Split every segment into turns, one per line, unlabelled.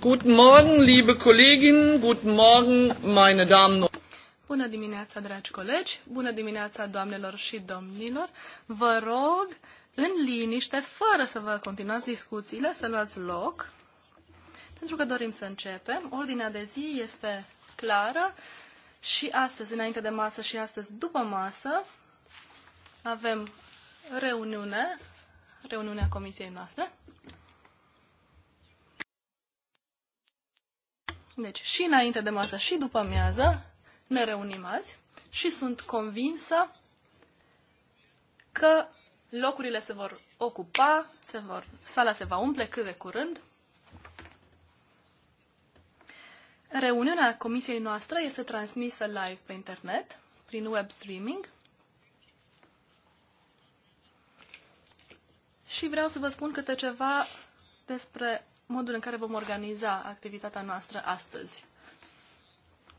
Guten Morgen, liebe Kolleginnen, guten Morgen, meine Damen und
Bună dimineața, dragi colegi! Bună dimineața, doamnelor și domnilor! Vă rog, în liniște, fără să vă continuați discuțiile, să luați loc, pentru că dorim să începem. Ordinea de zi este clară și astăzi, înainte de masă și astăzi după masă, avem reuniune, reuniunea comisiei noastre. Deci și înainte de masă și după amiază ne reunim azi și sunt convinsă că locurile se vor ocupa, se vor, sala se va umple cât de curând. Reuniunea comisiei noastre este transmisă live pe internet, prin web streaming. Și vreau să vă spun câte ceva despre modul în care vom organiza activitatea noastră astăzi,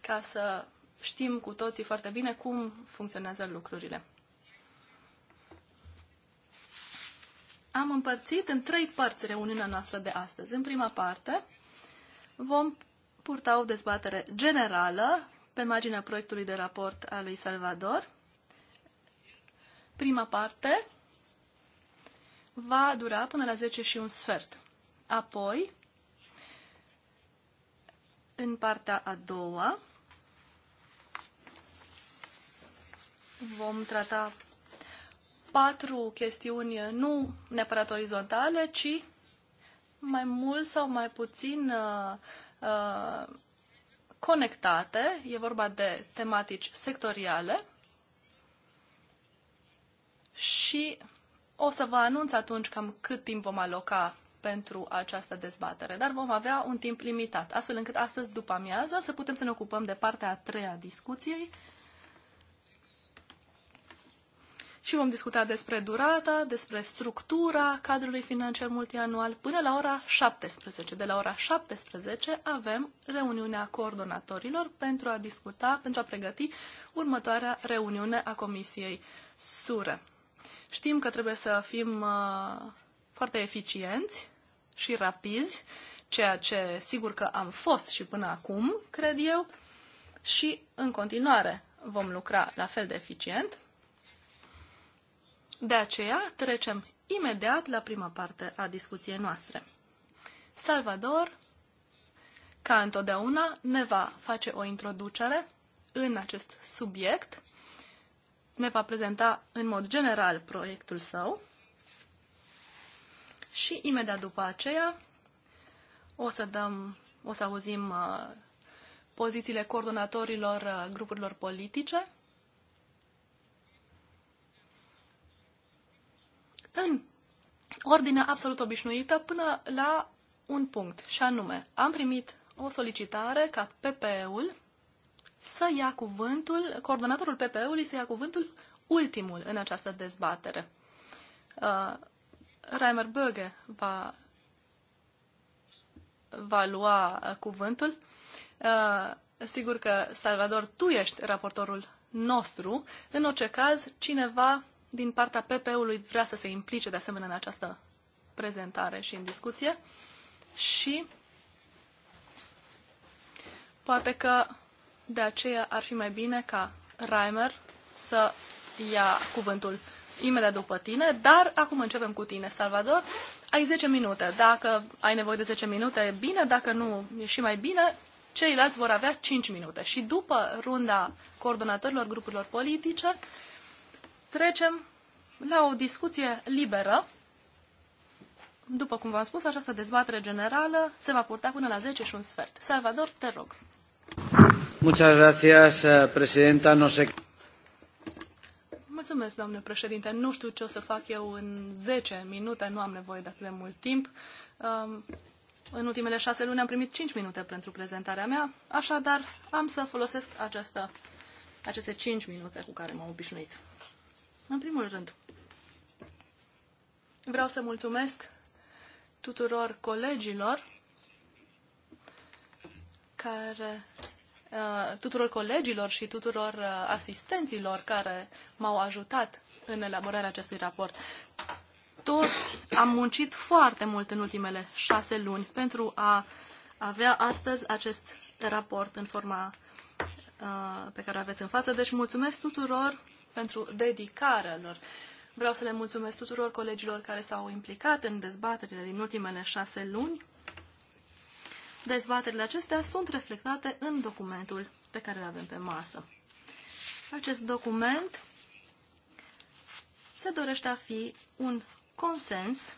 ca să știm cu toții foarte bine cum funcționează lucrurile. Am împărțit în trei părți reuniunea noastră de astăzi. În prima parte vom purta o dezbatere generală pe marginea proiectului de raport al lui Salvador. Prima parte va dura până la 10 și un sfert. Apoi, în partea a doua, vom trata patru chestiuni nu neapărat orizontale, ci mai mult sau mai puțin uh, uh, conectate. E vorba de tematici sectoriale și o să vă anunț atunci cam cât timp vom aloca pentru această dezbatere, dar vom avea un timp limitat, astfel încât astăzi după amiază să putem să ne ocupăm de partea a treia discuției și vom discuta despre durata, despre structura cadrului financiar multianual până la ora 17. De la ora 17 avem reuniunea coordonatorilor pentru a discuta, pentru a pregăti următoarea reuniune a Comisiei SURE. Știm că trebuie să fim uh, foarte eficienți și rapizi, ceea ce sigur că am fost și până acum, cred eu, și în continuare vom lucra la fel de eficient. De aceea trecem imediat la prima parte a discuției noastre. Salvador, ca întotdeauna, ne va face o introducere în acest subiect, ne va prezenta în mod general proiectul său și imediat după aceea o să dăm, o să auzim uh, pozițiile coordonatorilor uh, grupurilor politice. În ordine absolut obișnuită până la un punct, și anume, am primit o solicitare ca PPE-ul să ia cuvântul, coordonatorul PPE-ului să ia cuvântul ultimul în această dezbatere. Uh, Reimer Böge va, va lua cuvântul. Uh, sigur că, Salvador, tu ești raportorul nostru. În orice caz, cineva din partea PP-ului vrea să se implice de asemenea în această prezentare și în discuție și poate că de aceea ar fi mai bine ca Reimer să ia cuvântul imediat după tine, dar acum începem cu tine, Salvador. Ai 10 minute. Dacă ai nevoie de 10 minute, e bine. Dacă nu, e și mai bine. Ceilalți vor avea 5 minute. Și după runda coordonatorilor grupurilor politice, trecem la o discuție liberă. După cum v-am spus, această dezbatere generală se va purta până la 10 și un sfert. Salvador, te rog.
Muchas gracias, eh, presidenta. No sé...
Mulțumesc, doamnă președinte. Nu știu ce o să fac eu în 10 minute, nu am nevoie de atât de mult timp. Um, în ultimele șase luni am primit 5 minute pentru prezentarea mea, așadar am să folosesc această, aceste 5 minute cu care m-am obișnuit. În primul rând, vreau să mulțumesc tuturor colegilor care Uh, tuturor colegilor și tuturor uh, asistenților care m-au ajutat în elaborarea acestui raport. Toți am muncit foarte mult în ultimele șase luni pentru a avea astăzi acest raport în forma uh, pe care o aveți în față. Deci mulțumesc tuturor pentru dedicarea lor. Vreau să le mulțumesc tuturor colegilor care s-au implicat în dezbaterile din ultimele șase luni Dezbaterile acestea sunt reflectate în documentul pe care îl avem pe masă. Acest document se dorește a fi un consens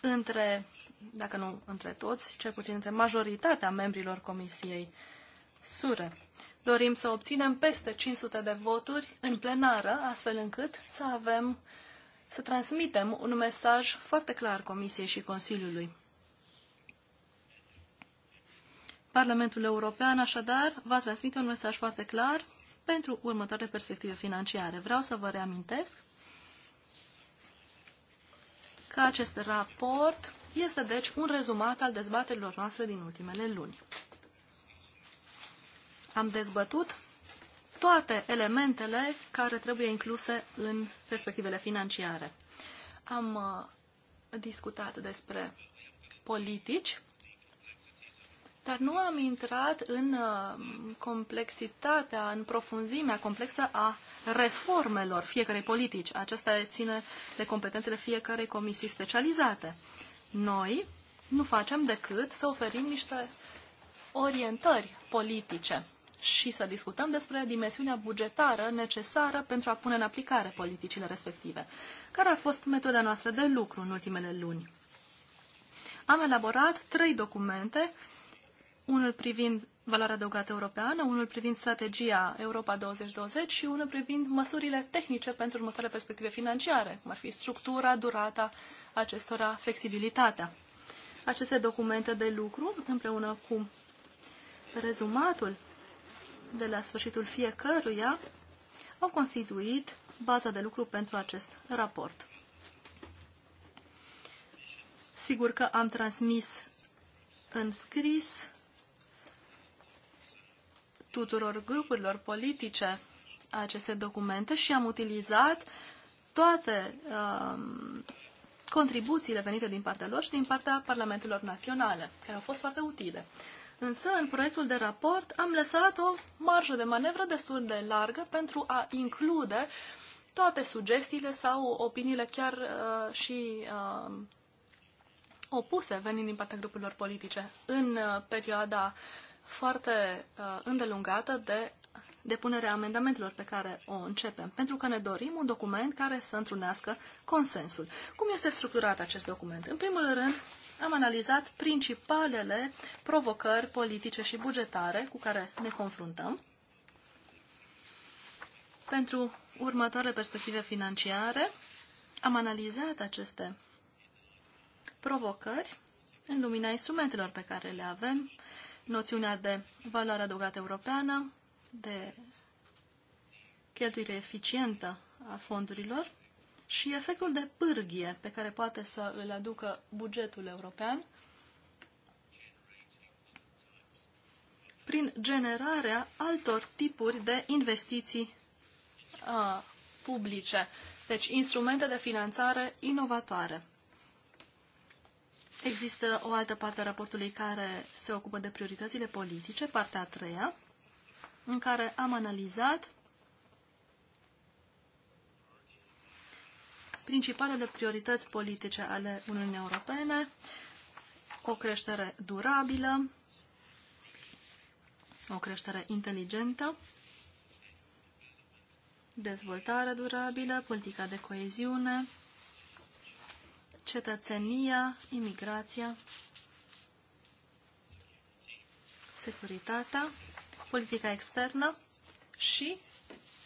între, dacă nu între toți, cel puțin între majoritatea membrilor Comisiei Sure. Dorim să obținem peste 500 de voturi în plenară, astfel încât să avem, să transmitem un mesaj foarte clar Comisiei și Consiliului. Parlamentul European, așadar, va transmite un mesaj foarte clar pentru următoarele perspective financiare. Vreau să vă reamintesc că acest raport este, deci, un rezumat al dezbaterilor noastre din ultimele luni. Am dezbătut toate elementele care trebuie incluse în perspectivele financiare. Am uh, discutat despre politici dar nu am intrat în uh, complexitatea, în profunzimea complexă a reformelor fiecarei politici. Aceasta ține de competențele fiecarei comisii specializate. Noi nu facem decât să oferim niște orientări politice și să discutăm despre dimensiunea bugetară necesară pentru a pune în aplicare politicile respective. Care a fost metoda noastră de lucru în ultimele luni? Am elaborat trei documente unul privind valoarea adăugată europeană, unul privind strategia Europa 2020 și unul privind măsurile tehnice pentru următoarele perspective financiare, cum ar fi structura, durata acestora, flexibilitatea. Aceste documente de lucru, împreună cu rezumatul de la sfârșitul fiecăruia, au constituit baza de lucru pentru acest raport. Sigur că am transmis în scris tuturor grupurilor politice aceste documente și am utilizat toate um, contribuțiile venite din partea lor și din partea parlamentelor naționale, care au fost foarte utile. Însă, în proiectul de raport am lăsat o marjă de manevră destul de largă pentru a include toate sugestiile sau opiniile chiar uh, și uh, opuse venind din partea grupurilor politice. În uh, perioada uh, foarte uh, îndelungată de depunerea amendamentelor pe care o începem, pentru că ne dorim un document care să întrunească consensul. Cum este structurat acest document? În primul rând, am analizat principalele provocări politice și bugetare cu care ne confruntăm pentru următoarele perspective financiare. Am analizat aceste provocări în lumina instrumentelor pe care le avem, noțiunea de valoare adăugată europeană, de cheltuire eficientă a fondurilor și efectul de pârghie pe care poate să îl aducă bugetul european prin generarea altor tipuri de investiții a, uh, publice, deci instrumente de finanțare inovatoare. Există o altă parte a raportului care se ocupă de prioritățile politice, partea a treia, în care am analizat principalele priorități politice ale Uniunii Europene, o creștere durabilă, o creștere inteligentă, dezvoltare durabilă, politica de coeziune, cetățenia, imigrația, securitatea, politica externă și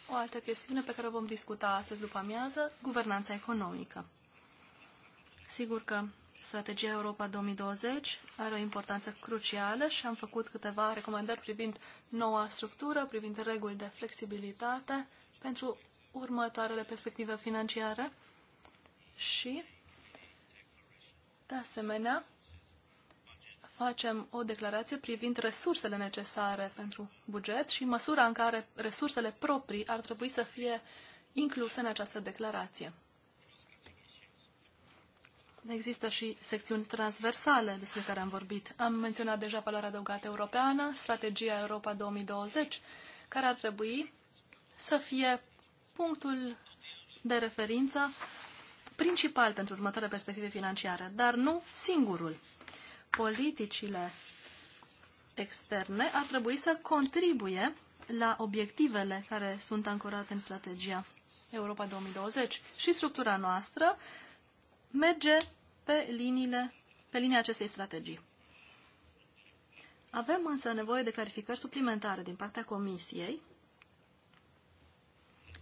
o altă chestiune pe care o vom discuta astăzi după amiază, guvernanța economică. Sigur că strategia Europa 2020 are o importanță crucială și am făcut câteva recomandări privind noua structură, privind reguli de flexibilitate pentru următoarele perspective financiare și de asemenea, facem o declarație privind resursele necesare pentru buget și măsura în care resursele proprii ar trebui să fie incluse în această declarație. Există și secțiuni transversale despre care am vorbit. Am menționat deja valoarea adăugată europeană, strategia Europa 2020, care ar trebui să fie punctul de referință principal pentru următoarele perspective financiare, dar nu singurul. Politicile externe ar trebui să contribuie la obiectivele care sunt ancorate în strategia Europa 2020 și structura noastră merge pe, liniile, pe linia acestei strategii. Avem însă nevoie de clarificări suplimentare din partea Comisiei,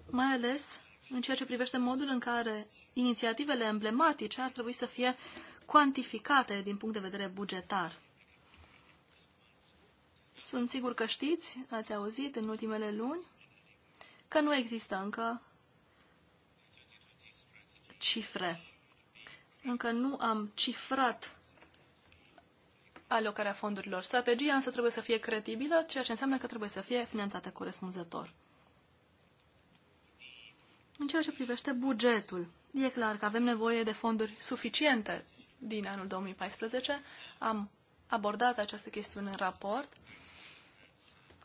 mai ales în ceea ce privește modul în care inițiativele emblematice ar trebui să fie cuantificate din punct de vedere bugetar. Sunt sigur că știți, ați auzit în ultimele luni, că nu există încă cifre. Încă nu am cifrat alocarea fondurilor. Strategia însă trebuie să fie credibilă, ceea ce înseamnă că trebuie să fie finanțată corespunzător. În ceea ce privește bugetul, E clar că avem nevoie de fonduri suficiente din anul 2014. Am abordat această chestiune în raport.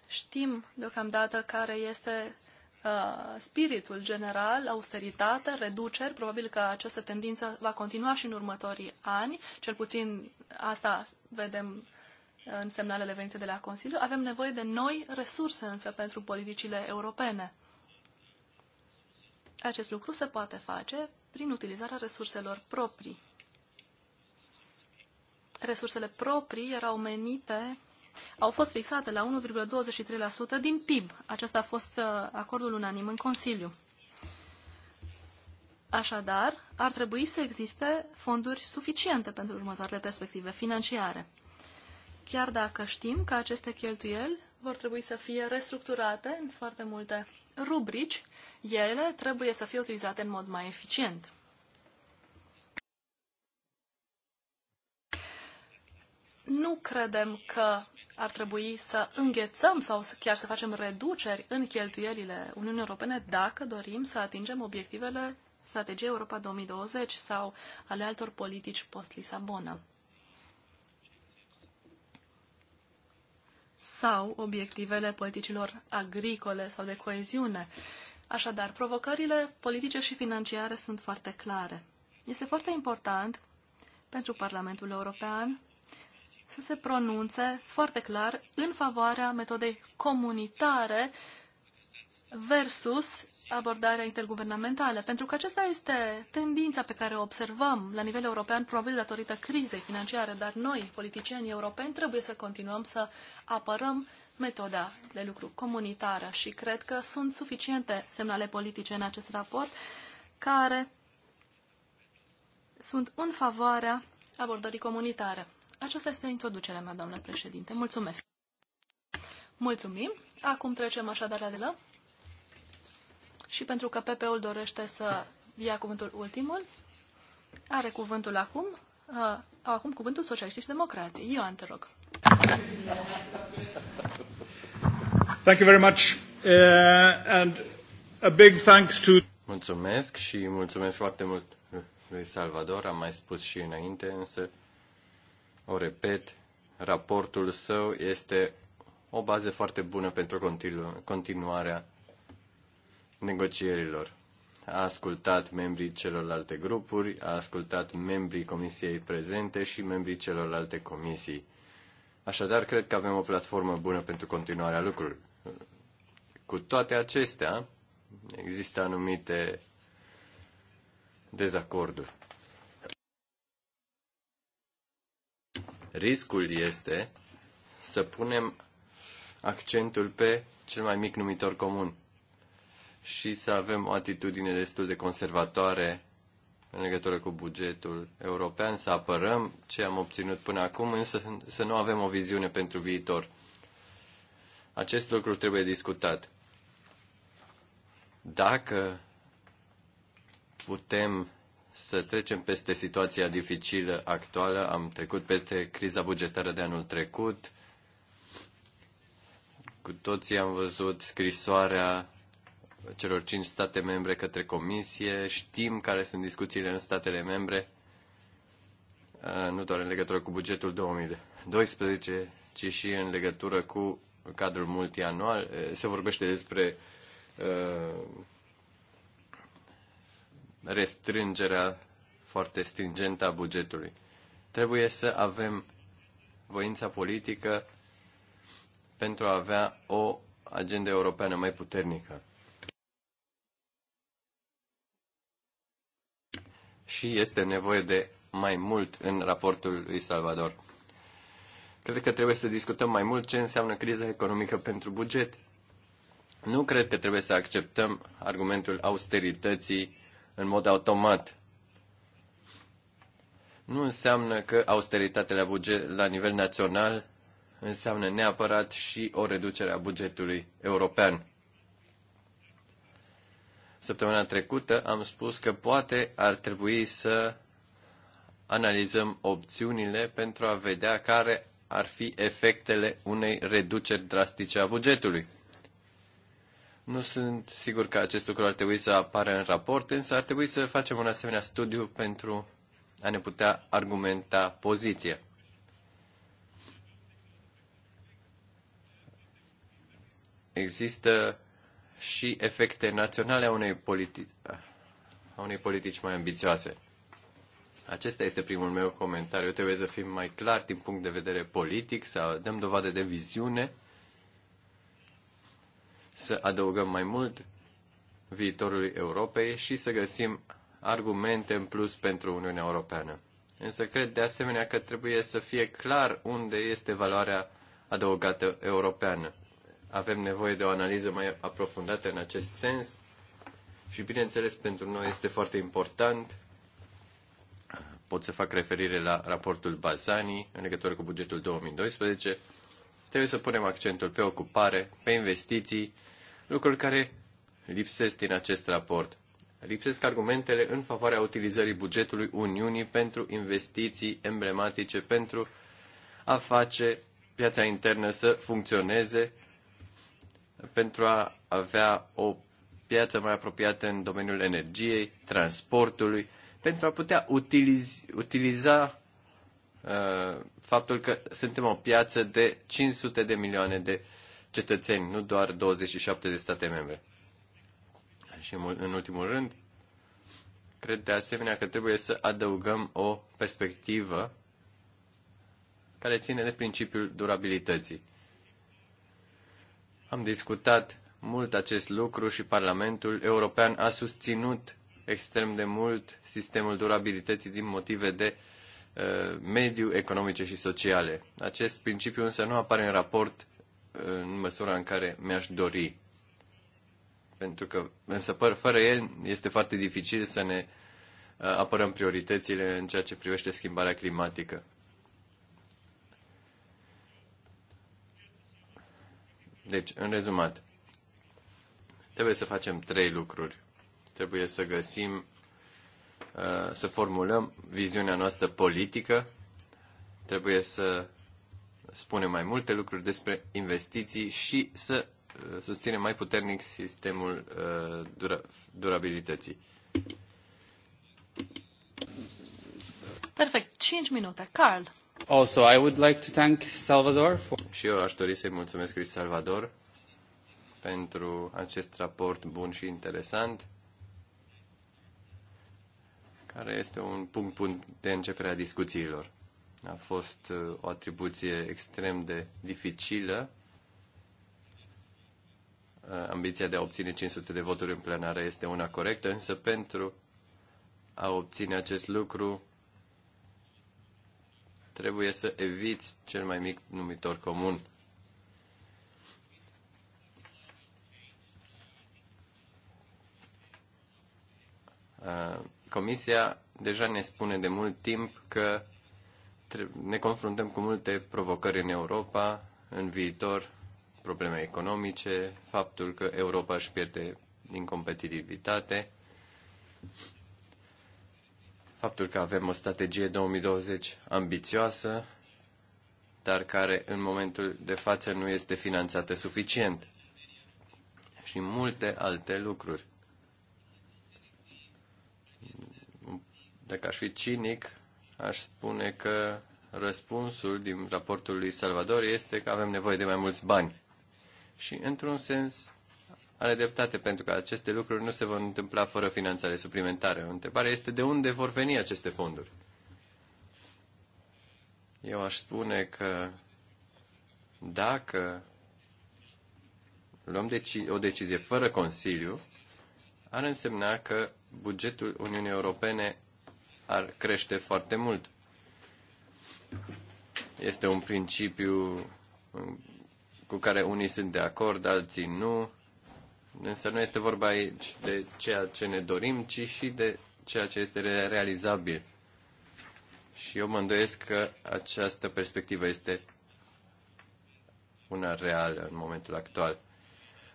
Știm deocamdată care este uh, spiritul general, austeritate, reduceri. Probabil că această tendință va continua și în următorii ani. Cel puțin asta vedem uh, în semnalele venite de la Consiliu. Avem nevoie de noi resurse însă pentru politicile europene. Acest lucru se poate face prin utilizarea resurselor proprii. Resursele proprii erau menite, au fost fixate la 1,23% din PIB. Acesta a fost uh, acordul unanim în Consiliu. Așadar, ar trebui să existe fonduri suficiente pentru următoarele perspective financiare. Chiar dacă știm că aceste cheltuieli vor trebui să fie restructurate în foarte multe rubrici. Ele trebuie să fie utilizate în mod mai eficient. Nu credem că ar trebui să înghețăm sau chiar să facem reduceri în cheltuielile Uniunii Europene dacă dorim să atingem obiectivele strategiei Europa 2020 sau ale altor politici post-Lisabona. sau obiectivele politicilor agricole sau de coeziune. Așadar, provocările politice și financiare sunt foarte clare. Este foarte important pentru Parlamentul European să se pronunțe foarte clar în favoarea metodei comunitare uh, versus abordarea interguvernamentală, pentru că acesta este tendința pe care o observăm la nivel european, probabil datorită crizei financiare, dar noi, politicienii europeni, trebuie să continuăm să apărăm metoda de lucru comunitară și cred că sunt suficiente semnale politice în acest raport care sunt în favoarea abordării comunitare. Aceasta este introducerea mea, doamnă președinte. Mulțumesc! Mulțumim! Acum trecem așadar la și pentru că PP-ul dorește să ia cuvântul ultimul, are cuvântul acum, uh, acum cuvântul socialiștii și democrații. Ioan, te rog.
Thank you very much. Uh, and a big thanks to... Mulțumesc și mulțumesc foarte mult lui Salvador, am mai spus și înainte, însă o repet, raportul său este o bază foarte bună pentru continuarea negocierilor. A ascultat membrii celorlalte grupuri, a ascultat membrii comisiei prezente și membrii celorlalte comisii. Așadar, cred că avem o platformă bună pentru continuarea lucrurilor. Cu toate acestea, există anumite dezacorduri. Riscul este să punem accentul pe cel mai mic numitor comun și să avem o atitudine destul de conservatoare în legătură cu bugetul european, să apărăm ce am obținut până acum, însă să nu avem o viziune pentru viitor. Acest lucru trebuie discutat. Dacă putem să trecem peste situația dificilă actuală, am trecut peste criza bugetară de anul trecut, cu toții am văzut scrisoarea celor cinci state membre către comisie. Știm care sunt discuțiile în statele membre, nu doar în legătură cu bugetul 2012, ci și în legătură cu cadrul multianual. Se vorbește despre restrângerea foarte stringentă a bugetului. Trebuie să avem voința politică pentru a avea o agendă europeană mai puternică. și este nevoie de mai mult în raportul lui Salvador. Cred că trebuie să discutăm mai mult ce înseamnă criza economică pentru buget. Nu cred că trebuie să acceptăm argumentul austerității în mod automat. Nu înseamnă că austeritatea la, buget, la nivel național înseamnă neapărat și o reducere a bugetului european. Săptămâna trecută am spus că poate ar trebui să analizăm opțiunile pentru a vedea care ar fi efectele unei reduceri drastice a bugetului. Nu sunt sigur că acest lucru ar trebui să apară în raport, însă ar trebui să facem un asemenea studiu pentru a ne putea argumenta poziția. Există și efecte naționale a unei, politi- a unei politici mai ambițioase. Acesta este primul meu comentariu. Trebuie să fim mai clar, din punct de vedere politic, să dăm dovadă de viziune, să adăugăm mai mult viitorului Europei și să găsim argumente în plus pentru Uniunea Europeană. Însă cred de asemenea că trebuie să fie clar unde este valoarea adăugată europeană. Avem nevoie de o analiză mai aprofundată în acest sens și, bineînțeles, pentru noi este foarte important. Pot să fac referire la raportul Bazani în legătură cu bugetul 2012. Trebuie să punem accentul pe ocupare, pe investiții, lucruri care lipsesc din acest raport. Lipsesc argumentele în favoarea utilizării bugetului Uniunii pentru investiții emblematice pentru a face piața internă să funcționeze pentru a avea o piață mai apropiată în domeniul energiei, transportului, pentru a putea utiliz, utiliza uh, faptul că suntem o piață de 500 de milioane de cetățeni, nu doar 27 de state membre. Și în ultimul rând, cred de asemenea că trebuie să adăugăm o perspectivă care ține de principiul durabilității. Am discutat mult acest lucru și Parlamentul European a susținut extrem de mult sistemul durabilității din motive de uh, mediu, economice și sociale. Acest principiu însă nu apare în raport uh, în măsura în care mi-aș dori. Pentru că, însă, fără el este foarte dificil să ne uh, apărăm prioritățile în ceea ce privește schimbarea climatică. Deci, în rezumat, trebuie să facem trei lucruri. Trebuie să găsim, uh, să formulăm viziunea noastră politică, trebuie să spunem mai multe lucruri despre investiții și să uh, susținem mai puternic sistemul uh, durabilității.
Perfect, 5 minute. Carl,
Also, I would like to thank Salvador for... Și eu aș dori să-i mulțumesc lui Salvador pentru acest raport bun și interesant, care este un punct bun de începere a discuțiilor. A fost uh, o atribuție extrem de dificilă. Uh, ambiția de a obține 500 de voturi în plenară este una corectă, însă pentru a obține acest lucru trebuie să eviți cel mai mic numitor comun. Comisia deja ne spune de mult timp că ne confruntăm cu multe provocări în Europa, în viitor, probleme economice, faptul că Europa își pierde din competitivitate faptul că avem o strategie 2020 ambițioasă, dar care în momentul de față nu este finanțată suficient și multe alte lucruri. Dacă aș fi cinic, aș spune că răspunsul din raportul lui Salvador este că avem nevoie de mai mulți bani. Și, într-un sens, are dreptate, pentru că aceste lucruri nu se vor întâmpla fără finanțare O Întrebare este de unde vor veni aceste fonduri. Eu aș spune că dacă luăm deci- o decizie fără Consiliu, ar însemna că bugetul Uniunii Europene ar crește foarte mult. Este un principiu cu care unii sunt de acord, alții nu. Însă nu este vorba aici de ceea ce ne dorim, ci și de ceea ce este realizabil. Și eu mă îndoiesc că această perspectivă este una reală în momentul actual.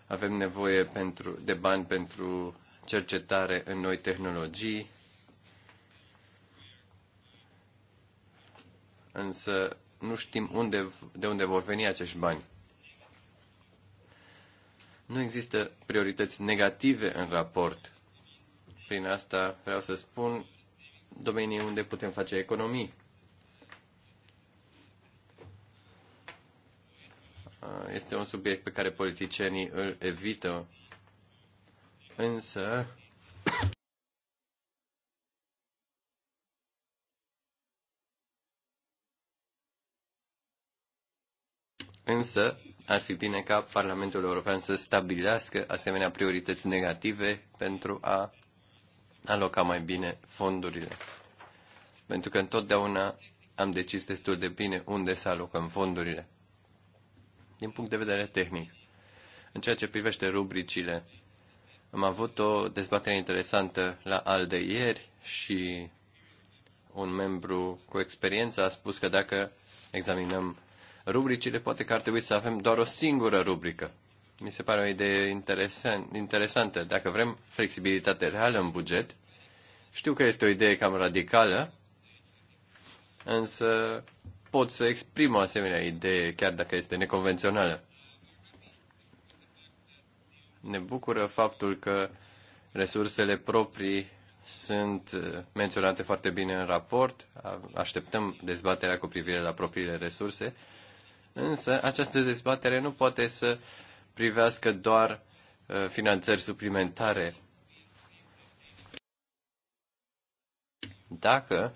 Avem nevoie pentru, de bani pentru cercetare în noi tehnologii, însă nu știm unde, de unde vor veni acești bani. Nu există priorități negative în raport. Prin asta vreau să spun domenii unde putem face economii. Este un subiect pe care politicienii îl evită, însă Însă, ar fi bine ca Parlamentul European să stabilească asemenea priorități negative pentru a aloca mai bine fondurile. Pentru că întotdeauna am decis destul de bine unde să alocăm fondurile. Din punct de vedere tehnic, în ceea ce privește rubricile, am avut o dezbatere interesantă la al de ieri și un membru cu experiență a spus că dacă examinăm rubricile, poate că ar trebui să avem doar o singură rubrică. Mi se pare o idee interesant, interesantă. Dacă vrem flexibilitate reală în buget, știu că este o idee cam radicală, însă pot să exprim o asemenea idee, chiar dacă este neconvențională. Ne bucură faptul că resursele proprii sunt uh, menționate foarte bine în raport. Așteptăm dezbaterea cu privire la propriile resurse Însă, această dezbatere nu poate să privească doar uh, finanțări suplimentare. Dacă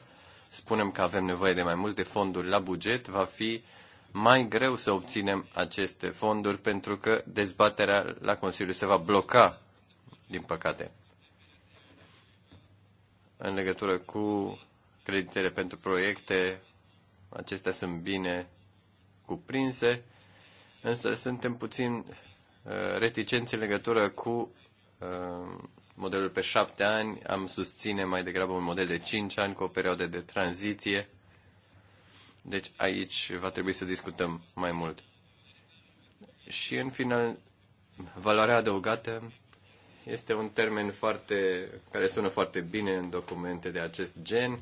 spunem că avem nevoie de mai multe fonduri la buget, va fi mai greu să obținem aceste fonduri pentru că dezbaterea la Consiliu se va bloca, din păcate, în legătură cu creditele pentru proiecte. Acestea sunt bine cuprinse, însă suntem puțin uh, reticenți în legătură cu uh, modelul pe șapte ani. Am susține mai degrabă un model de cinci ani cu o perioadă de tranziție. Deci aici va trebui să discutăm mai mult. Și în final, valoarea adăugată este un termen foarte, care sună foarte bine în documente de acest gen,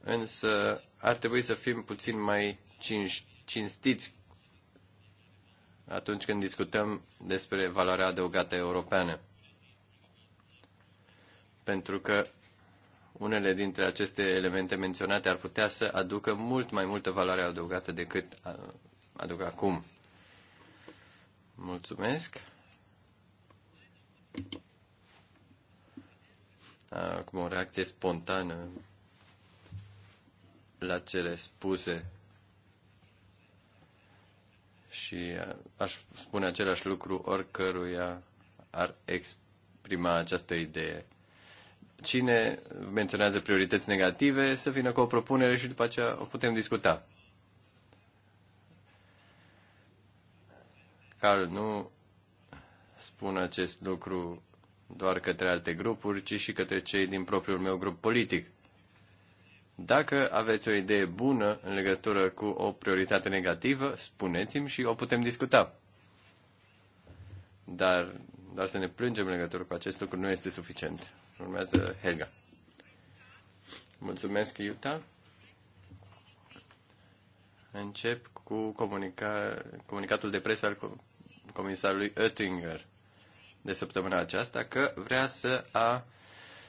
însă ar trebui să fim puțin mai cinstiți atunci când discutăm despre valoarea adăugată europeană. Pentru că unele dintre aceste elemente menționate ar putea să aducă mult mai multă valoare adăugată decât aduc acum. Mulțumesc. Acum o reacție spontană la cele spuse și uh, aș spune același lucru oricăruia ar exprima această idee. Cine menționează priorități negative să vină cu o propunere și după aceea o putem discuta. Carl nu spun acest lucru doar către alte grupuri, ci și către cei din propriul meu grup politic. Dacă aveți o idee bună în legătură cu o prioritate negativă, spuneți-mi și o putem discuta. Dar doar să ne plângem în legătură cu acest lucru nu este suficient. Urmează Helga. Mulțumesc, Iuta. Încep cu comunica, comunicatul de presă al comisarului Oettinger de săptămâna aceasta că vrea să, a,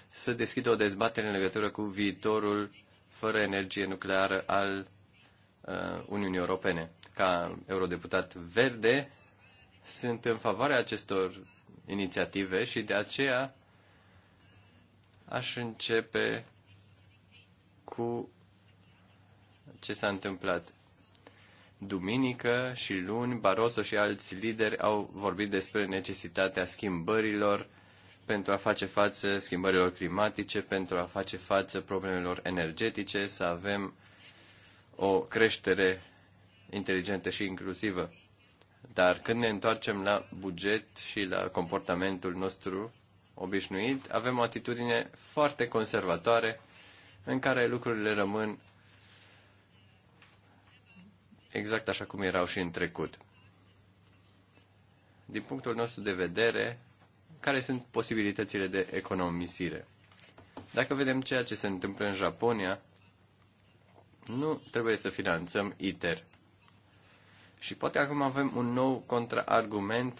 să deschidă o dezbatere în legătură cu viitorul fără energie nucleară al uh, Uniunii Europene. Ca eurodeputat verde, sunt în favoarea acestor inițiative și de aceea aș începe cu ce s-a întâmplat. Duminică și luni, Barroso și alți lideri au vorbit despre necesitatea schimbărilor pentru a face față schimbărilor climatice, pentru a face față problemelor energetice, să avem o creștere inteligentă și inclusivă. Dar când ne întoarcem la buget și la comportamentul nostru obișnuit, avem o atitudine foarte conservatoare în care lucrurile rămân exact așa cum erau și în trecut. Din punctul nostru de vedere, care sunt posibilitățile de economisire. Dacă vedem ceea ce se întâmplă în Japonia, nu trebuie să finanțăm ITER. Și poate acum avem un nou contraargument.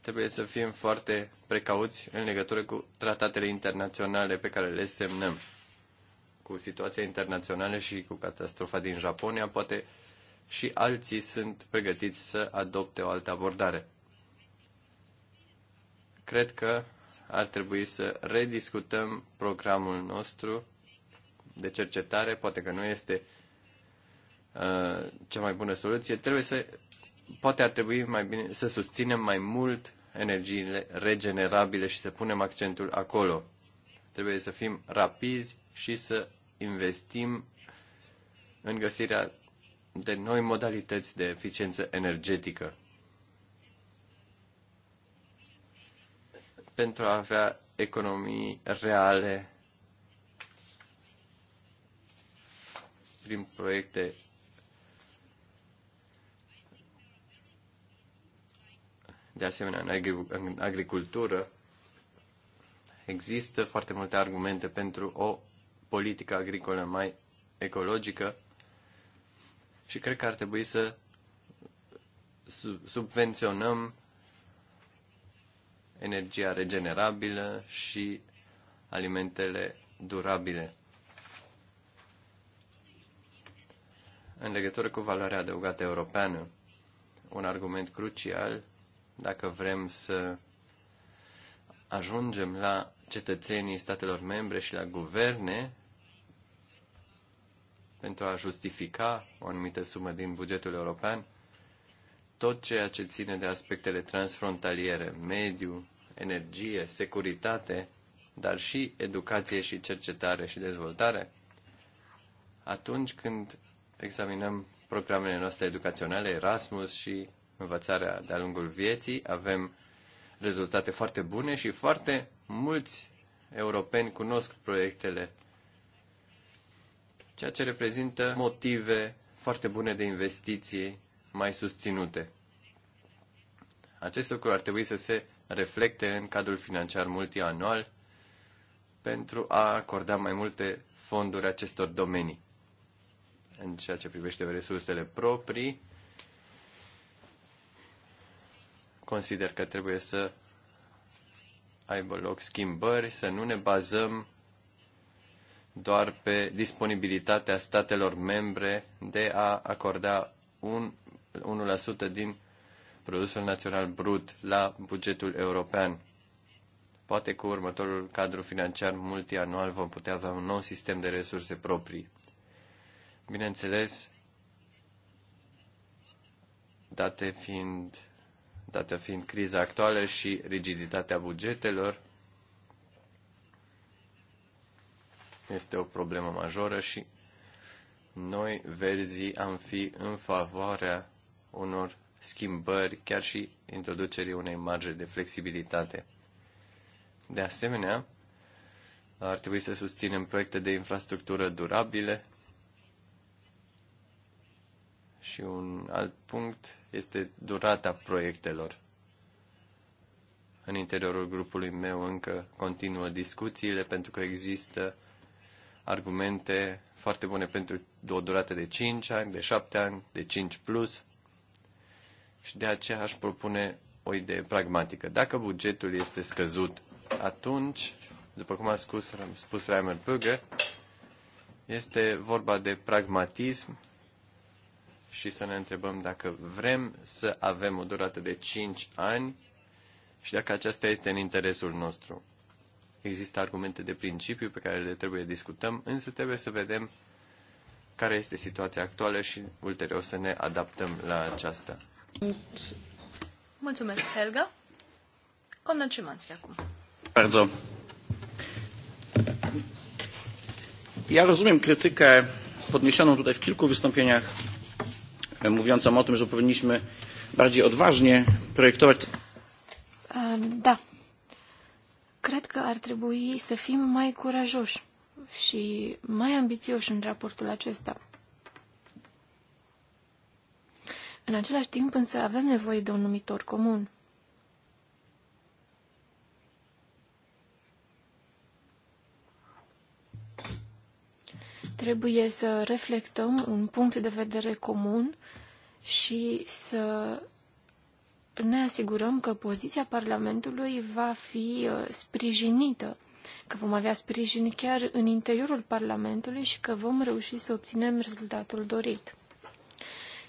Trebuie să fim foarte precauți în legătură cu tratatele internaționale pe care le semnăm. Cu situația internațională și cu catastrofa din Japonia, poate uh, și alții sunt pregătiți să adopte o altă abordare. Cred că ar trebui să rediscutăm programul nostru de cercetare. Poate că nu este uh, cea mai bună soluție. Trebuie să, poate ar trebui mai bine să susținem mai mult energiile regenerabile și să punem accentul acolo. Trebuie să fim rapizi și să investim în găsirea de noi modalități de eficiență energetică. Pentru a avea economii reale prin proiecte de asemenea în, în agricultură, există foarte multe argumente pentru o politică agricolă mai ecologică și cred că ar trebui să subvenționăm energia regenerabilă și alimentele durabile. În legătură cu valoarea adăugată europeană, un argument crucial dacă vrem să ajungem la cetățenii statelor membre și la guverne pentru a justifica o anumită sumă din bugetul european, tot ceea ce ține de aspectele transfrontaliere, mediu, energie, securitate, dar și educație și cercetare și dezvoltare, atunci când examinăm programele noastre educaționale, Erasmus și învățarea de-a lungul vieții, avem rezultate foarte bune și foarte mulți europeni cunosc proiectele ceea ce reprezintă motive foarte bune de investiții mai susținute. Acest lucru ar trebui să se reflecte în cadrul financiar multianual pentru a acorda mai multe fonduri acestor domenii. În ceea ce privește resursele proprii, consider că trebuie să aibă loc schimbări, să nu ne bazăm doar pe disponibilitatea statelor membre de a acorda un, 1% din produsul național brut la bugetul european. Poate cu următorul cadru financiar multianual vom putea avea un nou sistem de resurse proprii. Bineînțeles, date fiind, date fiind criza actuală și rigiditatea bugetelor, Este o problemă majoră și noi, verzii, am fi în favoarea unor schimbări, chiar și introducerii unei marge de flexibilitate. De asemenea, ar trebui să susținem proiecte de infrastructură durabile. Și un alt punct este durata proiectelor. În interiorul grupului meu încă continuă discuțiile pentru că există argumente foarte bune pentru o durată de 5 ani, de 7 ani, de 5 plus. Și de aceea aș propune o idee pragmatică. Dacă bugetul este scăzut, atunci, după cum a spus, spus Reimer Pöger, este vorba de pragmatism și să ne întrebăm dacă vrem să avem o durată de 5 ani și dacă aceasta este în interesul nostru. Există argumente de principiu pe care le trebuie discutăm, însă trebuie să vedem care este situația actuală și ulterior să ne adaptăm la aceasta.
Mulțumesc, Helga. Conor Cimanski acum.
Bardzo.
Ja rozumiem krytykę podniesioną tutaj w kilku wystąpieniach, mówiącą o tym, że powinniśmy bardziej odważnie projektować.
Da, Cred că ar trebui să fim mai curajoși și mai ambițioși în raportul acesta. În același timp, însă, avem nevoie de un numitor comun. Trebuie să reflectăm un punct de vedere comun și să ne asigurăm că poziția Parlamentului va fi uh, sprijinită, că vom avea sprijin chiar în interiorul Parlamentului și că vom reuși să obținem rezultatul dorit.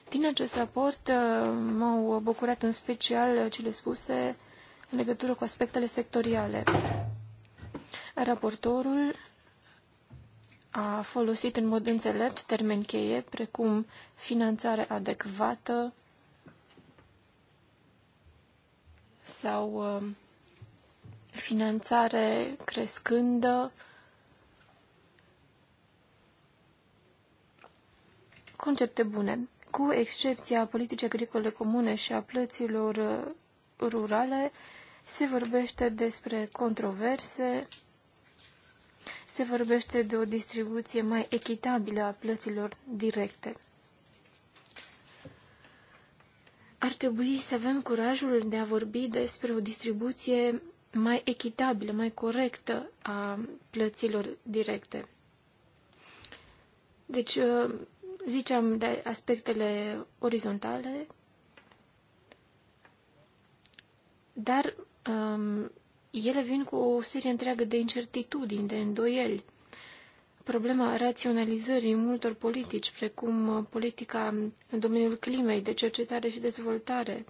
Din acest raport uh, m-au bucurat în special cele spuse în legătură cu aspectele sectoriale. Raportorul a folosit în mod înțelept termeni cheie precum finanțare adecvată, sau um, finanțare crescândă, concepte bune. Cu excepția politicii agricole comune și a plăților uh, rurale, se vorbește despre controverse, se vorbește de o distribuție mai echitabilă a plăților directe. ar trebui să avem curajul de a vorbi despre o distribuție mai echitabilă, mai corectă a plăților directe. Deci, uh, ziceam de aspectele orizontale, dar um, ele vin cu o serie întreagă de incertitudini, de îndoieli problema raționalizării multor politici, precum uh, politica în domeniul climei, de cercetare și dezvoltare,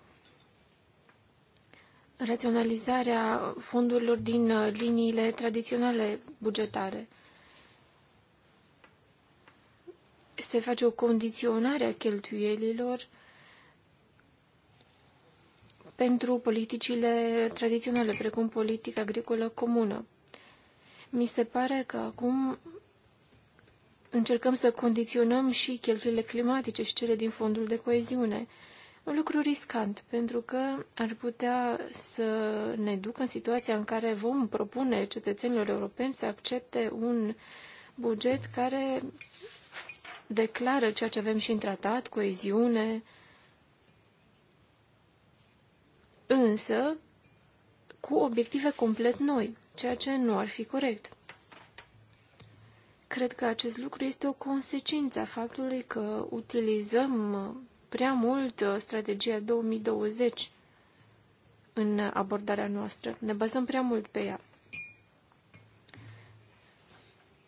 raționalizarea fondurilor din uh, liniile tradiționale bugetare. Se face o condiționare a cheltuielilor pentru politicile tradiționale, precum politica agricolă comună. Mi se pare că acum Încercăm să condiționăm și cheltuielile climatice și cele din fondul de coeziune. Un lucru riscant, pentru că ar putea să ne ducă în situația în care vom propune cetățenilor europeni să accepte un buget care declară ceea ce avem și în tratat, coeziune, însă cu obiective complet noi, ceea ce nu ar fi corect. Cred că acest lucru este o consecință a faptului că utilizăm prea mult uh, strategia 2020 în abordarea noastră. Ne bazăm prea mult pe ea.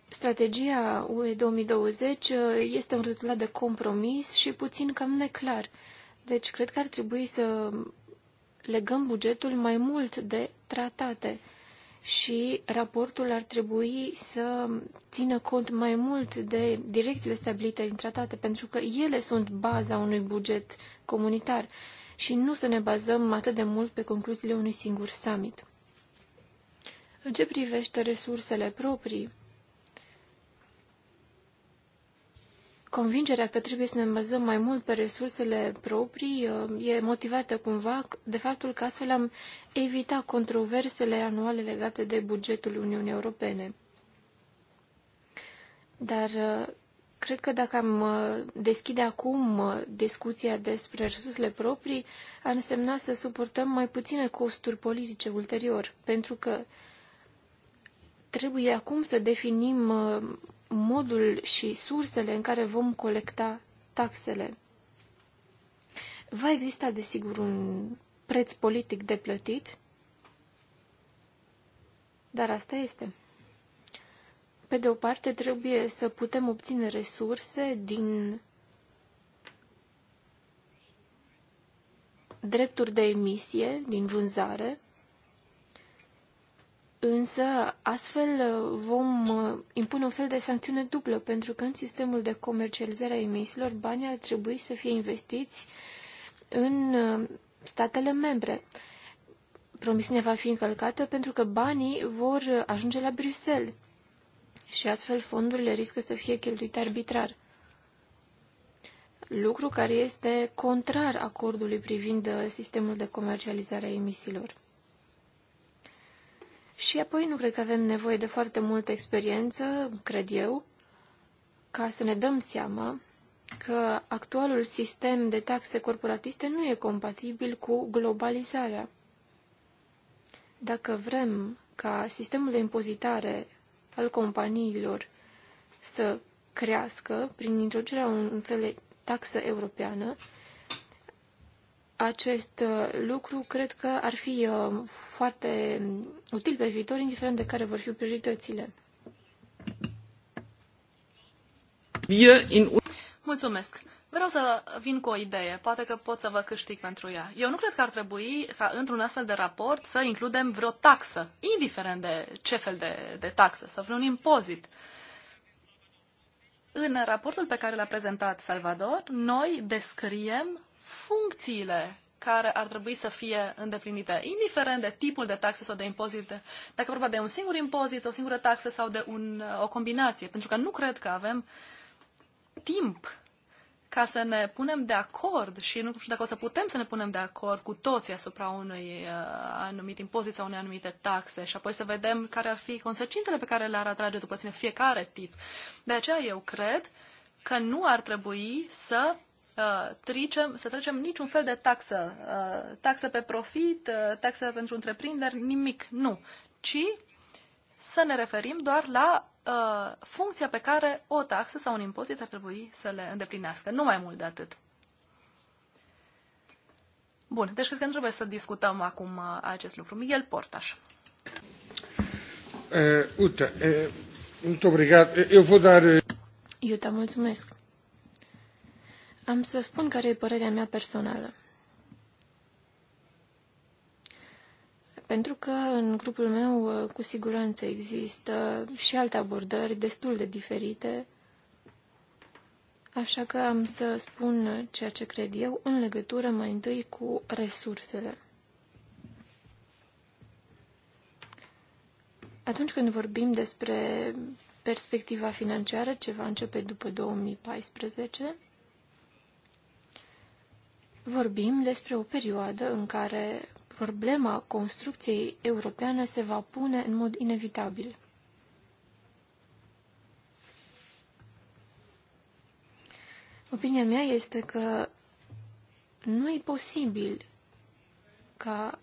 Strategia UE 2020 uh, este un rezultat de compromis și puțin cam neclar. Deci cred că ar trebui să legăm bugetul mai mult de tratate și raportul ar trebui să țină cont mai mult de direcțiile stabilite în tratate, pentru că ele sunt baza unui buget comunitar și nu să ne bazăm atât de mult pe concluziile unui singur summit. În ce privește resursele proprii, Convingerea că trebuie să ne bazăm mai mult pe resursele proprii uh, e motivată cumva de faptul că astfel am evita controversele anuale legate de bugetul Uniunii Europene. Dar uh, cred că dacă am uh, deschide acum discuția despre resursele proprii, ar însemna să suportăm mai puține costuri politice ulterior, pentru că trebuie acum să definim modul și sursele în care vom colecta taxele. Va exista, desigur, un preț politic de plătit, dar asta este. Pe de o parte, trebuie să putem obține resurse din drepturi de emisie, din vânzare, Însă, astfel vom uh, impune un fel de sancțiune dublă, pentru că în sistemul de comercializare a emisiilor, banii ar trebui să fie investiți în uh, statele membre. Promisiunea va fi încălcată pentru că banii vor ajunge la Bruxelles și astfel fondurile riscă să fie cheltuite arbitrar. Lucru care este contrar acordului privind uh, sistemul de comercializare a emisiilor. Și apoi nu cred că avem nevoie de foarte multă experiență, cred eu, ca să ne dăm seama că actualul sistem de taxe corporatiste nu e compatibil cu globalizarea. Dacă vrem ca sistemul de impozitare al companiilor să crească prin introducerea unui fel de taxă europeană, acest uh, lucru, cred că ar fi uh, foarte util pe viitor, indiferent de care vor fi prioritățile.
Mulțumesc! Vreau să vin cu o idee, poate că pot să vă câștig pentru ea. Eu nu cred că ar trebui ca într-un astfel de raport să includem vreo taxă, indiferent de ce fel de, de taxă, sau vreun impozit. În raportul pe care l-a prezentat Salvador, noi descriem funcțiile care ar trebui să fie îndeplinite, indiferent de tipul de taxe sau de impozite. Dacă vorba de un singur impozit, o singură taxă sau de un, o combinație, pentru că nu cred că avem timp ca să ne punem de acord și nu știu dacă o să putem să ne punem de acord cu toții asupra unui uh, anumit impozit sau unei anumite taxe și apoi să vedem care ar fi consecințele pe care le-ar atrage după sine fiecare tip. De aceea eu cred că nu ar trebui să Uh, tricem, să trecem niciun fel de taxă, uh, taxă pe profit, uh, taxă pentru întreprinderi, nimic, nu, ci să ne referim doar la funcția pe care o taxă sau un impozit ar trebui să le îndeplinească, nu mai mult de atât. Bun, deci cred că nu trebuie să discutăm acum acest lucru. Miguel Portaș. Uh,
uite, uh, eh, mult obrigat. Eh, eu vă dar...
Iuta, mulțumesc. Am să spun care e părerea mea personală. Pentru că în grupul meu uh, cu siguranță există și alte abordări destul de diferite, așa că am să spun ceea ce cred eu în legătură mai întâi cu resursele. Atunci când vorbim despre perspectiva financiară, ce va începe după 2014, vorbim despre o perioadă în care problema construcției europene se va pune în mod inevitabil. Opinia mea este că nu e posibil ca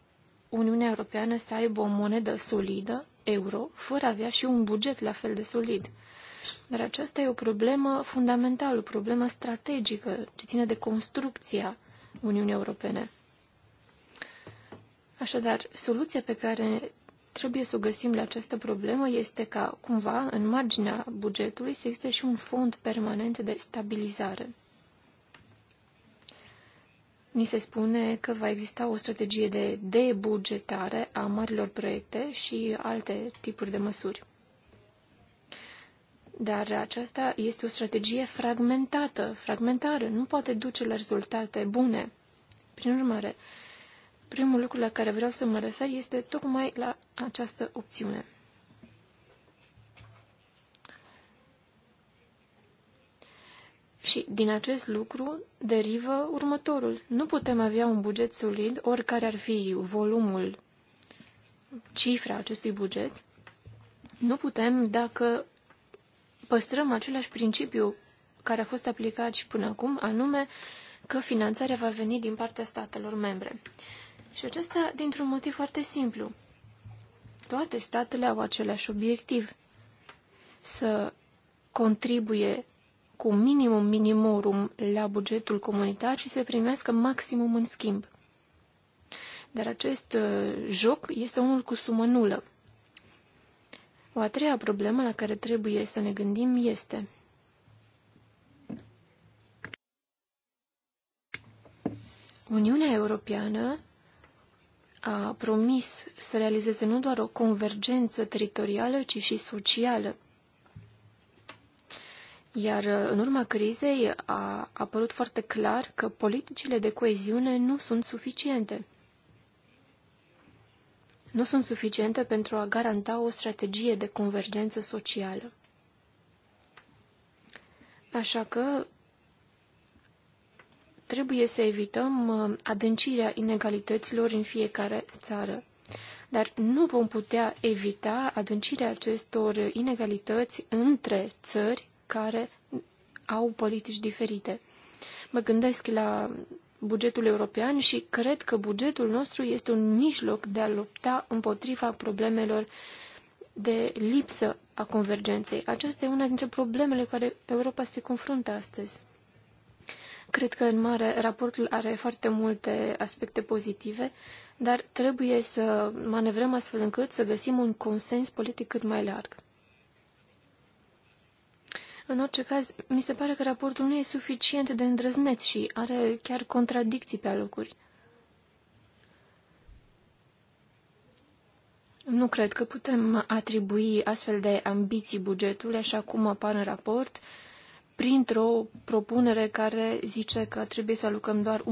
Uniunea Europeană să aibă o monedă solidă, euro, fără a avea și un buget la fel de solid. Dar aceasta e o problemă fundamentală, o problemă strategică, ce ține de construcția Uniunii Europene. Așadar, soluția pe care trebuie să o găsim la această problemă este ca, cumva, în marginea bugetului să existe și un fond permanent de stabilizare. Ni se spune că va exista o strategie de debugetare a marilor proiecte și alte tipuri de măsuri. Dar aceasta este o strategie fragmentată, fragmentară, nu poate duce la rezultate bune. Prin urmare, primul lucru la care vreau să mă refer este tocmai la această opțiune. Și din acest lucru derivă următorul. Nu putem avea un buget solid, oricare ar fi volumul, cifra acestui buget. Nu putem dacă păstrăm același principiu care a fost aplicat și până acum, anume că finanțarea va veni din partea statelor membre. Și acesta dintr-un motiv foarte simplu. Toate statele au același obiectiv. Să contribuie cu minimum minimorum la bugetul comunitar și să primească maximum în schimb. Dar acest uh, joc este unul cu sumă nulă. O a treia problemă la care trebuie să ne gândim este Uniunea Europeană a promis să realizeze nu doar o convergență teritorială, ci și socială. Iar în urma crizei a apărut foarte clar că politicile de coeziune nu sunt suficiente nu sunt suficiente pentru a garanta o strategie de convergență socială. Așa că trebuie să evităm uh, adâncirea inegalităților în fiecare țară. Dar nu vom putea evita adâncirea acestor inegalități între țări care au politici diferite. Mă gândesc la bugetul european și cred că bugetul nostru este un mijloc de a lupta împotriva problemelor de lipsă a convergenței. Aceasta e una dintre problemele cu care Europa se confruntă astăzi. Cred că, în mare, raportul are foarte multe aspecte pozitive, dar trebuie să manevrăm astfel încât să găsim un consens politic cât mai larg. În orice caz, mi se pare că raportul nu e suficient de îndrăzneț și are chiar contradicții pe alocuri. Nu cred că putem atribui astfel de ambiții bugetului, așa cum apar în raport, printr-o propunere care zice că trebuie să alucăm doar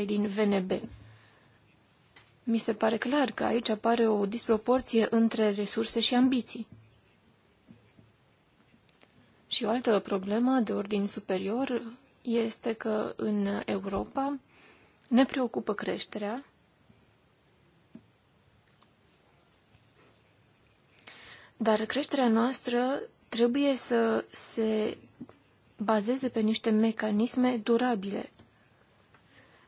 1,23 din VNB. Mi se pare clar că aici apare o disproporție între resurse și ambiții. Și o altă problemă de ordin superior este că în Europa ne preocupă creșterea, dar creșterea noastră trebuie să se bazeze pe niște mecanisme durabile.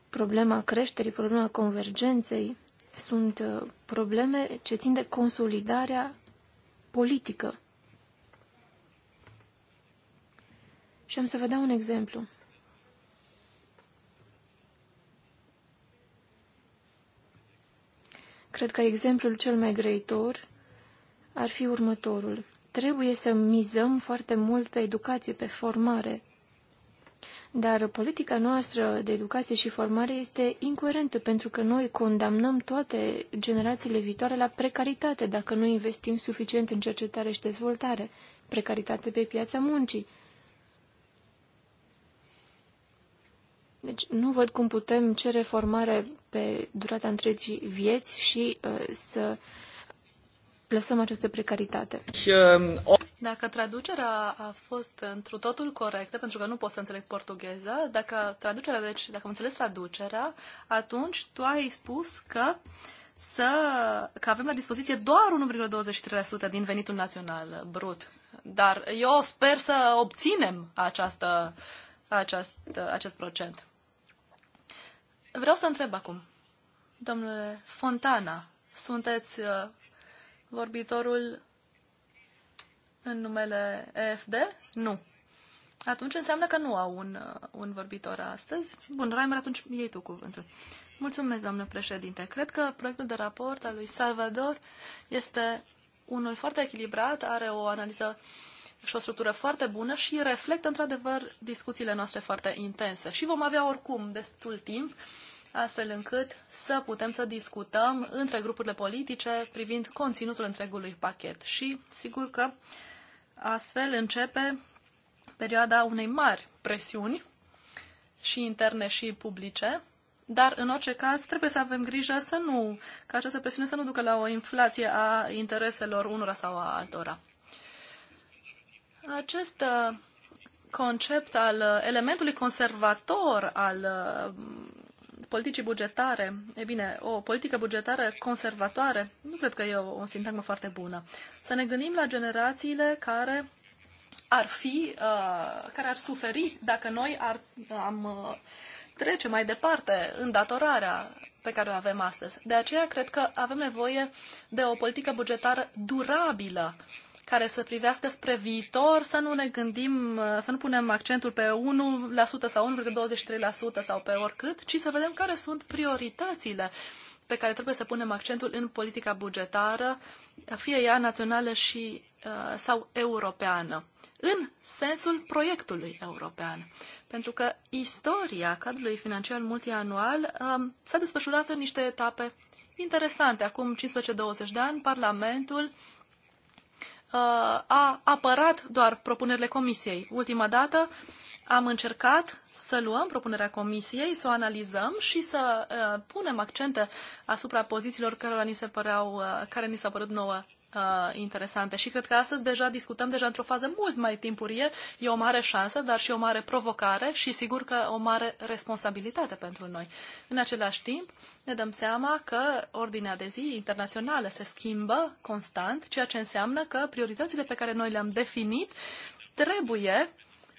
Problema creșterii, problema convergenței sunt uh, probleme ce țin de consolidarea politică. Și am să vă dau un exemplu. Cred că exemplul cel mai greitor ar fi următorul. Trebuie să mizăm foarte mult pe educație, pe formare. Dar politica noastră de educație și formare este incoerentă pentru că noi condamnăm toate generațiile viitoare la precaritate dacă nu investim suficient în cercetare și dezvoltare, precaritate pe piața muncii, Deci nu văd cum putem cere formare pe durata întregii vieți și uh, să lăsăm această precaritate.
Um,
dacă traducerea a fost întru totul corectă, pentru că nu pot să înțeleg portugheza, dacă traducerea, deci dacă am înțeles traducerea, atunci tu ai spus că să, că avem la dispoziție doar 1,23% din venitul național brut. Dar eu sper să obținem această, această, acest procent. Vreau să întreb acum, domnule Fontana, sunteți uh, vorbitorul în numele EFD? Nu. Atunci înseamnă că nu au un, uh, un vorbitor astăzi. Bun, Raimer, atunci iei tu cuvântul. Mulțumesc, doamnă președinte. Cred că proiectul de raport al lui Salvador este unul foarte echilibrat, are o analiză uh, și o structură foarte bună și reflectă într-adevăr discuțiile noastre foarte intense. Și vom avea oricum destul timp astfel încât să putem să discutăm între grupurile politice privind conținutul întregului pachet. Și sigur că astfel începe perioada unei mari presiuni și interne și publice, dar în orice caz trebuie să avem grijă să nu, ca această presiune să nu ducă la o inflație a intereselor unora sau a altora. Acest uh, concept al uh, elementului conservator al uh, politicii bugetare, e bine, o politică bugetară conservatoare, nu cred că e o, o sintagmă foarte bună. Să ne gândim la generațiile care ar fi, uh, care ar suferi dacă noi ar, am uh, trece mai departe în datorarea pe care o avem astăzi. De aceea cred că avem nevoie de o politică bugetară durabilă care să privească spre viitor, să nu ne gândim, să nu punem accentul pe 1% sau 1,23% sau pe oricât, ci să vedem care sunt prioritățile pe care trebuie să punem accentul în politica bugetară, fie ea națională și, uh, sau europeană, în sensul proiectului european. Pentru că istoria cadrului financiar multianual um, s-a desfășurat în niște etape interesante. Acum 15-20 de ani, Parlamentul Uh, a apărat doar propunerile comisiei. Ultima dată am încercat să luăm propunerea comisiei, să o analizăm și să uh, punem accente asupra pozițiilor care ni se uh, care ni s-au părut nouă uh, interesante și cred că astăzi deja discutăm deja într-o fază mult mai timpurie. E o mare șansă, dar și o mare provocare și sigur că o mare responsabilitate pentru noi. În același timp, ne dăm seama că ordinea de zi internațională se schimbă constant, ceea ce înseamnă că prioritățile pe care noi le-am definit trebuie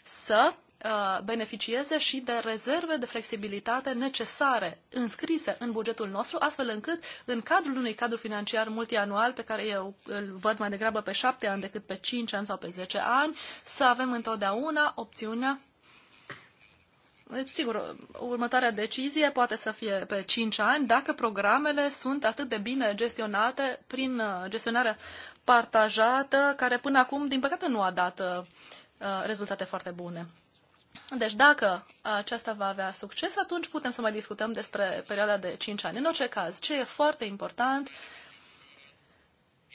să Uh, beneficieze și de rezerve de flexibilitate necesare înscrise în bugetul nostru, astfel încât în cadrul unui cadru financiar multianual, pe care eu îl văd mai degrabă pe șapte ani decât pe cinci ani sau pe zece ani, să avem întotdeauna opțiunea deci, sigur, următoarea decizie poate să fie pe 5 ani dacă programele sunt atât de bine gestionate prin uh, gestionarea partajată, care până acum, din păcate, nu a dat uh, uh rezultate foarte bune. Deci dacă aceasta va avea succes, atunci putem să mai discutăm despre perioada de 5 ani. În orice caz, ce e foarte important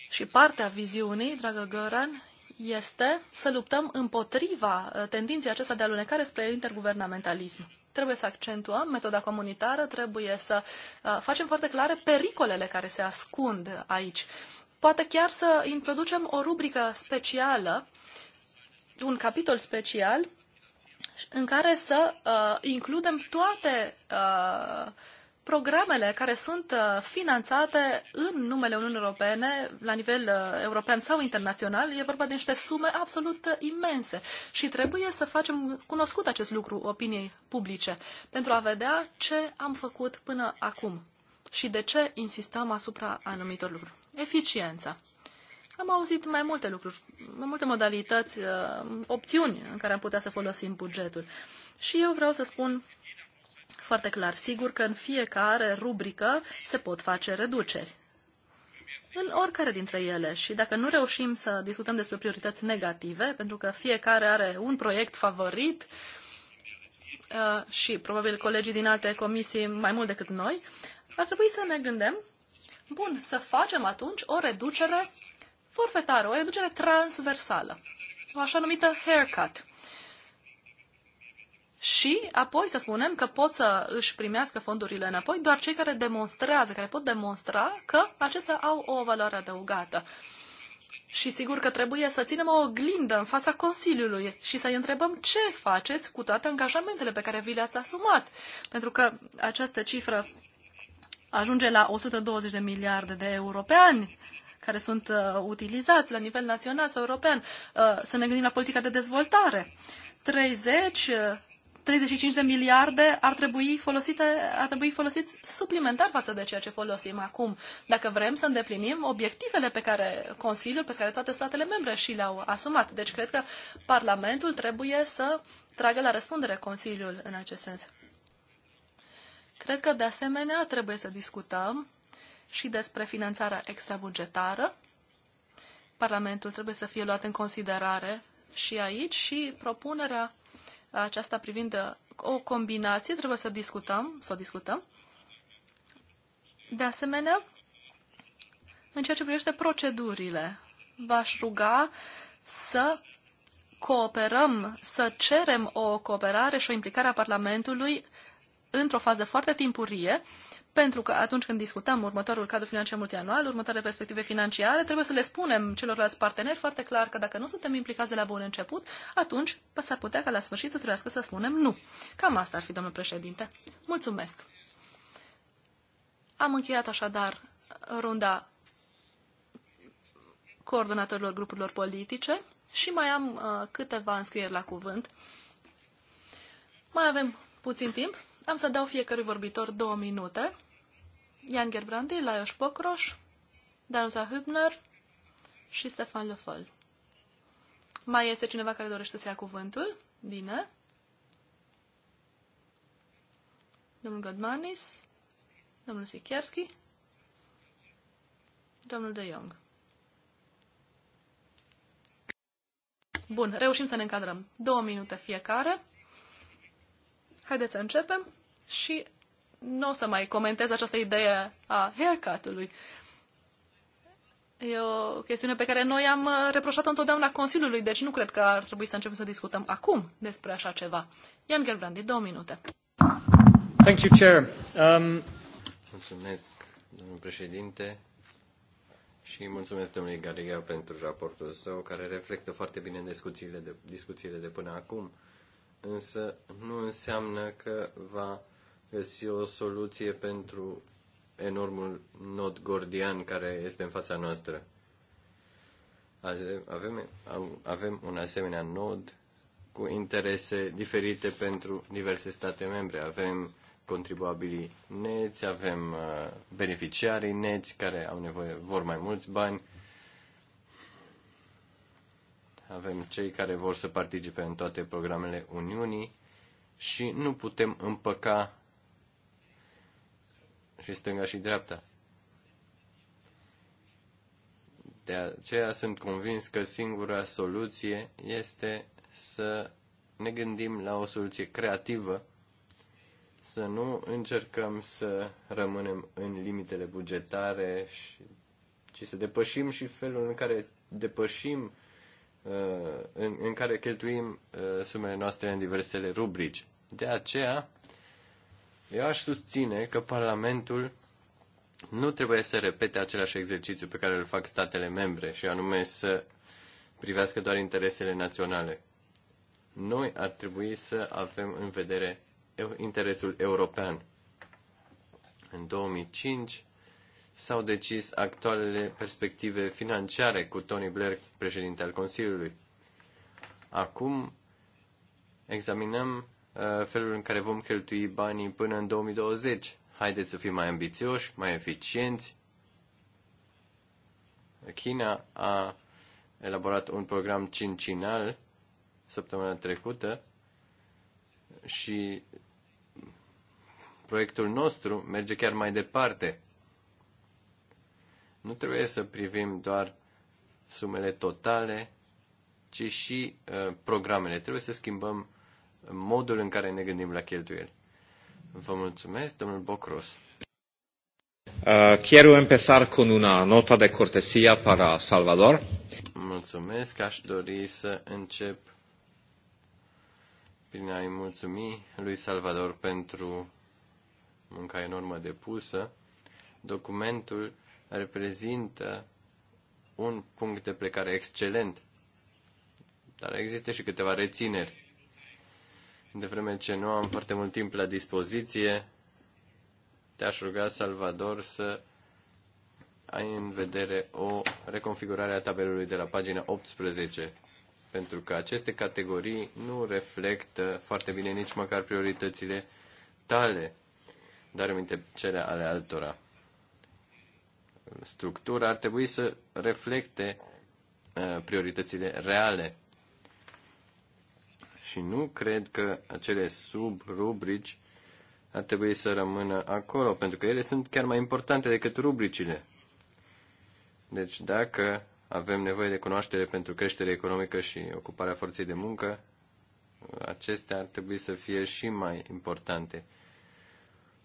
și partea viziunii, dragă Göran, este să luptăm împotriva uh, tendinței acesta de alunecare spre interguvernamentalism. Trebuie să accentuăm metoda comunitară, trebuie să uh, facem foarte clare pericolele care se ascund aici. Poate chiar să introducem o rubrică specială, un capitol special în care să uh, includem toate uh, programele care sunt uh, finanțate în numele Uniunii Europene, la nivel uh, european sau internațional, e vorba de niște sume absolut uh, imense și trebuie să facem cunoscut acest lucru opiniei publice pentru a vedea ce am făcut până acum și de ce insistăm asupra anumitor lucruri. Eficiența. Am auzit mai multe lucruri, mai multe modalități, uh, opțiuni în care am putea să folosim bugetul. Și eu vreau să spun foarte clar, sigur că în fiecare rubrică se pot face reduceri în oricare dintre ele și dacă nu reușim să discutăm despre priorități negative, pentru că fiecare are un proiect favorit uh, și probabil colegii din alte comisii mai mult decât noi, ar trebui să ne gândim, bun, să facem atunci o reducere forfetară, o reducere transversală, o așa numită haircut. Și apoi să spunem că pot să își primească fondurile înapoi doar cei care demonstrează, care pot demonstra că acestea au o valoare adăugată. Și sigur că trebuie să ținem o oglindă în fața Consiliului și să-i întrebăm ce faceți cu toate angajamentele pe care vi le-ați asumat. Pentru că această cifră ajunge la 120 de miliarde de euro pe ani care sunt uh, utilizați la nivel național sau european. Uh, să ne gândim la politica de dezvoltare. 30 35 uh, de miliarde ar trebui, folosite, ar trebui folosiți suplimentar față de ceea ce folosim acum, dacă vrem să îndeplinim obiectivele pe care Consiliul, pe care toate statele membre și le-au asumat. Deci cred că Parlamentul trebuie să tragă la răspundere Consiliul în acest sens. Cred că, de asemenea, trebuie să discutăm și despre finanțarea extrabugetară. Parlamentul trebuie să fie luat în considerare și aici și propunerea aceasta privind uh, o combinație trebuie să discutăm, să o discutăm. De asemenea, în ceea ce privește procedurile, v-aș ruga să cooperăm, să cerem o cooperare și o implicare a Parlamentului într-o fază foarte timpurie pentru că atunci când discutăm următorul cadru financiar multianual, următoarele perspective financiare, trebuie să le spunem celorlalți parteneri foarte clar că dacă nu suntem implicați de la bun început, atunci s-ar putea ca la sfârșit să trebuiască să spunem nu. Cam asta ar fi, domnul președinte. Mulțumesc! Am încheiat așadar runda coordonatorilor grupurilor politice și mai am uh, câteva înscrieri la cuvânt. Mai avem puțin timp. Am să dau fiecărui vorbitor două minute Jan Gerbrandi, Lajos Bokros, Danuta Hübner și Stefan Lefol. Mai este cineva care dorește să ia cuvântul? Bine. Domnul Godmanis, domnul Sikierski, domnul De Jong. Bun, reușim să ne încadrăm. Două minute fiecare. Haideți să începem și nu o să mai comentez această idee a haircut-ului. E o chestiune pe care noi am uh, reproșat-o întotdeauna Consiliului, deci nu cred că ar trebui să începem să discutăm acum despre așa ceva. Ian Gerbrandi, două minute.
Thank you, Chair. Um... Mulțumesc, domnul președinte, și mulțumesc domnului Galiga pentru raportul său, care reflectă foarte bine discuțiile de, discuțiile de până acum, însă nu înseamnă că va găsi o soluție pentru enormul nod gordian care este în fața noastră. Avem, avem un asemenea nod cu interese diferite pentru diverse state membre. Avem contribuabilii neți, avem uh, beneficiarii neți care au nevoie, vor mai mulți bani, avem cei care vor să participe în toate programele Uniunii și nu putem împăca și stânga și dreapta. De aceea sunt convins că singura soluție este să ne gândim la o soluție creativă, să nu încercăm să rămânem în limitele bugetare, și, ci să depășim și felul în care depășim, uh, în, în care cheltuim uh, sumele noastre în diversele rubrici. De aceea, eu aș susține că Parlamentul nu trebuie să repete același exercițiu pe care îl fac statele membre, și anume să privească doar interesele naționale. Noi ar trebui să avem în vedere interesul european. În 2005 s-au decis actualele perspective financiare cu Tony Blair, președinte al Consiliului. Acum examinăm Uh, felul în care vom cheltui banii până în 2020. Haideți să fim mai ambițioși, mai eficienți. China a elaborat un program cincinal săptămâna trecută și proiectul nostru merge chiar mai departe. Nu trebuie să privim doar sumele totale, ci și uh, programele. Trebuie să schimbăm modul în care ne gândim la cheltuieli. Vă mulțumesc, domnul Bocros.
Uh, quiero empezar con una nota de cortesía para Salvador.
Mulțumesc, aș dori să încep prin a-i mulțumi lui Salvador pentru munca enormă depusă. Documentul reprezintă un punct de plecare excelent, dar există și câteva rețineri. De vreme ce nu am foarte mult timp la dispoziție, te-aș ruga, Salvador, să ai în vedere o reconfigurare a tabelului de la pagina 18, pentru că aceste categorii nu reflectă foarte bine nici măcar prioritățile tale, dar minte cele ale altora. Structura ar trebui să reflecte uh, prioritățile reale și nu cred că acele subrubrici ar trebui să rămână acolo, pentru că ele sunt chiar mai importante decât rubricile. Deci dacă avem nevoie de cunoaștere pentru creștere economică și ocuparea forței de muncă, acestea ar trebui să fie și mai importante.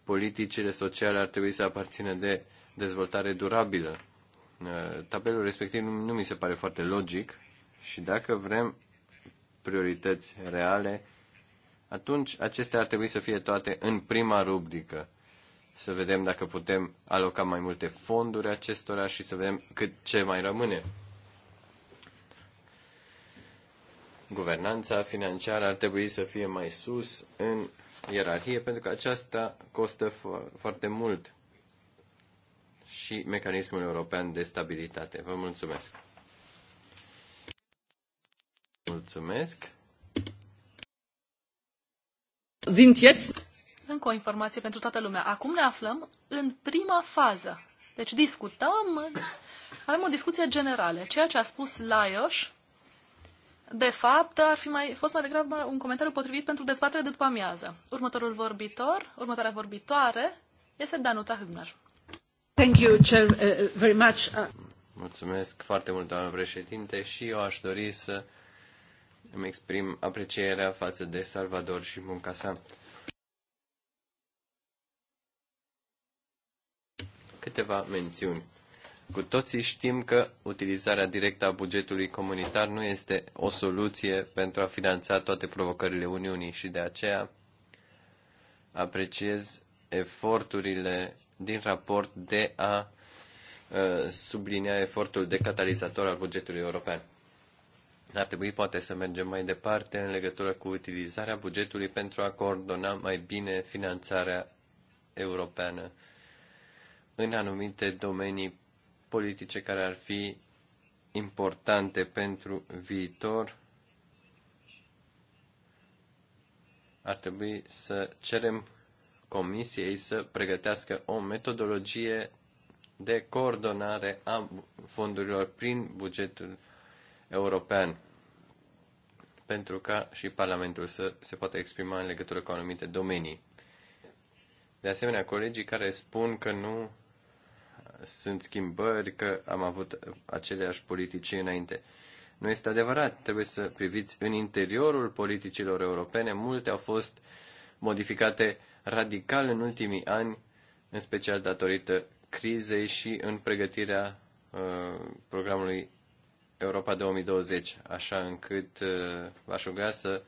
Politicile sociale ar trebui să aparțină de dezvoltare durabilă. Tabelul respectiv nu mi se pare foarte logic și dacă vrem priorități reale, atunci acestea ar trebui să fie toate în prima rubrică. Să vedem dacă putem aloca mai multe fonduri acestora și să vedem cât ce mai rămâne. Guvernanța financiară ar trebui să fie mai sus în ierarhie, pentru că aceasta costă fo- foarte mult și mecanismul european de stabilitate. Vă mulțumesc! Mulțumesc. Sunt jetzt...
Încă o informație pentru toată lumea. Acum ne aflăm în prima fază. Deci discutăm, avem o discuție generală. Ceea ce a spus Laios, de fapt, ar fi mai, fost mai degrabă un comentariu potrivit pentru dezbatere de după amiază. Următorul vorbitor, următoarea vorbitoare, este Danuta Hübner.
Thank you, Chair, uh, very much. Mulțumesc foarte mult, doamnă președinte, și eu aș dori să îmi exprim aprecierea față de Salvador și munca sa. Câteva mențiuni. Cu toții știm că utilizarea directă a bugetului comunitar nu este o soluție pentru a finanța toate provocările Uniunii și de aceea apreciez eforturile din raport de a uh, sublinia efortul de catalizator al bugetului european. Ar trebui poate să mergem mai departe în legătură cu utilizarea bugetului pentru a coordona mai bine finanțarea europeană în anumite domenii politice care ar fi importante pentru viitor. Ar trebui să cerem Comisiei să pregătească o metodologie de coordonare a fondurilor prin bugetul European pentru ca și Parlamentul să se poată exprima în legătură cu anumite domenii. De asemenea, colegii care spun că nu sunt schimbări, că am avut aceleași politici înainte. Nu este adevărat. Trebuie să priviți în interiorul politicilor europene. Multe au fost modificate radical în ultimii ani, în special datorită crizei și în pregătirea uh, programului Europa 2020, așa încât uh, v-aș ruga să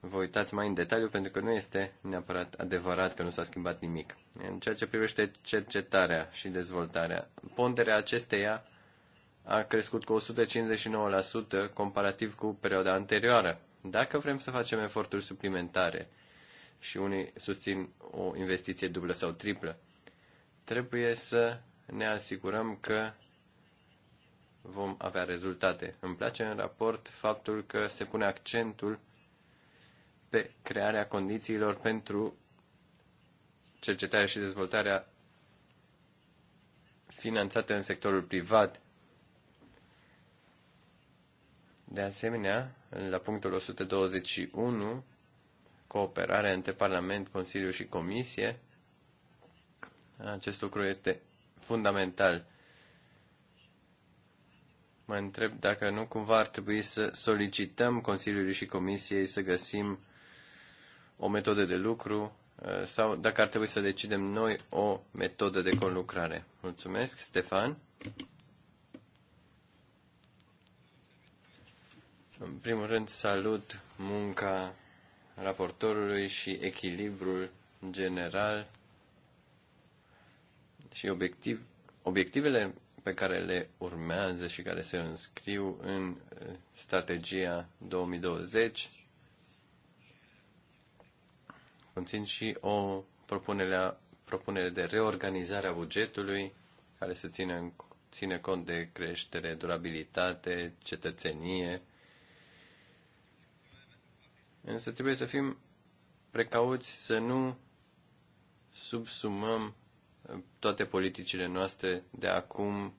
vă uitați mai în detaliu, pentru că nu este neapărat adevărat că nu s-a schimbat nimic. În ceea ce privește cercetarea și dezvoltarea, ponderea acesteia a crescut cu 159% comparativ cu perioada anterioară. Dacă vrem să facem eforturi suplimentare și unii susțin o investiție dublă sau triplă, trebuie să ne asigurăm că vom avea rezultate. Îmi place în raport faptul că se pune accentul pe crearea condițiilor pentru cercetarea și dezvoltarea finanțate în sectorul privat. De asemenea, la punctul 121, cooperarea între Parlament, Consiliu și Comisie, acest lucru este fundamental. Mă întreb dacă nu cumva ar trebui să solicităm Consiliului și Comisiei să găsim o metodă de lucru uh, sau dacă ar trebui să decidem noi o metodă de conlucrare. Mulțumesc, Stefan. În primul rând, salut munca raportorului și echilibrul general și obiectiv, obiectivele pe care le urmează și care se înscriu în eh, strategia 2020 conțin și o propunere, propunere de reorganizare a bugetului care se ține, ține cont de creștere, durabilitate, cetățenie. Însă trebuie să fim precauți să nu subsumăm toate politicile noastre de acum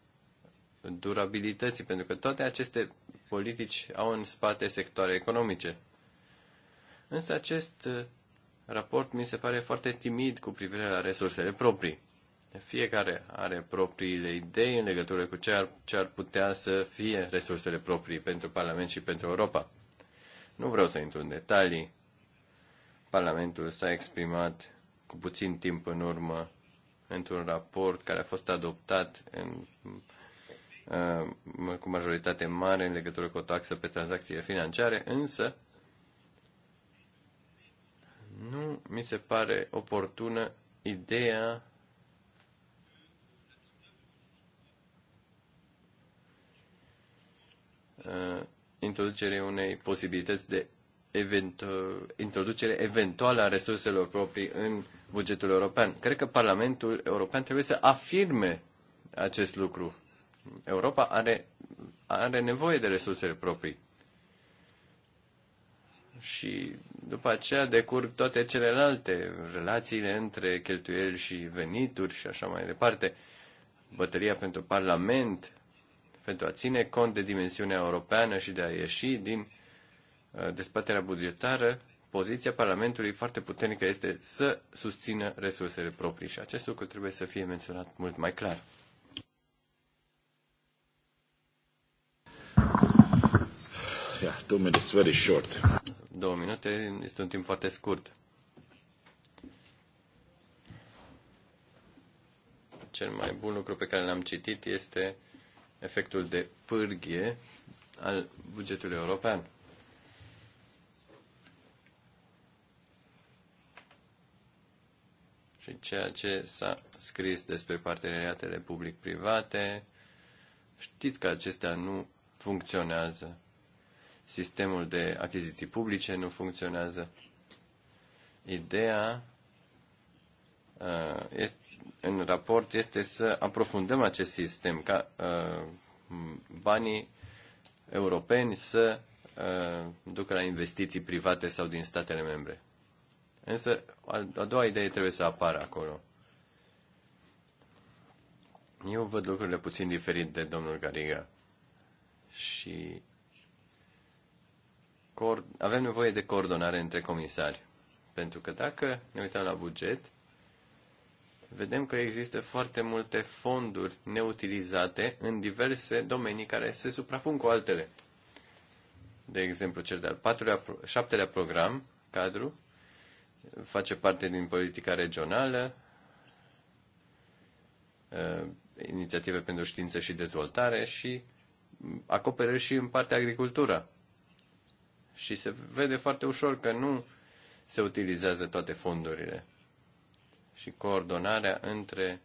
durabilității, pentru că toate aceste politici au în spate sectoare economice. Însă acest uh, raport mi se pare foarte timid cu privire la resursele proprii. Fiecare are propriile idei în legătură cu ce ar, ce ar putea să fie resursele proprii pentru Parlament și pentru Europa. Nu vreau să intru în detalii. Parlamentul s-a exprimat cu puțin timp în urmă într-un raport care a fost adoptat în, uh, cu majoritate mare în legătură cu o taxă pe tranzacțiile financiare, însă nu mi se pare oportună ideea uh, introducerii unei posibilități de eventu- introducere eventuală a resurselor proprii în bugetul european. Cred că Parlamentul European trebuie să afirme acest lucru. Europa are, are nevoie de resursele proprii. Și după aceea decurg toate celelalte relațiile între cheltuieli și venituri și așa mai departe. Bătălia pentru Parlament, pentru a ține cont de dimensiunea europeană și de a ieși din uh, despaterea bugetară poziția Parlamentului foarte puternică este să susțină resursele proprii și acest lucru trebuie să fie menționat mult mai clar.
Yeah, two minutes, very short.
Două minute este un timp foarte scurt. Cel mai bun lucru pe care l-am citit este efectul de pârghie al bugetului european. și ceea ce s-a scris despre parteneriatele public-private. Știți că acestea nu funcționează. Sistemul de achiziții publice nu funcționează. Ideea uh, este, în raport este să aprofundăm acest sistem ca uh, banii europeni să uh, ducă la investiții private sau din statele membre. Însă, a doua idee trebuie să apară acolo. Eu văd lucrurile puțin diferit de domnul Gariga. Și avem nevoie de coordonare între comisari. Pentru că dacă ne uităm la buget, vedem că există foarte multe fonduri neutilizate în diverse domenii care se suprapun cu altele. De exemplu, cel de-al patrulea, șaptelea program, cadru, face parte din politica regională, uh, inițiative pentru știință și dezvoltare și acoperă și în partea agricultura. Și se vede foarte ușor că nu se utilizează toate fondurile. Și coordonarea între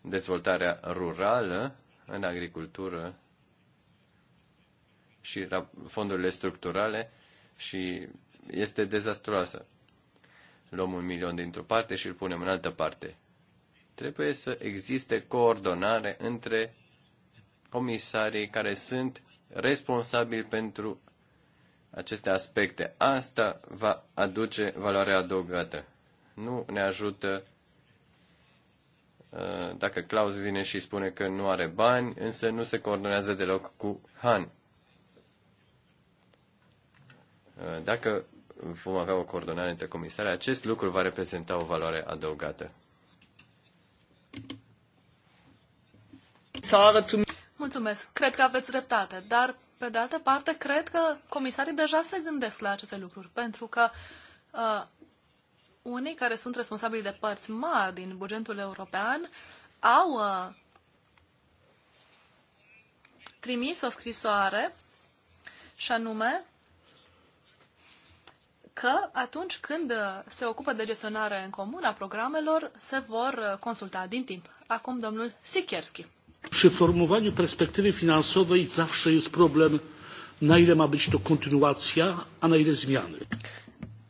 dezvoltarea rurală în agricultură și fondurile structurale și este dezastruoasă luăm un milion dintr-o parte și îl punem în altă parte. Trebuie să existe coordonare între comisarii care sunt responsabili pentru aceste aspecte. Asta va aduce valoare adăugată. Nu ne ajută uh, dacă Claus vine și spune că nu are bani, însă nu se coordonează deloc cu Han. Uh, dacă vom avea o coordonare între comisare, acest lucru va reprezenta o valoare adăugată.
Mulțumesc. Cred că aveți dreptate, dar pe de altă parte cred că comisarii deja se gândesc la aceste lucruri, pentru că uh, unii care sunt responsabili de părți mari din bugetul european au uh, trimis o scrisoare și anume că atunci când uh, se ocupă de gestionare în comun a programelor, se vor uh, consulta din timp. Acum domnul Sikierski.
Przy formowaniu perspektywy finansowej zawsze jest problem, na ile ma być to kontynuacja, a na ile zmiany.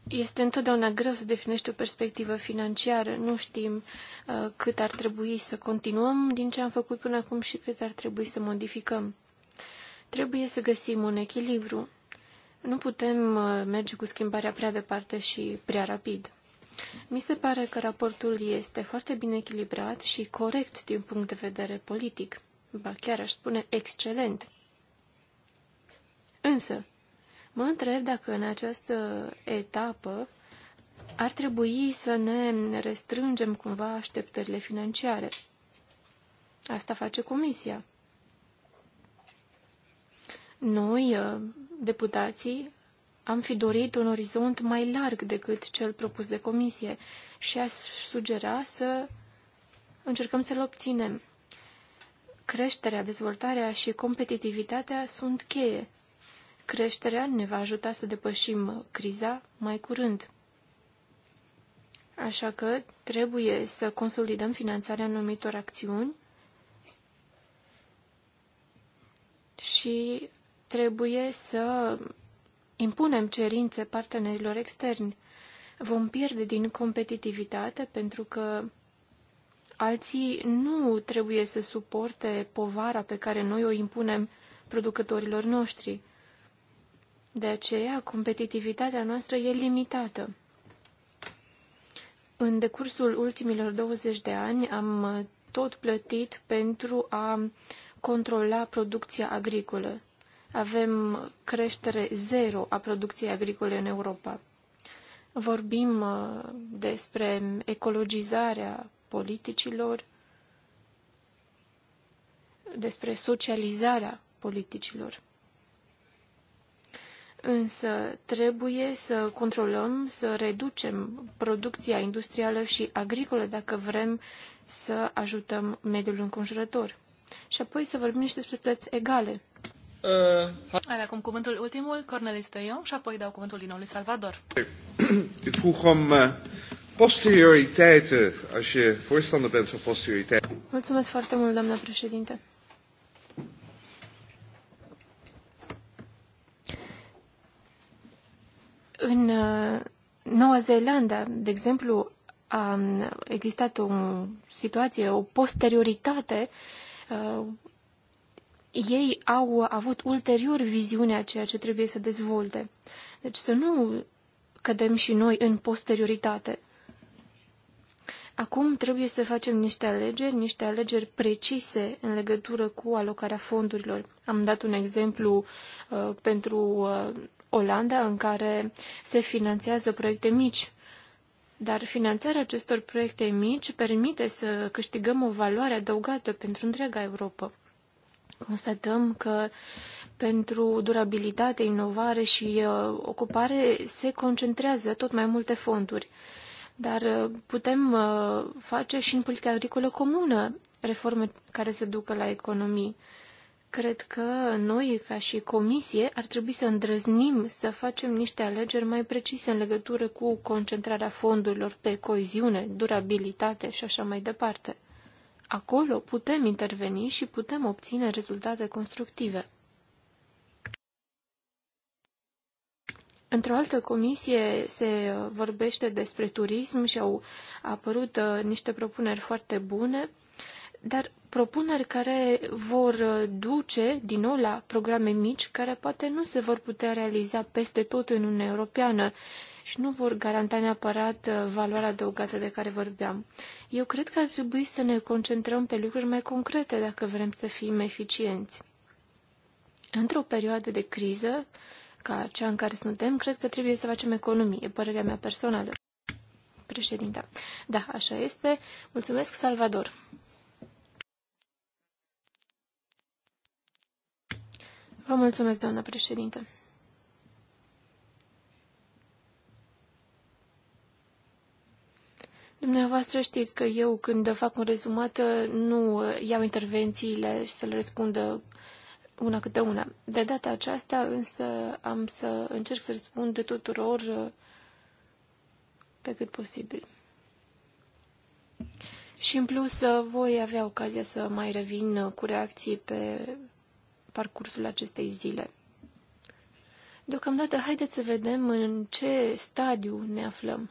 Este întotdeauna greu să definești o perspectivă financiară. Nu știm uh, cât ar trebui să continuăm din ce am făcut până acum și cât ar trebui să modificăm. Trebuie să găsim un echilibru. Nu putem uh, merge cu schimbarea prea departe și prea rapid. Mi se pare că raportul este foarte bine echilibrat și corect din punct de vedere politic, ba chiar aș spune excelent. Însă, mă întreb dacă în această etapă ar trebui să ne restrângem cumva așteptările financiare. Asta face Comisia. Noi, uh, deputații, am fi dorit un orizont mai larg decât cel propus de comisie și aș sugera să încercăm să-l obținem. Creșterea, dezvoltarea și competitivitatea sunt cheie. Creșterea ne va ajuta să depășim criza mai curând. Așa că trebuie să consolidăm finanțarea anumitor acțiuni și trebuie să impunem cerințe partenerilor externi. Vom pierde din competitivitate pentru că alții nu trebuie să suporte povara pe care noi o impunem producătorilor noștri. De aceea, competitivitatea noastră e limitată. În decursul ultimilor 20 de ani am tot plătit pentru a controla producția agricolă avem creștere zero a producției agricole în Europa. Vorbim uh, despre ecologizarea politicilor, despre socializarea politicilor. Însă trebuie să controlăm, să reducem producția industrială și agricolă dacă vrem să ajutăm mediul înconjurător. Și apoi să vorbim și despre plăți egale
uh,
Are acum cuvântul ultimul, Cornelis de Jong, și apoi dau cuvântul din nou lui Salvador.
Ik vroeg om uh, posterioriteit, eh, als je voorstander bent van posterioriteit.
Mulțumesc foarte mult, doamna președinte. În eh, Noua Zeelandă, de exemplu, a mm, existat o situație, o posterioritate ei au avut ulterior viziunea ceea ce trebuie să dezvolte. Deci să nu cădem și noi în posterioritate. Acum trebuie să facem niște alegeri, niște alegeri precise în legătură cu alocarea fondurilor. Am dat un exemplu uh, pentru uh, Olanda în care se finanțează proiecte mici, dar finanțarea acestor proiecte mici permite să câștigăm o valoare adăugată pentru întreaga Europa. Constatăm că pentru durabilitate, inovare și uh, ocupare se concentrează tot mai multe fonduri. Dar uh, putem uh, face și în politica agricolă comună reforme care să ducă la economii. Cred că noi, ca și comisie, ar trebui să îndrăznim să facem niște alegeri mai precise în legătură cu concentrarea fondurilor pe coeziune, durabilitate și așa mai departe. Acolo putem interveni și putem obține rezultate constructive. Într-o altă comisie se uh, vorbește despre turism și au apărut uh, niște propuneri foarte bune, dar propuneri care vor uh, duce din nou la programe mici care poate nu se vor putea realiza peste tot în Uniunea Europeană și nu vor garanta neapărat uh, valoarea adăugată de care vorbeam. Eu cred că ar trebui să ne concentrăm pe lucruri mai concrete dacă vrem să fim eficienți. Într-o perioadă de criză, ca cea în care suntem, cred că trebuie să facem economii. E părerea mea personală. Președinta. Da, așa este. Mulțumesc, Salvador. Vă mulțumesc, doamnă președinte. Dumneavoastră știți că eu când fac un rezumat nu iau intervențiile și să le răspundă una câte una. De data aceasta însă am să încerc să răspund de tuturor uh, pe cât posibil. Și în plus uh, voi avea ocazia să mai revin uh, cu reacții pe parcursul acestei zile. Deocamdată haideți să vedem în ce stadiu ne aflăm.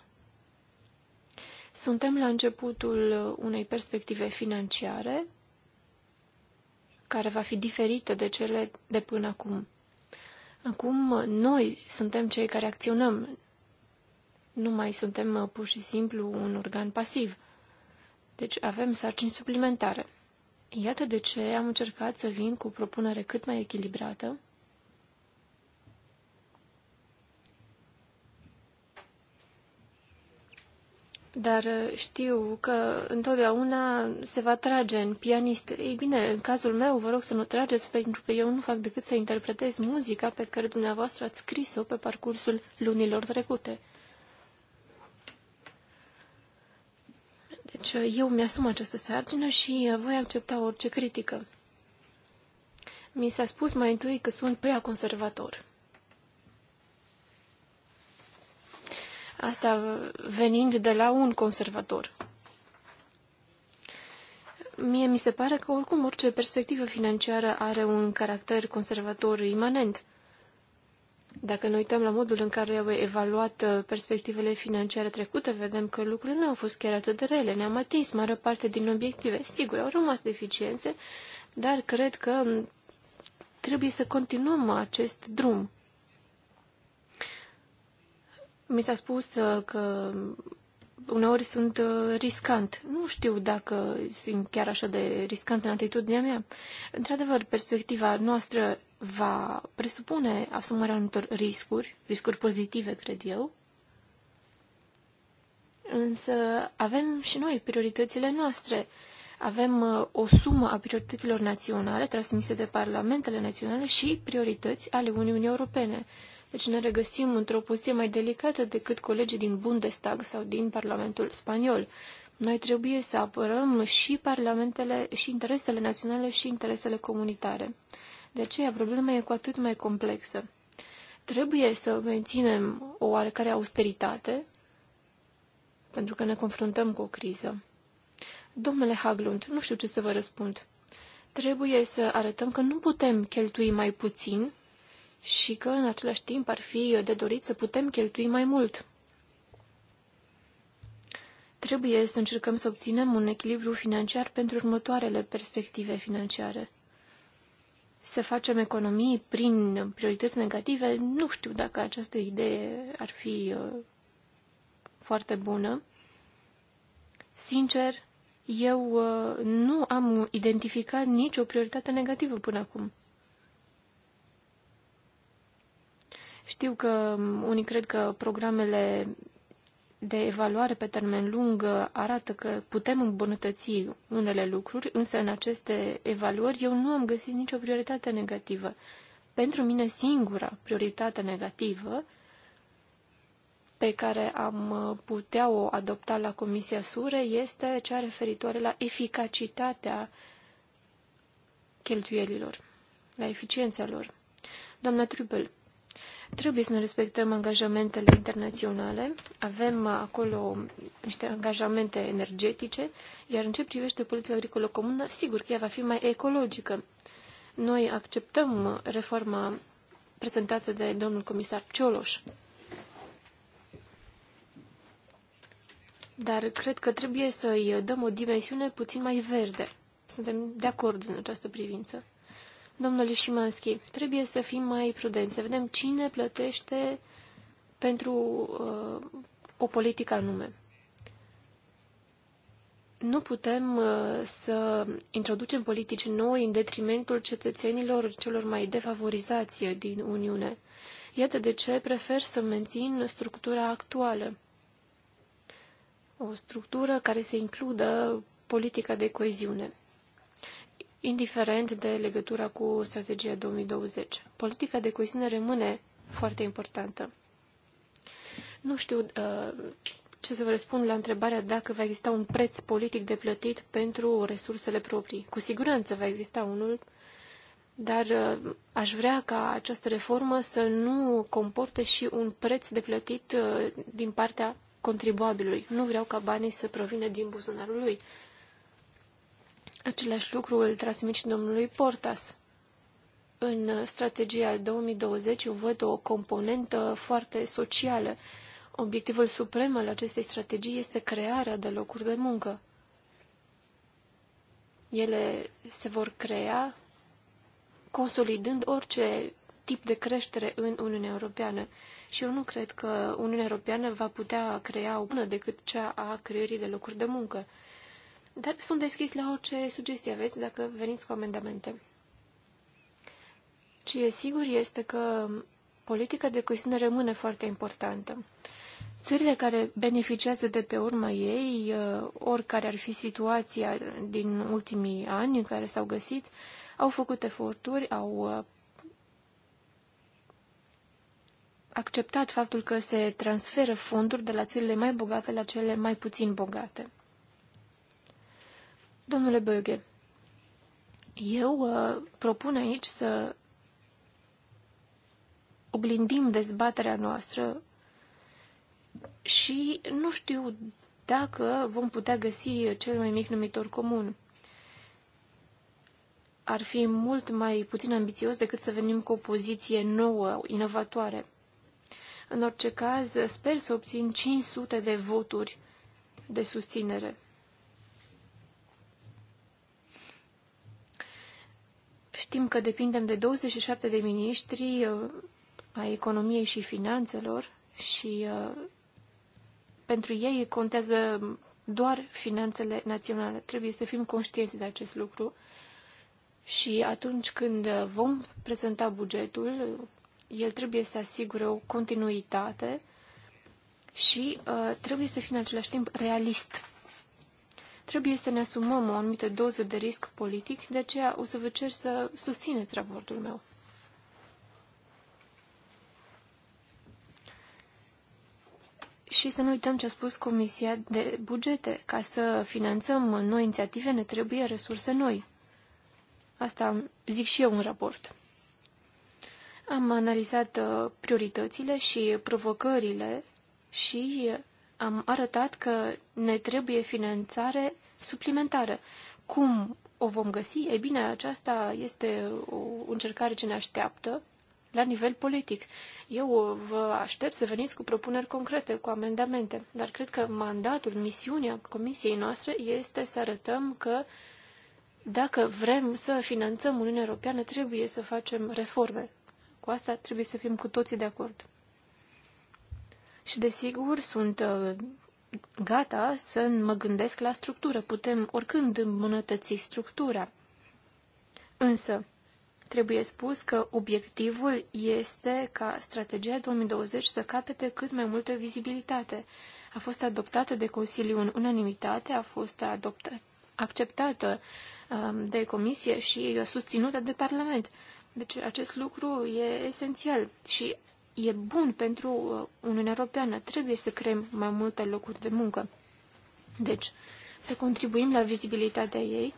Suntem la începutul unei perspective financiare care va fi diferită de cele de până acum. Acum noi suntem cei care acționăm. Nu mai suntem uh, pur și simplu un organ pasiv. Deci avem sarcini suplimentare. Iată de ce am încercat să vin cu o propunere cât mai echilibrată dar uh, știu că întotdeauna se va trage în pianist. Ei bine, în cazul meu, vă rog să mă trageți, pentru că eu nu fac decât să interpretez muzica pe care dumneavoastră ați scris-o pe parcursul lunilor trecute. Deci uh, eu mi-asum această sarcină și uh, voi accepta orice critică. Mi s-a spus mai întâi că sunt prea conservator. Asta venind de la un conservator. Mie mi se pare că oricum orice perspectivă financiară are un caracter conservator imanent. Dacă ne uităm la modul în care au evaluat uh, perspectivele financiare trecute, vedem că lucrurile nu au fost chiar atât de rele. Ne-am atins mare parte din obiective. Sigur, au rămas deficiențe, dar cred că mm, trebuie să continuăm acest drum. Mi s-a spus uh, că uneori sunt uh, riscant. Nu știu dacă sunt chiar așa de riscant în atitudinea mea. Într-adevăr, perspectiva noastră va presupune asumarea anumitor riscuri, riscuri pozitive, cred eu. Însă avem și noi prioritățile noastre. Avem uh, o sumă a priorităților naționale transmise de parlamentele naționale și priorități ale Uniunii Europene. Deci ne regăsim într-o poziție mai delicată decât colegii din Bundestag sau din Parlamentul Spaniol. Noi trebuie să apărăm și parlamentele, și interesele naționale, și interesele comunitare. De aceea, problema e cu atât mai complexă. Trebuie să menținem o oarecare austeritate, pentru că ne confruntăm cu o criză. Domnule Haglund, nu știu ce să vă răspund. Trebuie să arătăm că nu putem cheltui mai puțin și că în același timp ar fi de dorit să putem cheltui mai mult. Trebuie să încercăm să obținem un echilibru financiar pentru următoarele perspective financiare. Să facem economii prin priorități negative, nu știu dacă această idee ar fi uh, foarte bună. Sincer, eu uh, nu am identificat nicio prioritate negativă până acum. Știu că unii cred că programele de evaluare pe termen lung arată că putem îmbunătăți unele lucruri, însă în aceste evaluări eu nu am găsit nicio prioritate negativă. Pentru mine singura prioritate negativă pe care am putea o adopta la Comisia Sure este cea referitoare la eficacitatea cheltuielilor, la eficiența lor. Doamna Trubel, Trebuie să ne respectăm angajamentele internaționale. Avem acolo niște angajamente energetice, iar în ce privește politica agricolă comună, sigur că ea va fi mai ecologică. Noi acceptăm reforma prezentată de domnul comisar Cioloș. Dar cred că trebuie să-i dăm o dimensiune puțin mai verde. Suntem de acord în această privință. Domnule Șimanski, trebuie să fim mai prudenți, să vedem cine plătește pentru uh, o politică anume. Nu putem uh, să introducem politici noi în detrimentul cetățenilor celor mai defavorizați din Uniune. Iată de ce prefer să mențin structura actuală. O structură care să includă politica de coeziune indiferent de legătura cu strategia 2020. Politica de coeziune rămâne foarte importantă. Nu știu uh, ce să vă răspund la întrebarea dacă va exista un preț politic de plătit pentru resursele proprii. Cu siguranță va exista unul, dar uh, aș vrea ca această reformă să nu comporte și un preț de plătit uh, din partea contribuabilului. Nu vreau ca banii să provină din buzunarul lui. Același lucru îl transmit și domnului Portas. În strategia 2020 eu văd o componentă foarte socială. Obiectivul suprem al acestei strategii este crearea de locuri de muncă. Ele se vor crea consolidând orice tip de creștere în Uniunea Europeană. Și eu nu cred că Uniunea Europeană va putea crea o bună decât cea a creării de locuri de muncă. Dar sunt deschis la orice sugestie aveți dacă veniți cu amendamente. Ce e sigur este că politica de coesiune rămâne foarte importantă. Țările care beneficiază de pe urma ei, uh, oricare ar fi situația din ultimii ani în care s-au găsit, au făcut eforturi, au uh, acceptat faptul că se transferă fonduri de la țările mai bogate la cele mai puțin bogate. Domnule Böge, eu uh, propun aici să oglindim dezbaterea noastră și nu știu dacă vom putea găsi cel mai mic numitor comun. Ar fi mult mai puțin ambițios decât să venim cu o poziție nouă, inovatoare. În orice caz, sper să obțin 500 de voturi de susținere. Știm că depindem de 27 de miniștri uh, a economiei și finanțelor și uh, pentru ei contează doar finanțele naționale. Trebuie să fim conștienți de acest lucru și atunci când vom prezenta bugetul, el trebuie să asigure o continuitate și uh, trebuie să fie în același timp realist. Trebuie să ne asumăm o anumită doză de risc politic, de aceea o să vă cer să susțineți raportul meu. Și să nu uităm ce a spus Comisia de Bugete. Ca să finanțăm noi inițiative, ne trebuie resurse noi. Asta zic și eu în raport. Am analizat uh, prioritățile și provocările și uh, am arătat că ne trebuie finanțare suplimentară. Cum o vom găsi? E bine, aceasta este o încercare ce ne așteaptă la nivel politic. Eu vă aștept să veniți cu propuneri concrete, cu amendamente, dar cred că mandatul, misiunea comisiei noastre este să arătăm că dacă vrem să finanțăm Uniunea Europeană, trebuie să facem reforme. Cu asta trebuie să fim cu toții de acord și desigur sunt uh, gata să mă gândesc la structură. Putem oricând îmbunătăți structura. Însă, trebuie spus că obiectivul este ca strategia 2020 să capete cât mai multă vizibilitate. A fost adoptată de Consiliu în unanimitate, a fost adoptată, acceptată um, de Comisie și uh, susținută de Parlament. Deci acest lucru e esențial și e bun pentru uh, Uniunea Europeană. Trebuie să creăm mai multe locuri de muncă. Deci, să contribuim la vizibilitatea ei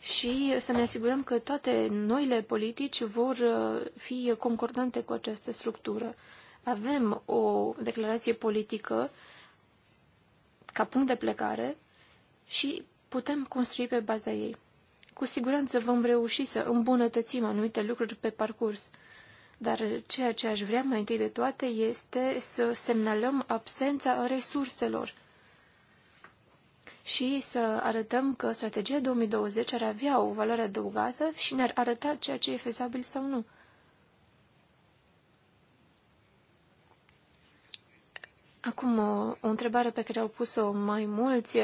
și să ne asigurăm că toate noile politici vor uh, fi concordante cu această structură. Avem o declarație politică ca punct de plecare și putem construi pe baza ei. Cu siguranță vom reuși să îmbunătățim anumite lucruri pe parcurs, dar ceea ce aș vrea mai întâi de toate este să semnalăm absența resurselor și să arătăm că strategia 2020 ar avea o valoare adăugată și ne-ar arăta ceea ce e fezabil sau nu. Acum, o, o întrebare pe care au pus-o mai mulți.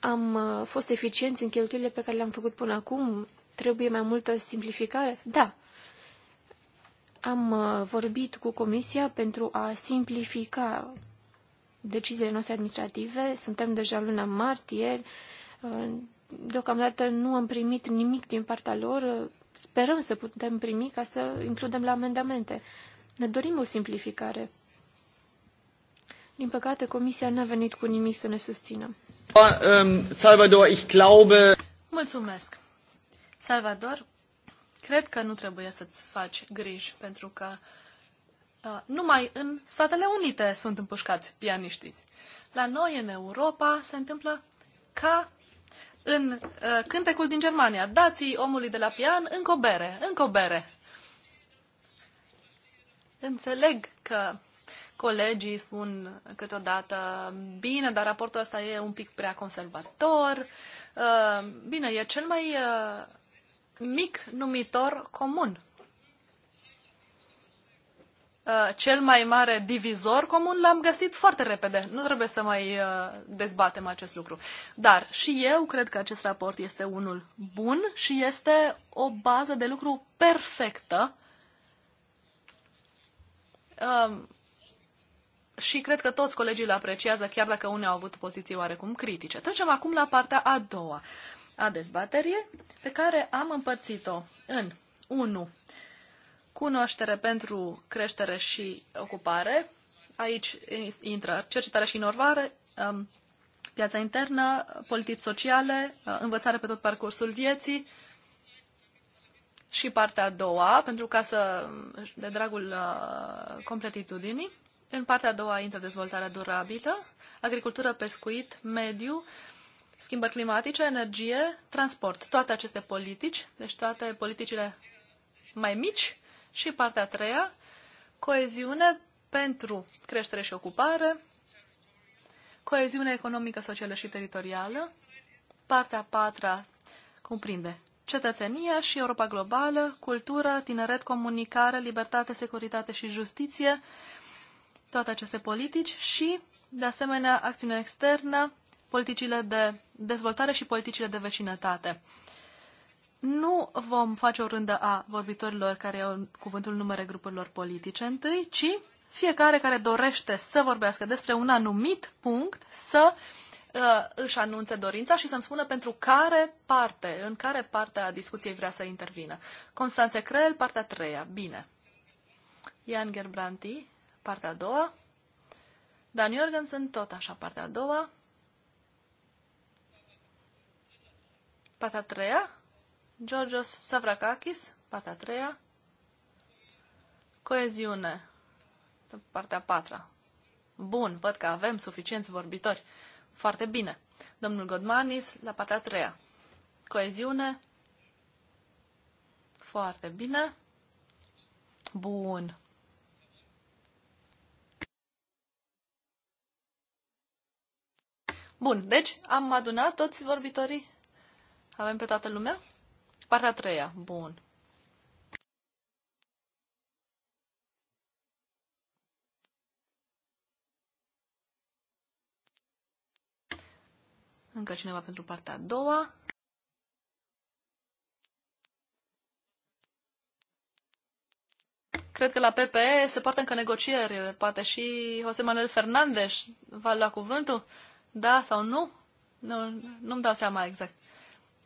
Am uh, fost eficienți în cheltuielile pe care le-am făcut până acum? Trebuie mai multă simplificare? Da. Am uh, vorbit cu Comisia pentru a simplifica deciziile noastre administrative. Suntem deja luna martie. Uh, deocamdată nu am primit nimic din partea lor. Uh, sperăm să putem primi ca să includem la amendamente. Ne dorim o simplificare. Din păcate, Comisia n-a venit cu nimic să ne susțină.
Salvador, um, ich glaube...
Mulțumesc. Salvador, cred că nu trebuie să-ți
faci griji, pentru că uh, numai în Statele Unite sunt împușcați pianiștii. La noi, în Europa, se întâmplă ca în uh, cântecul din Germania. dați omului de la pian încă o bere, încă o bere. Înțeleg că colegii spun câteodată, bine, dar raportul ăsta e un pic prea conservator, uh, bine, e cel mai uh, mic numitor comun. Uh, cel mai mare divizor comun l-am găsit foarte repede. Nu trebuie să mai uh, dezbatem acest lucru. Dar și eu cred că acest raport este unul bun și este o bază de lucru perfectă um, și cred că toți colegii îl apreciază, chiar dacă unii au avut poziții oarecum critice. Trecem acum la partea a doua a dezbaterii, pe care am împărțit-o în 1. Cunoaștere pentru creștere și ocupare. Aici intră cercetare și inovare, um, piața internă, politici sociale, uh, învățare pe tot parcursul vieții, și partea a doua, pentru ca să, de dragul uh, completitudinii, în partea a doua intră dezvoltarea durabilă, agricultură, pescuit, mediu, schimbări climatice, energie, transport. Toate aceste politici, deci toate politicile mai mici și partea a treia, coeziune pentru creștere și ocupare, coeziune economică, socială și teritorială. Partea a patra cuprinde cetățenia și Europa globală, cultură, tineret, comunicare, libertate, securitate și justiție, toate aceste politici și, de asemenea, acțiune externă, politicile de dezvoltare și politicile de vecinătate. Nu vom face o rândă a vorbitorilor care au cuvântul numere grupurilor politice întâi, ci fiecare care dorește să vorbească despre un anumit punct să uh, își anunțe dorința și să-mi spună pentru care parte, în care parte a discuției vrea să intervină. Constanțe Creel, partea a treia. Bine. Ian Gerbranti, partea a doua. Dan Jorgensen, tot așa, partea a doua. Pata treia, Georgios Savrakakis, Pata treia, coeziune, partea patra. Bun, văd că avem suficienți vorbitori. Foarte bine. Domnul Godmanis, la partea a treia. Coeziune. Foarte bine. Bun. Bun, deci am adunat toți vorbitorii? Avem pe toată lumea? Partea a treia. Bun. Încă cineva pentru partea a doua. Cred că la PPE se poartă încă negocieri. Poate și José Manuel Fernandez va lua cuvântul. Da sau nu? Nu, nu-mi dau seama exact.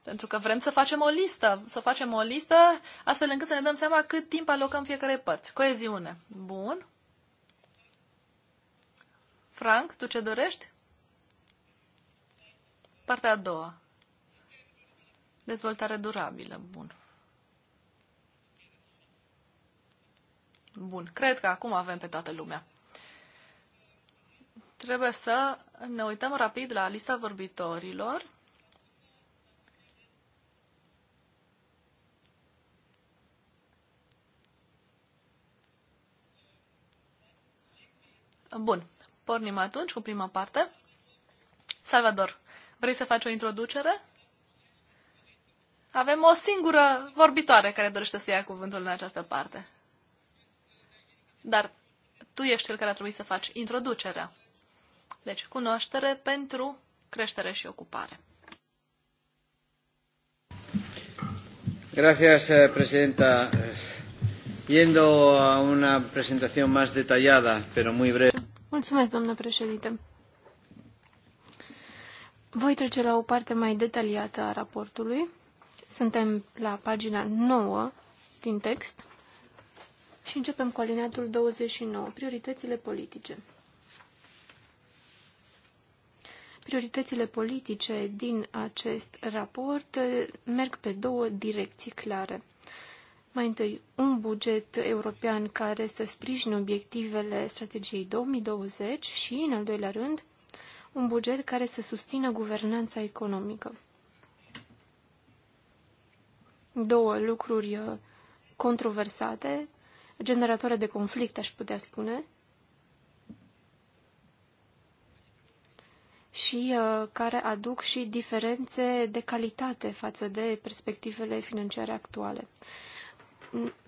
Pentru că vrem să facem o listă, să facem o listă astfel încât să ne dăm seama cât timp alocăm fiecare părți. Coeziune. Bun. Frank, tu ce dorești? Partea a doua. Dezvoltare durabilă. Bun. Bun. Cred că acum avem pe toată lumea. Trebuie să ne uităm rapid la lista vorbitorilor. Bun. Pornim atunci cu prima parte. Salvador, vrei să faci o introducere? Avem o singură vorbitoare care dorește să ia cuvântul în această parte. Dar tu ești cel care a trebuit să faci introducerea. Deci, cunoaștere pentru creștere și ocupare.
Gracias, eh, presidenta. Yendo a una presentación más detallada, pero muy breve.
Mulțumesc, domnule președinte. Voi trece la o parte mai detaliată a raportului. Suntem la pagina 9 din text și începem cu alineatul 29, prioritățile politice. Prioritățile politice din acest raport merg pe două direcții clare. Mai întâi, un buget european care să sprijine obiectivele strategiei 2020 și, în al doilea rând, un buget care să susțină guvernanța economică. Două lucruri uh, controversate, generatoare de conflict, aș putea spune, și uh, care aduc și diferențe de calitate față de perspectivele financiare actuale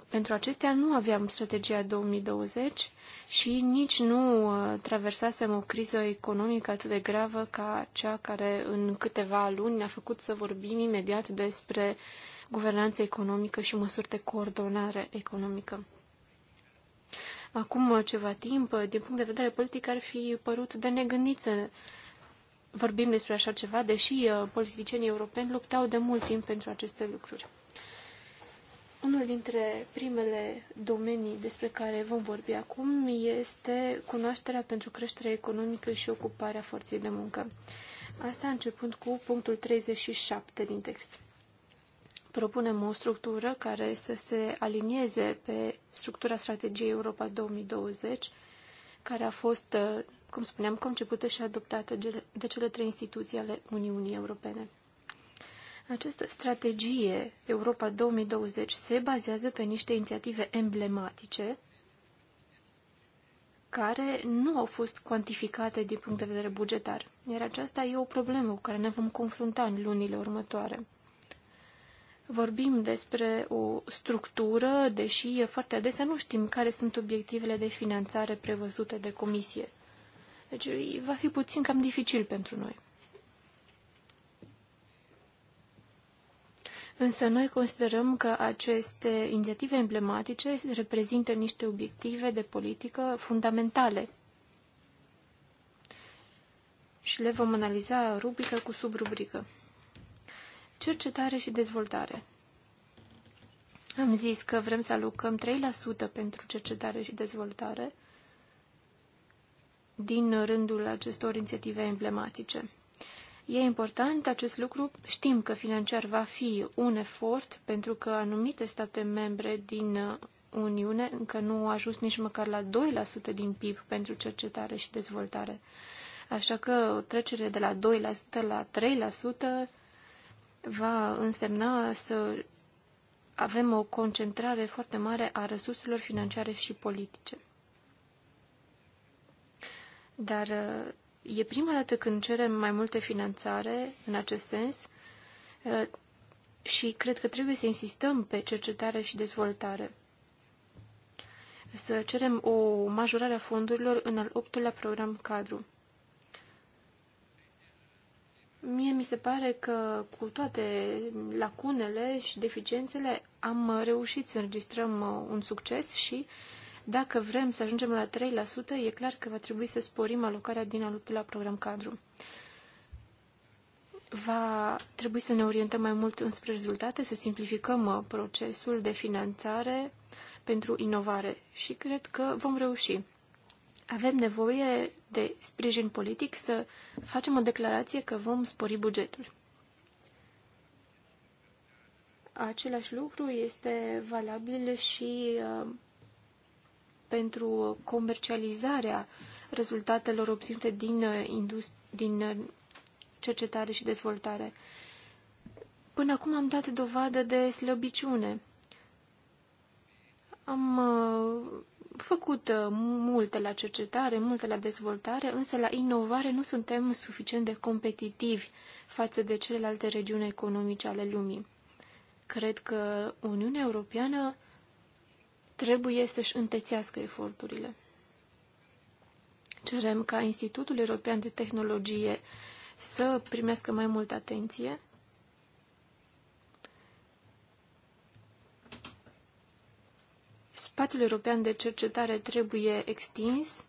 pentru acestea nu aveam strategia 2020 și nici nu uh, traversasem o criză economică atât de gravă ca cea care în câteva luni ne-a făcut să vorbim imediat despre guvernanță economică și măsuri de coordonare economică. Acum uh, ceva timp, uh, din punct de vedere politic, ar fi părut de negândit să vorbim despre așa ceva, deși politicienii europeni luptau de mult timp pentru aceste lucruri. Unul dintre primele domenii despre care vom vorbi acum este cunoașterea pentru creșterea economică și ocuparea forței de muncă. Asta începând cu punctul 37 din text. Propunem o structură care să se alinieze pe structura strategiei Europa 2020, care a fost, uh, cum spuneam, concepută și adoptată de cele trei instituții ale Uniunii Europene. Această strategie Europa 2020 se bazează pe niște inițiative emblematice care nu au fost cuantificate din punct de vedere bugetar. Iar aceasta e o problemă cu care ne vom confrunta în lunile următoare. Vorbim despre o structură, deși foarte adesea nu știm care sunt obiectivele de finanțare prevăzute de comisie. Deci va fi puțin cam dificil pentru noi. Însă noi considerăm că aceste inițiative emblematice reprezintă niște obiective de politică fundamentale și le vom analiza rubrică cu subrubrică. Cercetare și dezvoltare. Am zis că vrem să alocăm 3% pentru cercetare și dezvoltare din rândul acestor inițiative emblematice. E important acest lucru. Știm că financiar va fi un efort, pentru că anumite state membre din uh, Uniune încă nu au ajuns nici măcar la 2% din PIB pentru cercetare și dezvoltare. Așa că o trecere de la 2% la 3% va însemna să avem o concentrare foarte mare a resurselor financiare și politice. Dar uh, E prima dată când cerem mai multe finanțare în acest sens uh, și cred că trebuie să insistăm pe cercetare și dezvoltare. Să cerem o majorare a fondurilor în al optulea program cadru. Mie mi se pare că cu toate lacunele și deficiențele am reușit să înregistrăm uh, un succes și uh, dacă vrem să ajungem la 3%, e clar că va trebui să sporim alocarea din alutul la program cadru. Va trebui să ne orientăm mai mult înspre rezultate, să simplificăm uh, procesul de finanțare pentru inovare și cred că vom reuși avem nevoie de sprijin politic să facem o declarație că vom spori bugetul. Același lucru este valabil și uh, pentru comercializarea rezultatelor obținute din, uh, din uh, cercetare și dezvoltare. Până acum am dat dovadă de slăbiciune. Am uh, făcut multe la cercetare, multe la dezvoltare, însă la inovare nu suntem suficient de competitivi față de celelalte regiuni economice ale lumii. Cred că Uniunea Europeană trebuie să-și întețească eforturile. Cerem ca Institutul European de Tehnologie să primească mai multă atenție Spațiul european de cercetare trebuie extins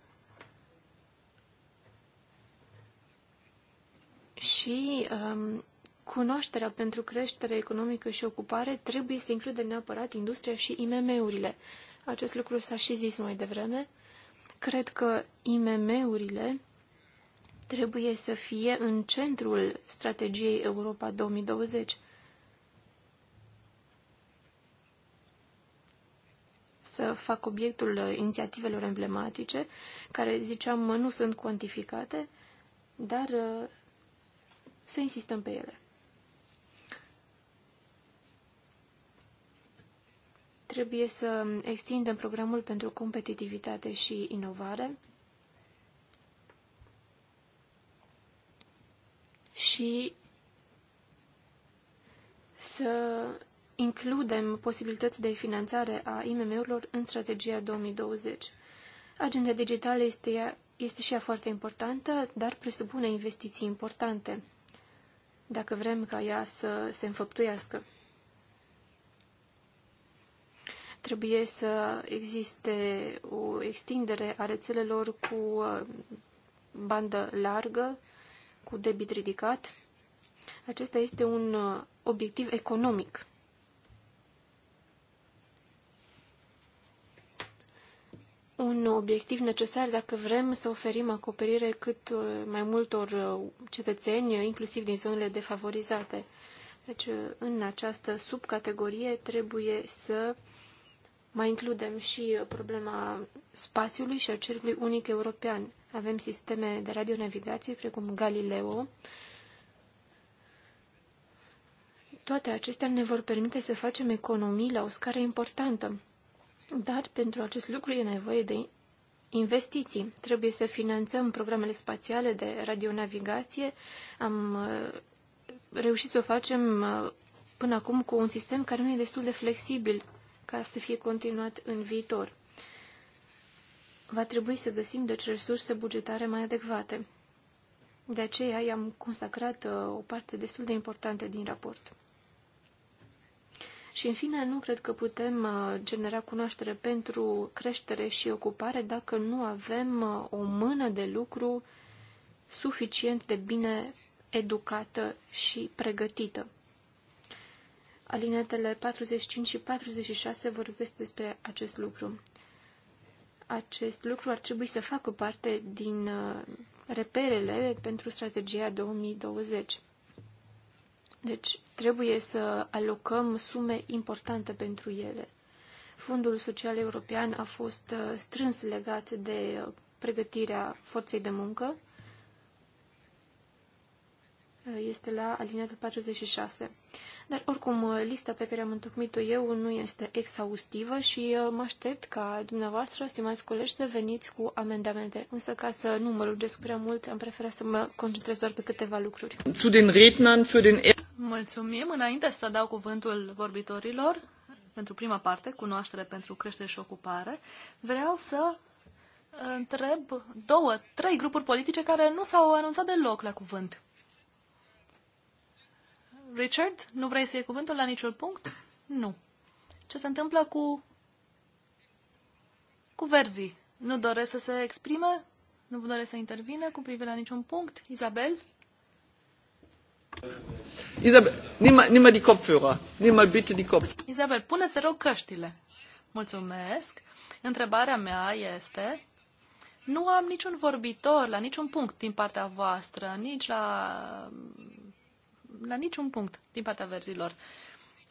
și um, cunoașterea pentru creștere economică și ocupare trebuie să includă neapărat industria și IMM-urile. Acest lucru s-a și zis mai devreme. Cred că IMM-urile trebuie să fie în centrul strategiei Europa 2020. Să fac obiectul inițiativelor emblematice, care, ziceam, nu sunt cuantificate, dar uh, să insistăm pe ele. Trebuie să extindem programul pentru competitivitate și inovare și să includem posibilități de finanțare a IMM-urilor în strategia 2020. Agenda digitală este, este și ea foarte importantă, dar presupune investiții importante, dacă vrem ca ea să se înfăptuiască. Trebuie să existe o extindere a rețelelor cu uh, bandă largă, cu debit ridicat. Acesta este un uh, obiectiv economic. un obiectiv necesar dacă vrem să oferim acoperire cât uh, mai multor cetățeni, inclusiv din zonele defavorizate. Deci, în această subcategorie trebuie să mai includem și problema spațiului și a cercului unic european. Avem sisteme de radionavigație precum Galileo. Toate acestea ne vor permite să facem economii la o scară importantă. Dar pentru acest lucru e nevoie de investiții. Trebuie să finanțăm programele spațiale de radionavigație. Am uh, reușit să o facem uh, până acum cu un sistem care nu e destul de flexibil ca să fie continuat în viitor. Va trebui să găsim, deci, resurse bugetare mai adecvate. De aceea i-am consacrat uh, o parte destul de importantă din raport. Și, în fine, nu cred că putem uh, genera cunoaștere pentru creștere și ocupare dacă nu avem uh, o mână de lucru suficient de bine educată și pregătită. Alinetele 45 și 46 vorbesc despre acest lucru. Acest lucru ar trebui să facă parte din uh, reperele pentru strategia 2020. Deci trebuie să alocăm sume importante pentru ele. Fondul Social European a fost uh, strâns legat de uh, pregătirea forței de muncă. Este la alineatul 46. Dar oricum, lista pe care am întocmit-o eu nu este exhaustivă și uh, mă aștept ca dumneavoastră, stimați colegi, să veniți cu amendamente. Însă ca să nu mă rugesc prea mult, am preferat să mă concentrez doar pe câteva lucruri.
Zu den Rednern
für den... Er-
Mulțumim.
Înainte să dau cuvântul vorbitorilor, pentru prima parte, cunoaștere pentru creștere și ocupare, vreau să uh, întreb două, trei grupuri politice care nu s-au anunțat deloc la cuvânt. Richard, nu vrei să iei cuvântul la niciun punct? Nu. Ce se întâmplă cu... cu verzii? Nu doresc să se exprime? Nu doresc să intervină cu privire la niciun punct? Isabel?
Isabel, nimă, nimă de Kopfhörer. Nimă bitte de cop.
Isabel, pune să rog căștile. Mulțumesc. Întrebarea mea este... Nu am niciun vorbitor la niciun punct din partea voastră, nici la la niciun punct din partea verzilor.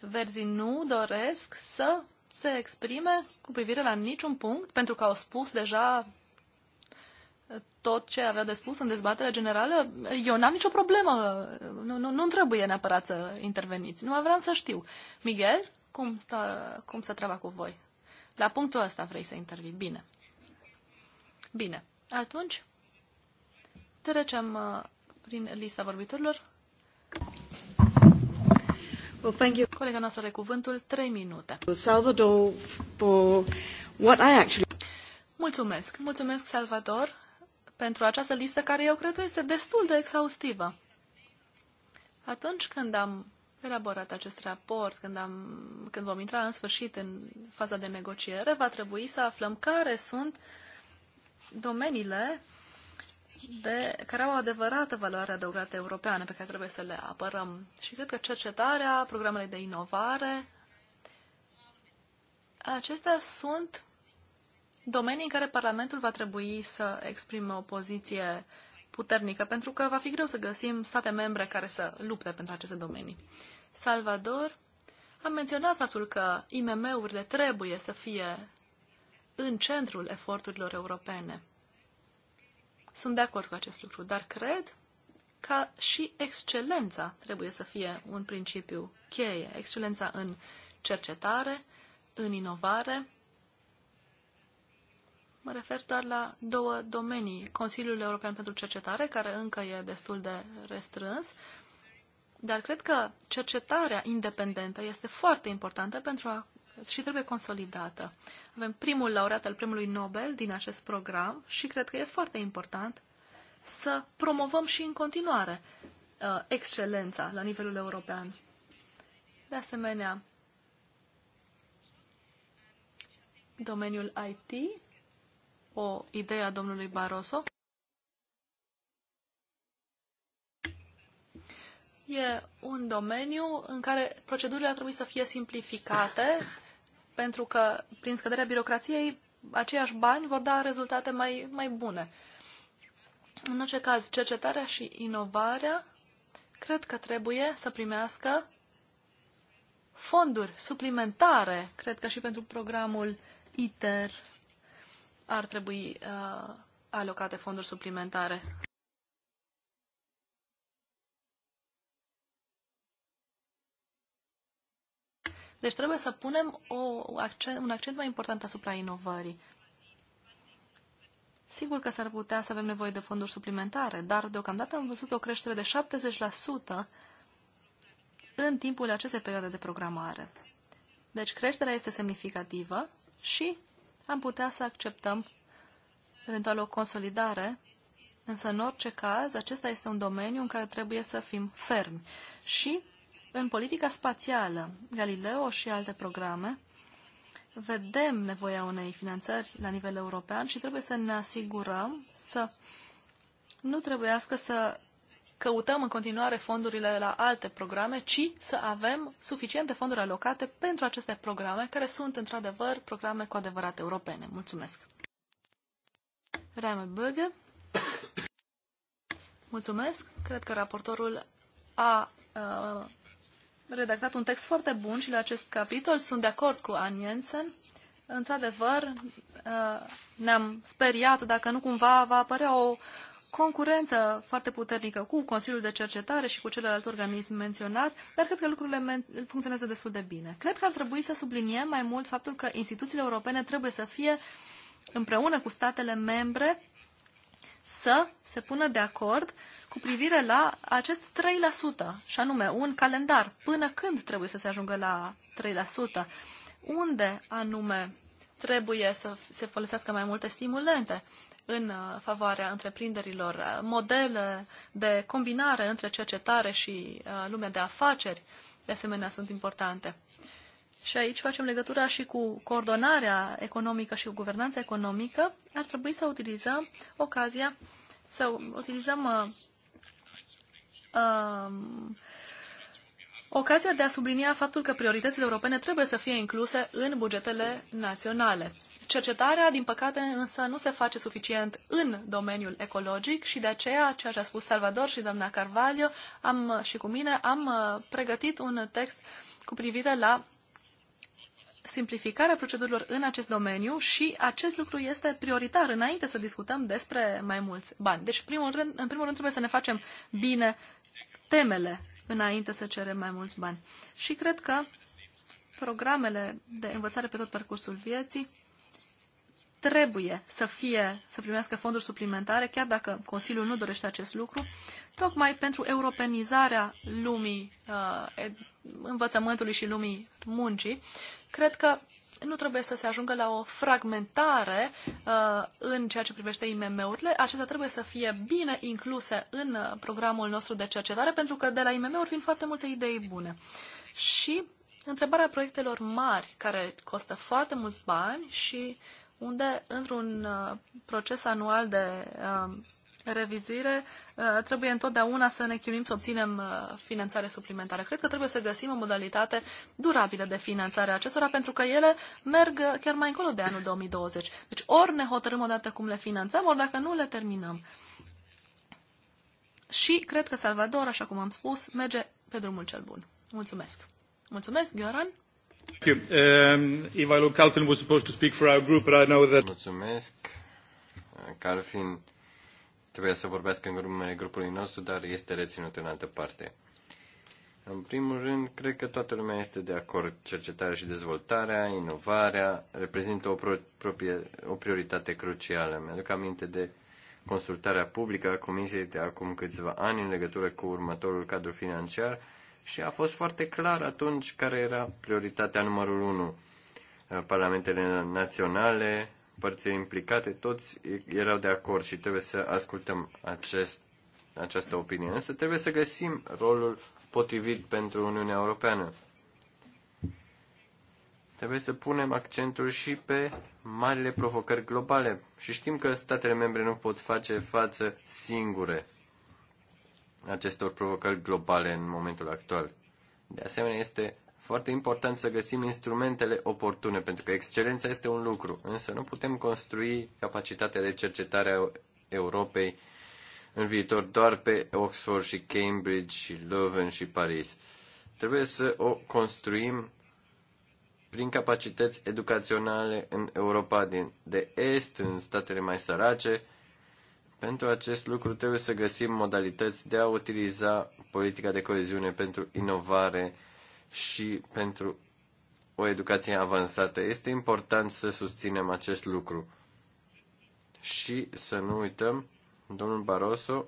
Verzii nu doresc să se exprime cu privire la niciun punct, pentru că au spus deja tot ce avea de spus în dezbaterea generală, eu n-am nicio problemă, nu, nu, nu trebuie neapărat să interveniți, nu vreau să știu. Miguel, cum, sta, cum să treaba cu voi? La punctul ăsta vrei să intervii, bine. Bine, atunci trecem uh, prin lista vorbitorilor. Well, thank you. Colega noastră are cuvântul, trei minute.
Salvador, for what I actually...
Mulțumesc. Mulțumesc, Salvador, pentru această listă care eu cred că este destul de exhaustivă. Atunci când am elaborat acest raport, când, am, când vom intra în sfârșit în faza de negociere, va trebui să aflăm care sunt domeniile de, care au adevărată valoare adăugată europeană pe care trebuie să le apărăm. Și cred că cercetarea, programele de inovare, acestea sunt domenii în care Parlamentul va trebui să exprime o poziție puternică, pentru că va fi greu să găsim state membre care să lupte pentru aceste domenii. Salvador, am menționat faptul că IMM-urile trebuie să fie în centrul eforturilor europene. Sunt de acord cu acest lucru, dar cred că și excelența trebuie să fie un principiu cheie. Excelența în cercetare, în inovare. Mă refer doar la două domenii. Consiliul European pentru Cercetare, care încă e destul de restrâns, dar cred că cercetarea independentă este foarte importantă pentru a și trebuie consolidată. Avem primul laureat al premiului Nobel din acest program și cred că e foarte important să promovăm și în continuare uh, excelența la nivelul european. De asemenea, domeniul IT, o idee a domnului Barroso. E un domeniu în care procedurile ar trebui să fie simplificate pentru că prin scăderea birocrației aceiași bani vor da rezultate mai, mai bune. În orice caz, cercetarea și inovarea cred că trebuie să primească fonduri suplimentare. Cred că și pentru programul ITER ar trebui uh, alocate fonduri suplimentare. Deci trebuie să punem o, accent, un accent mai important asupra inovării. Sigur că s-ar putea să avem nevoie de fonduri suplimentare, dar deocamdată am văzut o creștere de 70% în timpul acestei perioade de programare. Deci creșterea este semnificativă și am putea să acceptăm eventual o consolidare, însă în orice caz acesta este un domeniu în care trebuie să fim fermi și în politica spațială, Galileo și alte programe, vedem nevoia unei finanțări la nivel european și trebuie să ne asigurăm să nu trebuiască să căutăm în continuare fondurile la alte programe, ci să avem suficiente fonduri alocate pentru aceste programe, care sunt într-adevăr programe cu adevărat europene. Mulțumesc! Rame Böge. Mulțumesc! Cred că raportorul a, a uh, redactat un text foarte bun și la acest capitol. Sunt de acord cu Jensen. Într-adevăr, uh, ne-am speriat dacă nu cumva va apărea o concurență foarte puternică cu Consiliul de Cercetare și cu celălalt organism menționat, dar cred că lucrurile funcționează destul de bine. Cred că ar trebui să subliniem mai mult faptul că instituțiile europene trebuie să fie împreună cu statele membre să se pună de acord cu privire la acest 3%, și anume un calendar, până când trebuie să se ajungă la 3%, unde anume trebuie să se folosească mai multe stimulente în uh, favoarea întreprinderilor, uh, modele de combinare între cercetare și uh, lumea de afaceri, de asemenea, sunt importante și aici facem legătura și cu coordonarea economică și cu guvernanța economică, ar trebui să utilizăm ocazia, să utilizăm uh, uh, ocazia de a sublinia faptul că prioritățile europene trebuie să fie incluse în bugetele naționale. Cercetarea, din păcate, însă nu se face suficient în domeniul ecologic și de aceea, ceea ce a spus Salvador și doamna Carvalho am, și cu mine, am uh, pregătit un text cu privire la simplificarea procedurilor în acest domeniu și acest lucru este prioritar înainte să discutăm despre mai mulți bani. Deci, primul rând, în primul rând, trebuie să ne facem bine temele înainte să cerem mai mulți bani. Și cred că programele de învățare pe tot parcursul vieții trebuie să fie, să primească fonduri suplimentare, chiar dacă Consiliul nu dorește acest lucru, tocmai pentru europenizarea lumii uh, învățământului și lumii muncii cred că nu trebuie să se ajungă la o fragmentare uh, în ceea ce privește IMM-urile. Acestea trebuie să fie bine incluse în uh, programul nostru de cercetare, pentru că de la IMM-uri vin foarte multe idei bune. Și întrebarea proiectelor mari, care costă foarte mulți bani și unde, într-un uh, proces anual de uh, revizuire, uh, trebuie întotdeauna să ne chinuim să obținem uh, finanțare suplimentară. Cred că trebuie să găsim o modalitate durabilă de finanțare a acestora, pentru că ele merg uh, chiar mai încolo de anul 2020. Deci ori ne hotărâm odată cum le finanțăm, ori dacă nu le terminăm. Și cred că Salvador, așa cum am spus, merge pe drumul cel bun. Mulțumesc! Mulțumesc, Gioran!
Um, Mulțumesc! Calvin Trebuie să vorbească în numele grupului nostru, dar este reținut în altă parte. În primul rând, cred că toată lumea este de acord. Cercetarea și dezvoltarea, inovarea, reprezintă o, pro- proprie, o prioritate crucială. Mi-aduc aminte de consultarea publică a Comisiei de acum câțiva ani în legătură cu următorul cadru financiar și a fost foarte clar atunci care era prioritatea numărul 1. Parlamentele naționale părțile implicate, toți erau de acord și trebuie să ascultăm acest, această opinie. Însă trebuie să găsim rolul potrivit pentru Uniunea Europeană. Trebuie să punem accentul și pe marile provocări globale și știm că statele membre nu pot face față singure acestor provocări globale în momentul actual. De asemenea, este foarte important să găsim instrumentele oportune, pentru că excelența este un lucru, însă nu putem construi capacitatea de cercetare a Europei în viitor doar pe Oxford și Cambridge și Leuven și Paris. Trebuie să o construim prin capacități educaționale în Europa din, de Est, în statele mai sărace. Pentru acest lucru trebuie să găsim modalități de a utiliza politica de coeziune pentru inovare, și pentru o educație avansată. Este important să susținem acest lucru. Și să nu uităm, domnul Barroso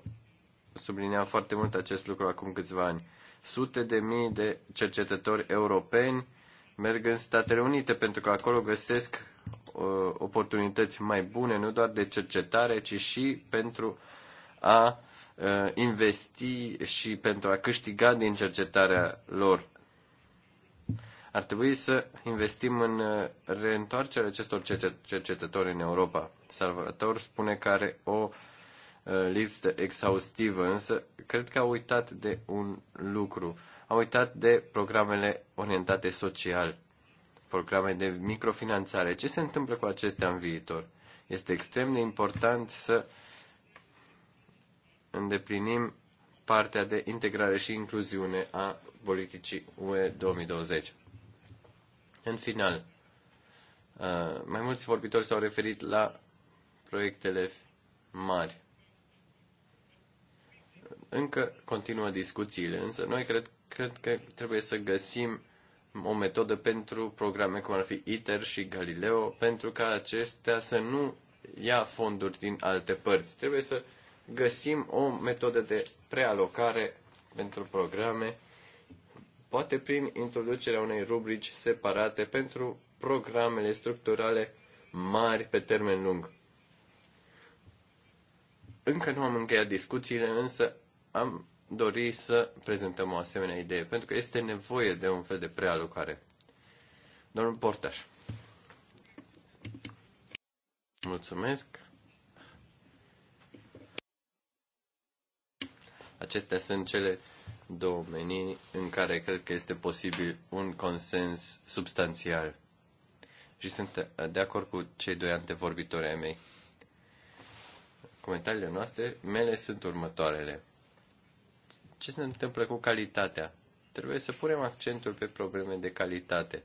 sublinea foarte mult acest lucru acum câțiva ani. Sute de mii de cercetători europeni merg în Statele Unite pentru că acolo găsesc uh, oportunități mai bune, nu doar de cercetare, ci și pentru a uh, investi și pentru a câștiga din cercetarea lor ar trebui să investim în uh, reîntoarcerea acestor cercetători în Europa. Salvator spune că are o uh, listă exhaustivă, însă cred că a uitat de un lucru. A uitat de programele orientate social, programe de microfinanțare. Ce se întâmplă cu acestea în viitor? Este extrem de important să îndeplinim partea de integrare și incluziune a politicii UE 2020. În final, uh, mai mulți vorbitori s-au referit la proiectele mari. Încă continuă discuțiile, însă noi cred, cred că trebuie să găsim o metodă pentru programe cum ar fi ITER și Galileo, pentru ca acestea să nu ia fonduri din alte părți. Trebuie să găsim o metodă de prealocare pentru programe poate prin introducerea unei rubrici separate pentru programele structurale mari pe termen lung. Încă nu am încheiat discuțiile, însă am dori să prezentăm o asemenea idee, pentru că este nevoie de un fel de prealocare. Domnul Portaș. Mulțumesc. Acestea sunt cele domenii în care cred că este posibil un consens substanțial. Și sunt de acord cu cei doi antevorbitori ai mei. Comentariile noastre mele sunt următoarele. Ce se întâmplă cu calitatea? Trebuie să punem accentul pe probleme de calitate.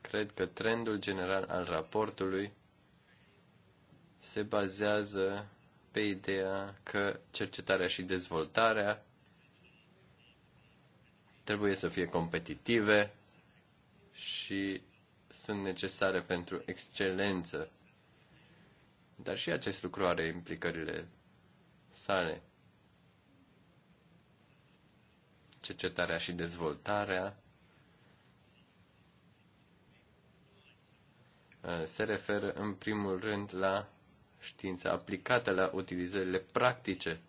Cred că trendul general al raportului se bazează pe ideea că cercetarea și dezvoltarea trebuie să fie competitive și sunt necesare pentru excelență. Dar și acest lucru are implicările sale. Cercetarea și dezvoltarea uh, se referă în primul rând la știința aplicată la utilizările practice.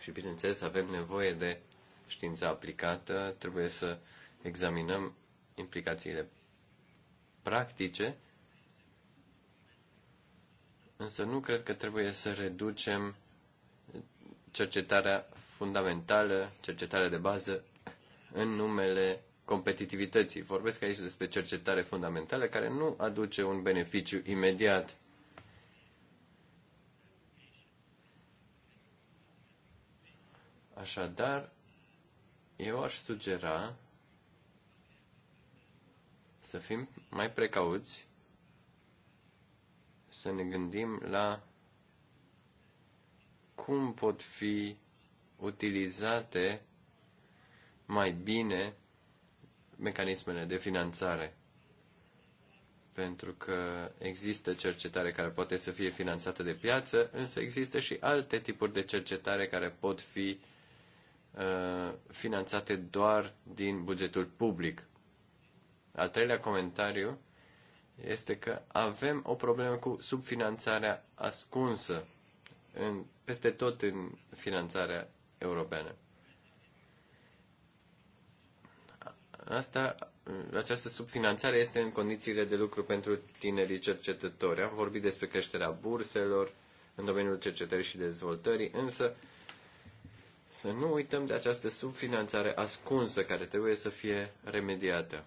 Și, bineînțeles, avem nevoie de știința aplicată, trebuie să examinăm implicațiile practice, însă nu cred că trebuie să reducem cercetarea fundamentală, cercetarea de bază, în numele competitivității. Vorbesc aici despre cercetare fundamentală care nu aduce un beneficiu imediat. Așadar, eu aș sugera să fim mai precauți, să ne gândim la cum pot fi utilizate mai bine mecanismele de finanțare. Pentru că există cercetare care poate să fie finanțată de piață, însă există și alte tipuri de cercetare care pot fi Uh, finanțate doar din bugetul public. Al treilea comentariu este că avem o problemă cu subfinanțarea ascunsă în, peste tot în finanțarea europeană. Asta, această subfinanțare este în condițiile de lucru pentru tinerii cercetători. Am vorbit despre creșterea burselor în domeniul cercetării și dezvoltării, însă uh, să nu uităm de această subfinanțare ascunsă care trebuie să fie remediată.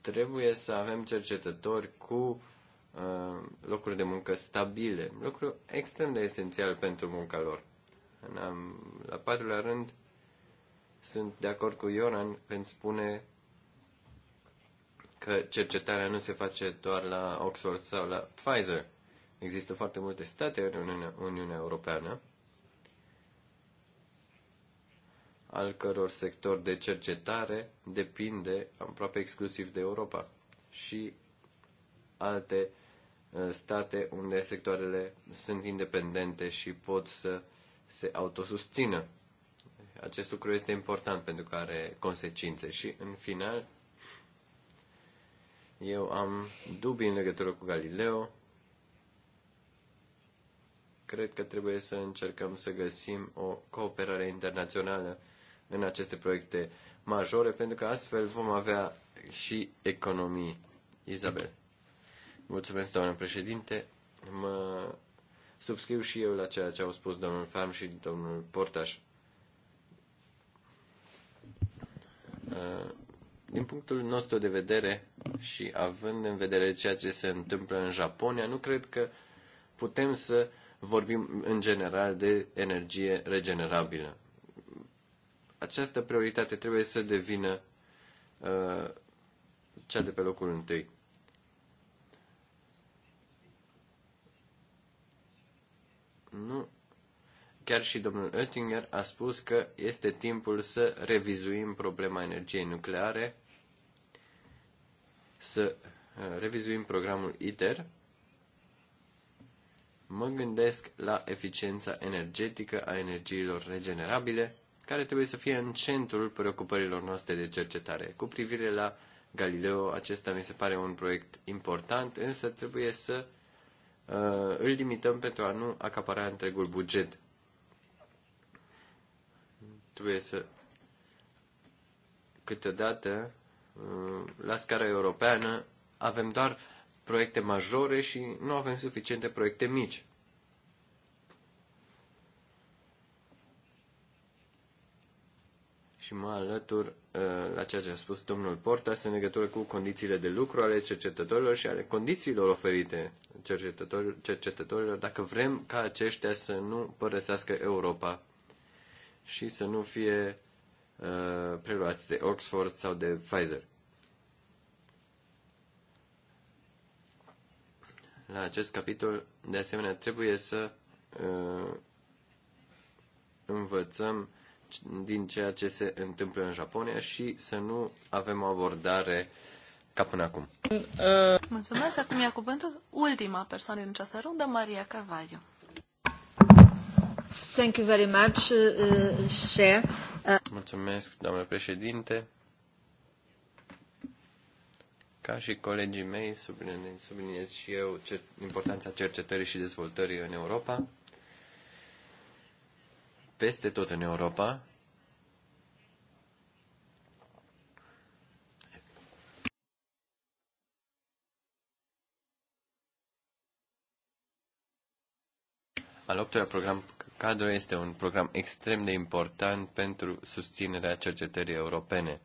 Trebuie să avem cercetători cu uh, locuri de muncă stabile, lucru extrem de esențial pentru munca lor. În, la patrulea rând, sunt de acord cu Ioran când spune că cercetarea nu se face doar la Oxford sau la Pfizer. Există foarte multe state în Uniunea, Uniunea Europeană al căror sector de cercetare depinde aproape exclusiv de Europa și alte uh, state unde sectoarele sunt independente și pot să se autosusțină. Acest lucru este important pentru că are consecințe și, în final, eu am dubii în legătură cu Galileo, cred că trebuie să încercăm să găsim o cooperare internațională în aceste proiecte majore, pentru că astfel vom avea și economii. Isabel. Mulțumesc, doamnă președinte. Mă subscriu și eu la ceea ce au spus domnul Farm și domnul Portaș. Uh, din punctul nostru de vedere și având în vedere ceea ce se întâmplă în Japonia, nu cred că putem să vorbim în general de energie regenerabilă. Această prioritate trebuie să devină uh, cea de pe locul întâi. Nu. Chiar și domnul Oettinger a spus că este timpul să revizuim problema energiei nucleare, să uh, revizuim programul ITER mă gândesc la eficiența energetică a energiilor regenerabile, care trebuie să fie în centrul preocupărilor noastre de cercetare. Cu privire la Galileo, acesta mi se pare un proiect important, însă trebuie să uh, îl limităm pentru a nu acapara întregul buget. Trebuie să câteodată, uh, la scară europeană, avem doar proiecte majore și nu avem suficiente proiecte mici. și mă alătur uh, la ceea ce a spus domnul Portas în legătură cu condițiile de lucru ale cercetătorilor și ale condițiilor oferite cercetătorilor, cercetătorilor dacă vrem ca aceștia să nu părăsească Europa și să nu fie uh, preluați de Oxford sau de Pfizer. la acest capitol, de asemenea, trebuie să uh, învățăm din ceea ce se întâmplă în Japonia și să nu avem o abordare ca până acum.
Mulțumesc. Acum ia cuvântul ultima persoană din această rundă, Maria Carvalho. Thank you very much, uh, uh, uh
Mulțumesc, doamnă președinte. Ca și colegii mei, subliniez, subliniez și eu cer, importanța cercetării și dezvoltării în Europa. Peste tot în Europa, Al optulea program cadru este un program extrem de important pentru susținerea cercetării europene.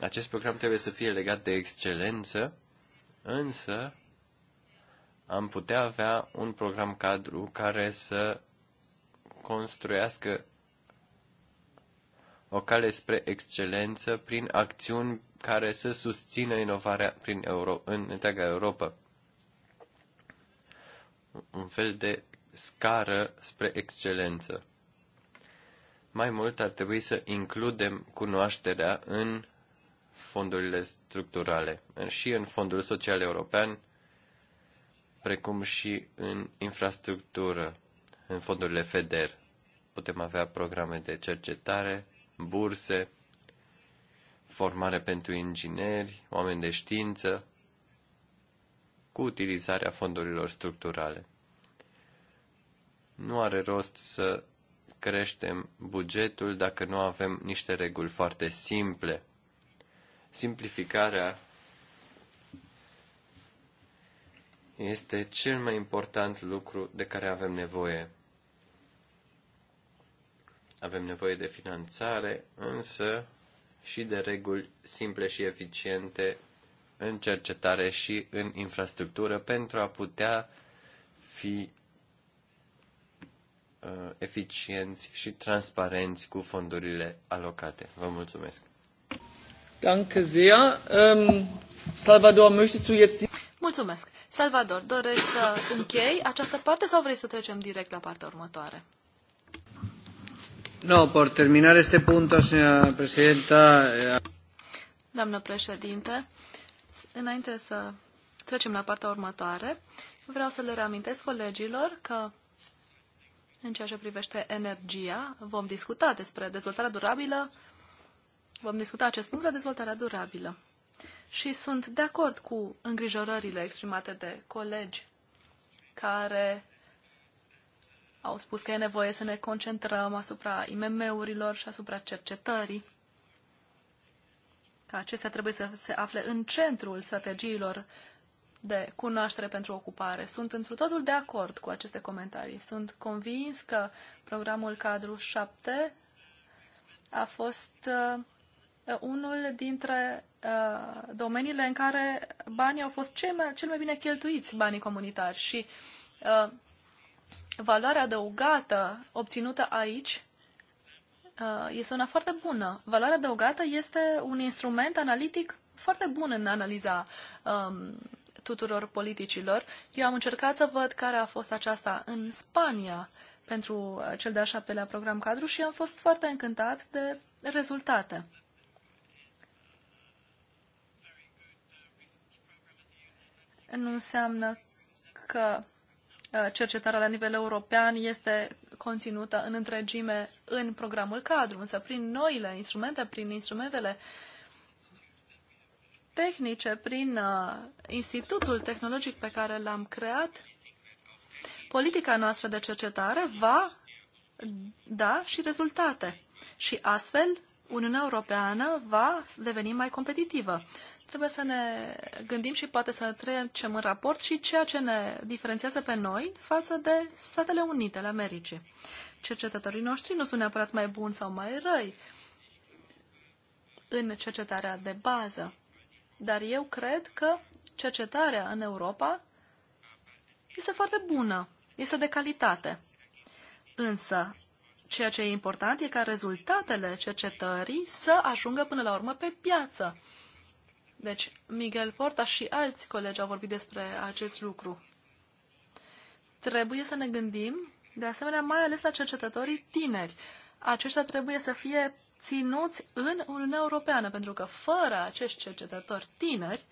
Acest program trebuie să fie legat de excelență, însă am putea avea un program cadru care să construiască o cale spre excelență prin acțiuni care să susțină inovarea prin Euro- în întreaga Europa. Un fel de scară spre excelență. Mai mult ar trebui să includem cunoașterea în fondurile structurale și în Fondul Social European, precum și în infrastructură, în fondurile FEDER. Putem avea programe de cercetare, burse, formare pentru ingineri, oameni de știință, cu utilizarea fondurilor structurale. Nu are rost să creștem bugetul dacă nu avem niște reguli foarte simple simplificarea este cel mai important lucru de care avem nevoie. Avem nevoie de finanțare, însă și de reguli simple și eficiente în cercetare și în infrastructură pentru a putea fi uh, eficienți și transparenți cu fondurile alocate. Vă mulțumesc!
Danke sehr. Ähm, Salvador, möchtest du jetzt die... Mulțumesc.
Salvador, dorești să închei această parte sau vrei să trecem direct la partea următoare?
No, por terminar este punto, señora presidenta.
Doamnă președinte, înainte să trecem la partea următoare, vreau să le reamintesc colegilor că în ceea ce privește energia, vom discuta despre dezvoltarea durabilă vom discuta acest punct la dezvoltarea durabilă. Și sunt de acord cu îngrijorările exprimate de colegi care au spus că e nevoie să ne concentrăm asupra IMM-urilor și asupra cercetării, că acestea trebuie să se afle în centrul strategiilor de cunoaștere pentru ocupare. Sunt întru totul de acord cu aceste comentarii. Sunt convins că programul cadru 7 a fost uh, Eh, unul dintre eh, domeniile în care banii au fost cel mai, cel mai bine cheltuiți, banii comunitari. Și eh, valoarea adăugată obținută aici este una foarte bună. Valoarea adăugată este un instrument analitic foarte bun în analiza um, tuturor politicilor. Eu am încercat să văd care a fost aceasta în Spania pentru cel de-a șaptelea program cadru și am fost foarte încântat de rezultate. nu înseamnă că uh, cercetarea la nivel european este conținută în întregime în programul cadru, însă prin noile instrumente, prin instrumentele tehnice, prin uh, institutul tehnologic pe care l-am creat, politica noastră de cercetare va da și rezultate. Și astfel, Uniunea Europeană va deveni mai competitivă trebuie să ne gândim și poate să trecem în raport și ceea ce ne diferențiază pe noi față de Statele Unite ale Americii. Cercetătorii noștri nu sunt neapărat mai buni sau mai răi în cercetarea de bază, dar eu cred că cercetarea în Europa este foarte bună, este de calitate. Însă, ceea ce e important e ca rezultatele cercetării să ajungă până la urmă pe piață deci, Miguel Porta și alți colegi au vorbit despre acest lucru. Trebuie să ne gândim, de asemenea, mai ales la cercetătorii tineri. Aceștia trebuie să fie ținuți în Uniunea Europeană, pentru că fără acești cercetători tineri,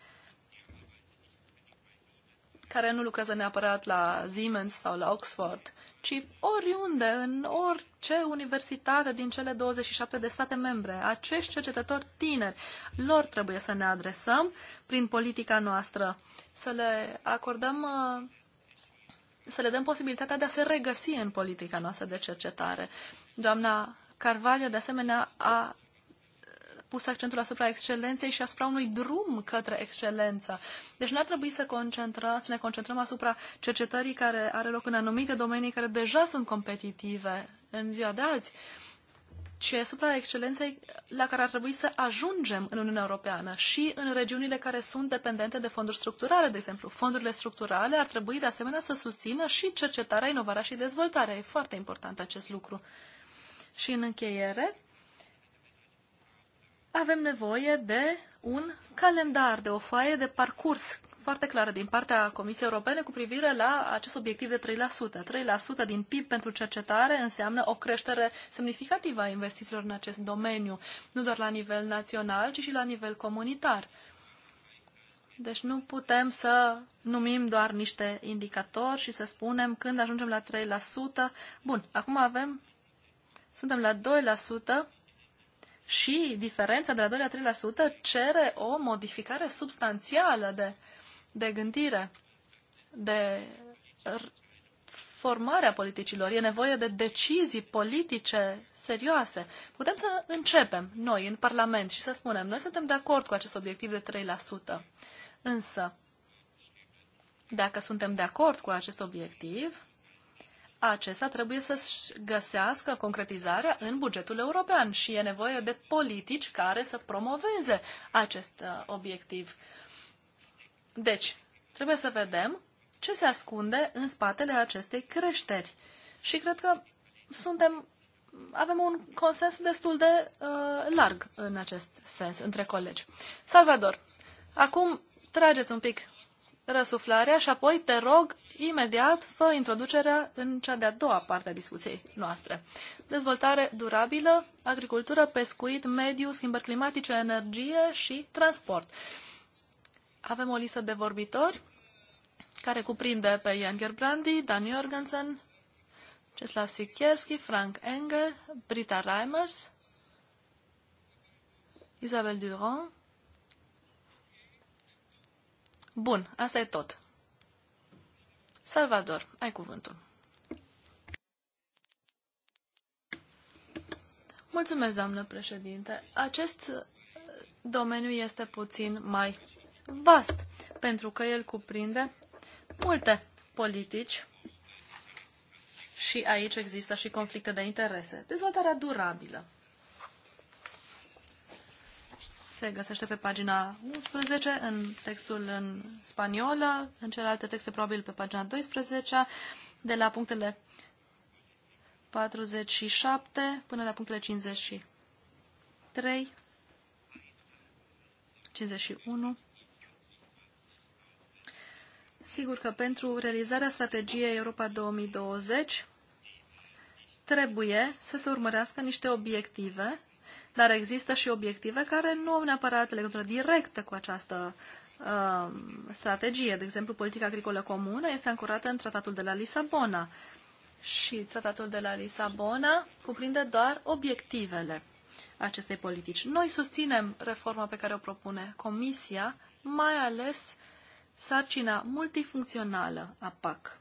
care nu lucrează neapărat la Siemens sau la Oxford, ci oriunde, în orice universitate din cele 27 de state membre, acești cercetători tineri, lor trebuie să ne adresăm prin politica noastră, să le acordăm uh, să le dăm posibilitatea de a se regăsi în politica noastră de cercetare. Doamna Carvalho, de asemenea, a pus accentul asupra excelenței și asupra unui drum către excelență. Deci n-ar trebui să, concentra, să ne concentrăm asupra cercetării care are loc în anumite domenii care deja sunt competitive în ziua de azi, ci asupra excelenței la care ar trebui să ajungem în Uniunea Europeană și în regiunile care sunt dependente de fonduri structurale, de exemplu. Fondurile structurale ar trebui de asemenea să susțină și cercetarea, inovarea și dezvoltarea. E foarte important acest lucru. Și în încheiere, avem nevoie de un calendar, de o foaie de parcurs foarte clară din partea Comisiei Europene cu privire la acest obiectiv de 3%. 3% din PIB pentru cercetare înseamnă o creștere semnificativă a investițiilor în acest domeniu, nu doar la nivel național, ci și la nivel comunitar. Deci nu putem să numim doar niște indicatori și să spunem când ajungem la 3%. Bun, acum avem, suntem la 2%, și diferența de la 2 la 3% cere o modificare substanțială de, de gândire, de formarea politicilor. E nevoie de decizii politice serioase. Putem să începem noi în Parlament și să spunem, noi suntem de acord cu acest obiectiv de 3%. Însă, dacă suntem de acord cu acest obiectiv, acesta trebuie să-și găsească concretizarea în bugetul european și e nevoie de politici care să promoveze acest uh, obiectiv. Deci, trebuie să vedem ce se ascunde în spatele acestei creșteri. Și cred că suntem, avem un consens destul de uh, larg în acest sens între colegi. Salvador, acum trageți un pic răsuflarea și apoi te rog imediat fă introducerea în cea de-a doua parte a discuției noastre. Dezvoltare durabilă, agricultură, pescuit, mediu, schimbări climatice, energie și transport. Avem o listă de vorbitori care cuprinde pe Jan Gerbrandi, Dan Jorgensen, Ceslav Sikierski, Frank Engel Brita Reimers, Isabel Durand, Bun, asta e tot. Salvador, ai cuvântul. Mulțumesc, doamnă președinte. Acest uh, domeniu este puțin mai vast, pentru că el cuprinde multe politici și aici există și conflicte de interese. Dezvoltarea durabilă se găsește pe pagina 11, în textul în spaniolă, în celelalte texte probabil pe pagina 12, de la punctele 47 până la punctele 53, 51. Sigur că pentru realizarea strategiei Europa 2020 trebuie să se urmărească niște obiective dar există și obiective care nu au neapărat legătură directă cu această uh, strategie. De exemplu, politica agricolă comună este ancorată în tratatul de la Lisabona. Și tratatul de la Lisabona cuprinde doar obiectivele acestei politici. Noi susținem reforma pe care o propune Comisia, mai ales sarcina multifuncțională a PAC.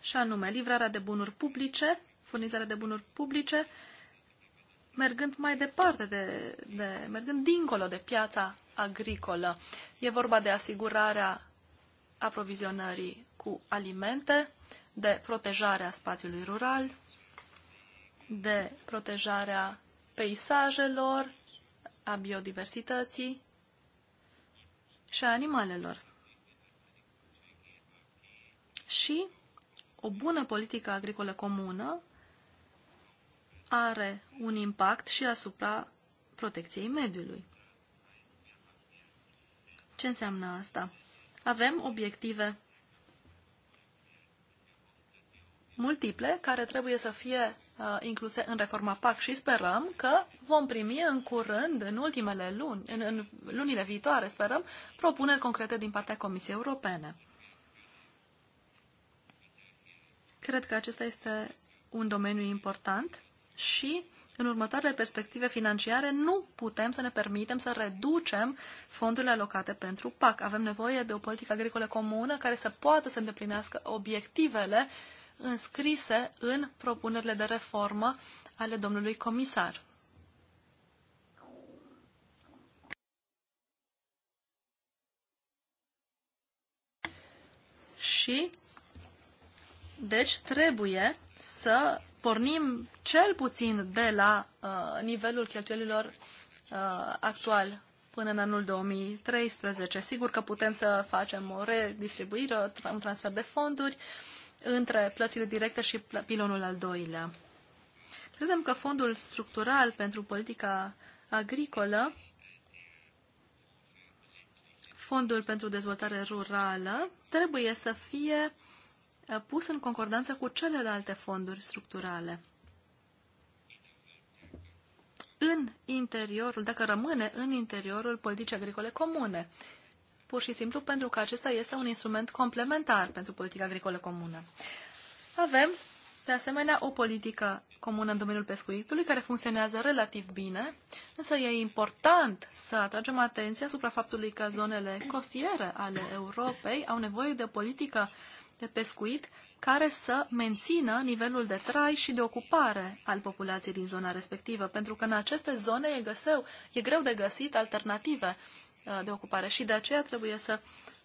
Și anume, livrarea de bunuri publice, furnizarea de bunuri publice mergând mai departe, de, de, mergând dincolo de piața agricolă. E vorba de asigurarea aprovizionării cu alimente, de protejarea spațiului rural, de protejarea peisajelor, a biodiversității și a animalelor. Și o bună politică agricolă comună are un impact și asupra protecției mediului. Ce înseamnă asta? Avem obiective multiple care trebuie să fie uh, incluse în reforma PAC și sperăm că vom primi în curând, în ultimele luni, în, în lunile viitoare, sperăm, propuneri concrete din partea Comisiei Europene. Cred că acesta este un domeniu important și în următoarele perspective financiare nu putem să ne permitem să reducem fondurile alocate pentru PAC. Avem nevoie de o politică agricolă comună care să poată să îndeplinească obiectivele înscrise în propunerile de reformă ale domnului comisar. Și, deci, trebuie să pornim cel puțin de la uh, nivelul cheltuielilor uh, actual până în anul 2013. Sigur că putem să facem o redistribuire, un transfer de fonduri între plățile directe și pilonul al doilea. Credem că fondul structural pentru politica agricolă, fondul pentru dezvoltare rurală, trebuie să fie Eh, pus în concordanță cu celelalte fonduri structurale. În interiorul, dacă rămâne în interiorul politicii agricole comune, pur și simplu pentru că acesta este un instrument complementar pentru politica agricolă comună. Avem, de asemenea, o politică comună în domeniul pescuitului, care funcționează relativ bine, însă e important să atragem atenția asupra faptului că zonele costiere ale Europei au nevoie de o politică uh, de pescuit care să mențină nivelul de trai și de ocupare al populației din zona respectivă, pentru că în aceste zone e, găseu, e greu de găsit alternative uh, de ocupare și de aceea trebuie să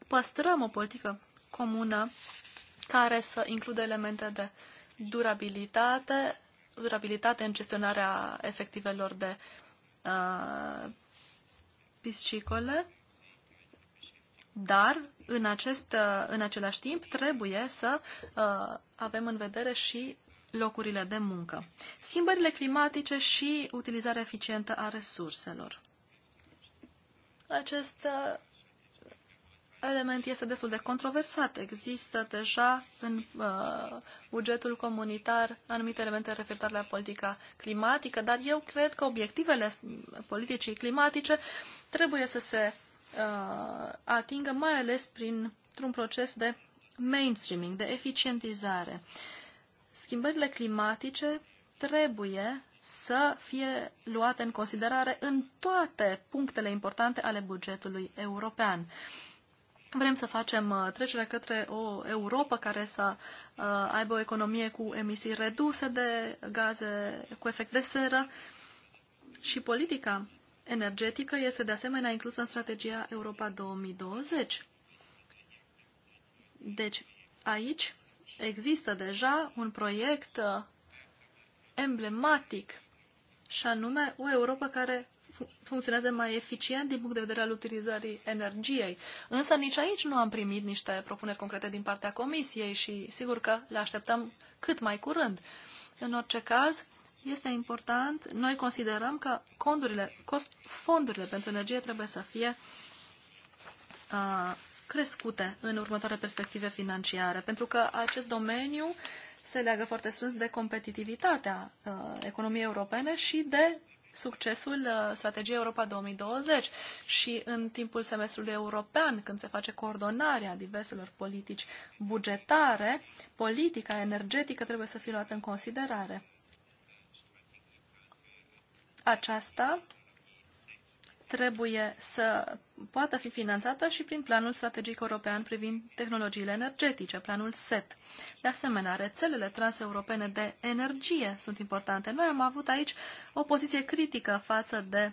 păstrăm o politică comună care să includă elemente de durabilitate, durabilitate în gestionarea efectivelor de uh, piscicole, dar în, acest, uh, în același timp trebuie să uh, avem în vedere și locurile de muncă. Schimbările climatice și utilizarea eficientă a resurselor. Acest uh, element este destul de controversat. Există deja în uh, bugetul comunitar anumite elemente referitoare la politica climatică, dar eu cred că obiectivele politicii climatice trebuie să se uh, atingă, mai ales printr-un proces de mainstreaming, de eficientizare. Schimbările climatice trebuie să fie luate în considerare în toate punctele importante ale bugetului european. Vrem să facem uh, trecerea către o Europa care să uh, aibă o economie cu emisii reduse de gaze cu efect de seră și politica energetică este de asemenea inclusă în strategia Europa 2020. Deci, aici există deja un proiect uh, emblematic și anume o Europa care funcționează mai eficient din punct de vedere al utilizării energiei. Însă nici aici nu am primit niște propuneri concrete din partea Comisiei și sigur că le așteptăm cât mai curând. În orice caz, este important, noi considerăm că condurile, cost, fondurile pentru energie trebuie să fie uh, crescute în următoare perspective financiare, pentru că acest domeniu se leagă foarte strâns de competitivitatea uh, economiei europene și de succesul strategiei Europa 2020 și în timpul semestrului european, când se face coordonarea diverselor politici bugetare, politica energetică trebuie să fie luată în considerare aceasta trebuie să poată fi finanțată și prin Planul Strategic European privind tehnologiile energetice, planul SET. De asemenea, rețelele transeuropene de energie sunt importante. Noi am avut aici o poziție critică față de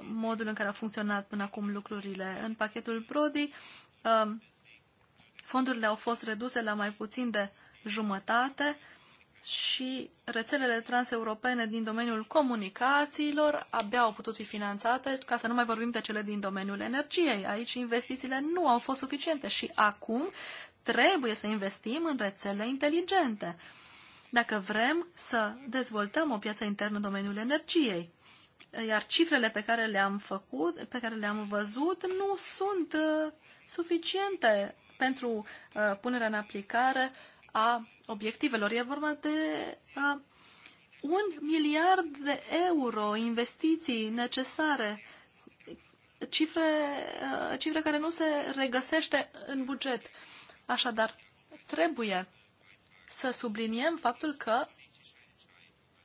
modul în care au funcționat până acum lucrurile. În pachetul Brody, um, fondurile au fost reduse la mai puțin de jumătate și rețelele transeuropene din domeniul comunicațiilor abia au putut fi finanțate, ca să nu mai vorbim de cele din domeniul energiei. Aici investițiile nu au fost suficiente și acum trebuie să investim în rețele inteligente. Dacă vrem să dezvoltăm o piață internă în domeniul energiei, iar cifrele pe care le-am făcut, pe care le-am văzut, nu sunt uh, suficiente pentru uh, punerea în aplicare a obiectivelor. E vorba de a, un miliard de euro investiții necesare, cifre, a, cifre care nu se regăsește în buget. Așadar, trebuie să subliniem faptul că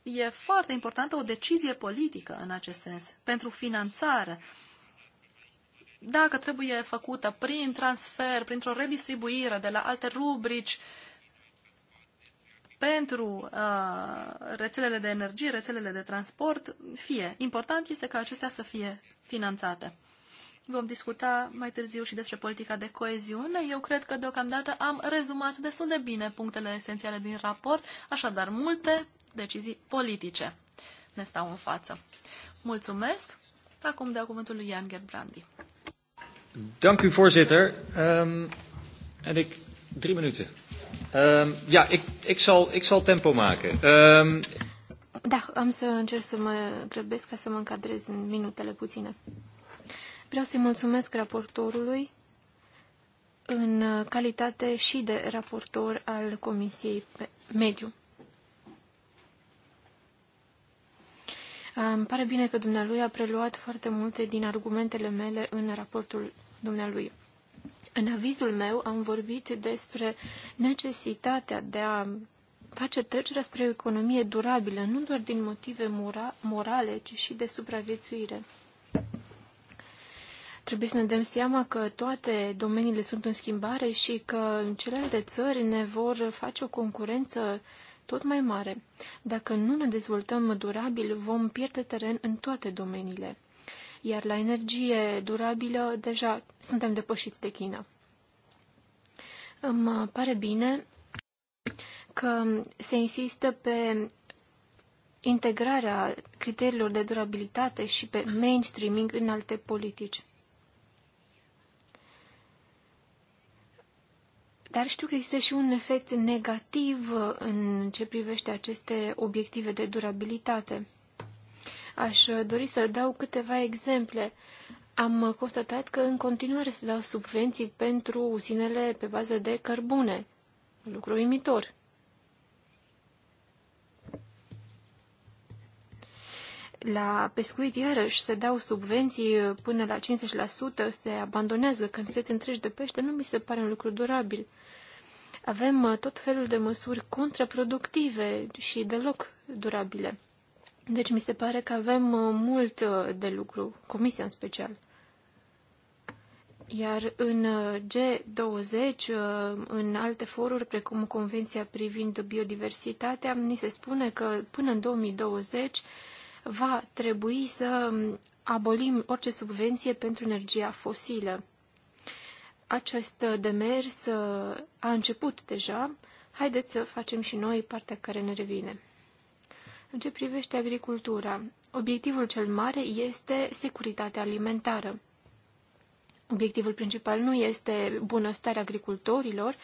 e foarte importantă o decizie politică în acest sens pentru finanțare. Dacă trebuie făcută prin transfer, printr-o redistribuire de la alte rubrici, uh, pentru uh, rețelele de energie, rețelele de transport, fie. Important este ca acestea să fie finanțate. Vom discuta mai târziu și despre politica de coeziune. Eu cred că deocamdată am rezumat destul de bine punctele esențiale din raport, așadar multe decizii politice ne stau în față. Mulțumesc! Acum dau cuvântul lui Jan Gerbrandi.
Dank u, voorzitter. Um, en ik Drie minuten. Um, ja, ik, ik, zal, ik zal tempo maken. Um,
Da, am să încerc să mă grăbesc ca să mă încadrez în minutele puține. Vreau să-i mulțumesc raportorului în calitate și de raportor al Comisiei Mediu. Îmi pare bine că dumnealui a preluat foarte multe din argumentele mele în raportul dumnealui. În avizul meu am vorbit despre necesitatea de a face trecerea spre o economie durabilă, nu doar din motive mora morale, ci și de supraviețuire. Trebuie să ne dăm seama că toate domeniile sunt în schimbare și că celelalte țări ne vor face o concurență tot mai mare. Dacă nu ne dezvoltăm durabil, vom pierde teren în toate domeniile iar la energie durabilă deja suntem depășiți de China. Îmi pare bine că se insistă pe integrarea criteriilor de durabilitate și pe mainstreaming în alte politici. Dar știu că există și un efect negativ în ce privește aceste obiective de durabilitate. Aș dori să dau câteva exemple. Am constatat că în continuare se dau subvenții pentru usinele pe bază de cărbune. Lucru imitor. La pescuit, iarăși, se dau subvenții până la 50%, se abandonează se întregi de pește, nu mi se pare un lucru durabil. Avem tot felul de măsuri contraproductive și deloc durabile. Deci mi se pare că avem uh, mult uh, de lucru, comisia în special. Iar în uh, G20, în alte foruri, precum Convenția privind biodiversitatea, ni se spune că până în 2020 va trebui să um, abolim orice subvenție pentru energia fosilă. Acest demers a început deja. Haideți să facem și noi partea care ne revine. În ce privește agricultura, obiectivul cel mare este securitatea alimentară. Obiectivul principal nu este bunăstarea agricultorilor.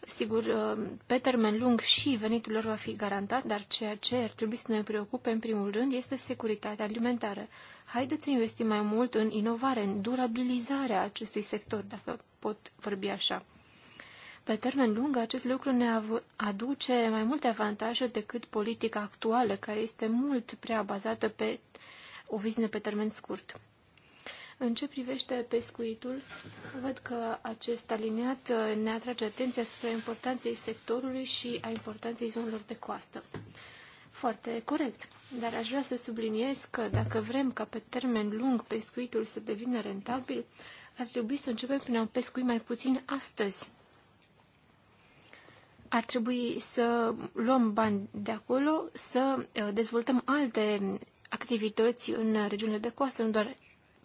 Sigur, ă, pe termen lung și venitul lor va fi garantat, dar ceea ce ar trebui să ne preocupe în primul rând este securitatea alimentară. Haideți să investim mai mult în inovare, în durabilizarea acestui sector, dacă pot vorbi așa. Pe termen lung, acest lucru ne aduce mai multe avantaje decât politica actuală, care este mult prea bazată pe o viziune pe termen scurt. În ce privește pescuitul, văd că acest aliniat uh, ne atrage atenția asupra importanței sectorului și a importanței zonelor de coastă. Foarte corect, dar aș vrea să subliniez că dacă vrem ca pe termen lung pescuitul să devină rentabil, ar trebui să începem prin a pescui mai puțin astăzi, ar trebui să luăm bani de acolo, să uh, dezvoltăm alte activități în regiunile de coastă, nu doar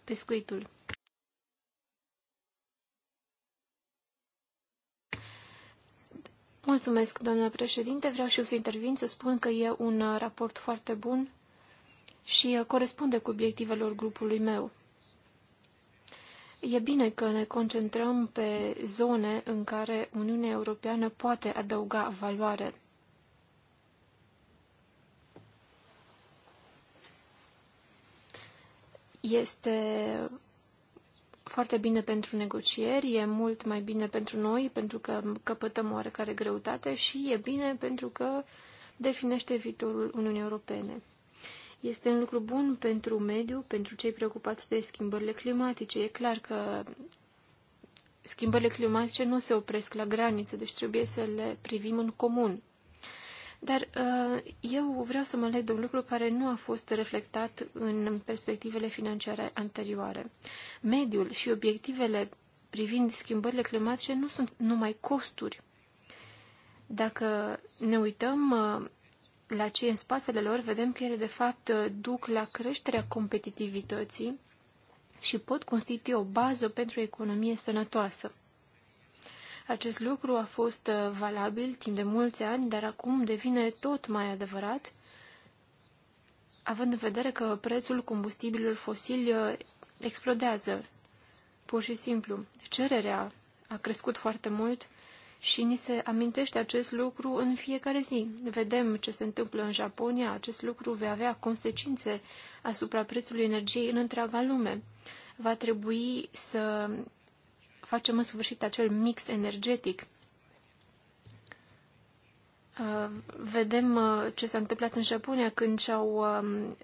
pescuitul. Mulțumesc, domnule președinte. Vreau și eu să intervin, să spun că e un raport foarte bun și uh, corespunde cu obiectivelor grupului meu. E bine că ne concentrăm pe zone în care Uniunea Europeană poate adăuga valoare. Este foarte bine pentru negocieri, e mult mai bine pentru noi, pentru că căpătăm oarecare greutate și e bine pentru că definește viitorul Uniunii Europene. Este un lucru bun pentru mediu, pentru cei preocupați de schimbările climatice. E clar că schimbările climatice nu se opresc la graniță, deci trebuie să le privim în comun. Dar uh, eu vreau să mă leg de un lucru care nu a fost reflectat în perspectivele financiare anterioare. Mediul și obiectivele privind schimbările climatice nu sunt numai costuri. Dacă ne uităm uh, la ce în spatele lor, vedem că ele de fapt duc la creșterea competitivității și pot constitui o bază pentru o economie sănătoasă. Acest lucru a fost uh, valabil timp de mulți ani, dar acum devine tot mai adevărat, având în vedere că prețul combustibililor fosili uh, explodează. Pur și simplu, cererea a crescut foarte mult, și ni se amintește acest lucru în fiecare zi. Vedem ce se întâmplă în Japonia, acest lucru va avea consecințe asupra prețului energiei în întreaga lume. Va trebui să facem în sfârșit acel mix energetic. Uh, vedem uh, ce s-a întâmplat în Japonia când și-au um,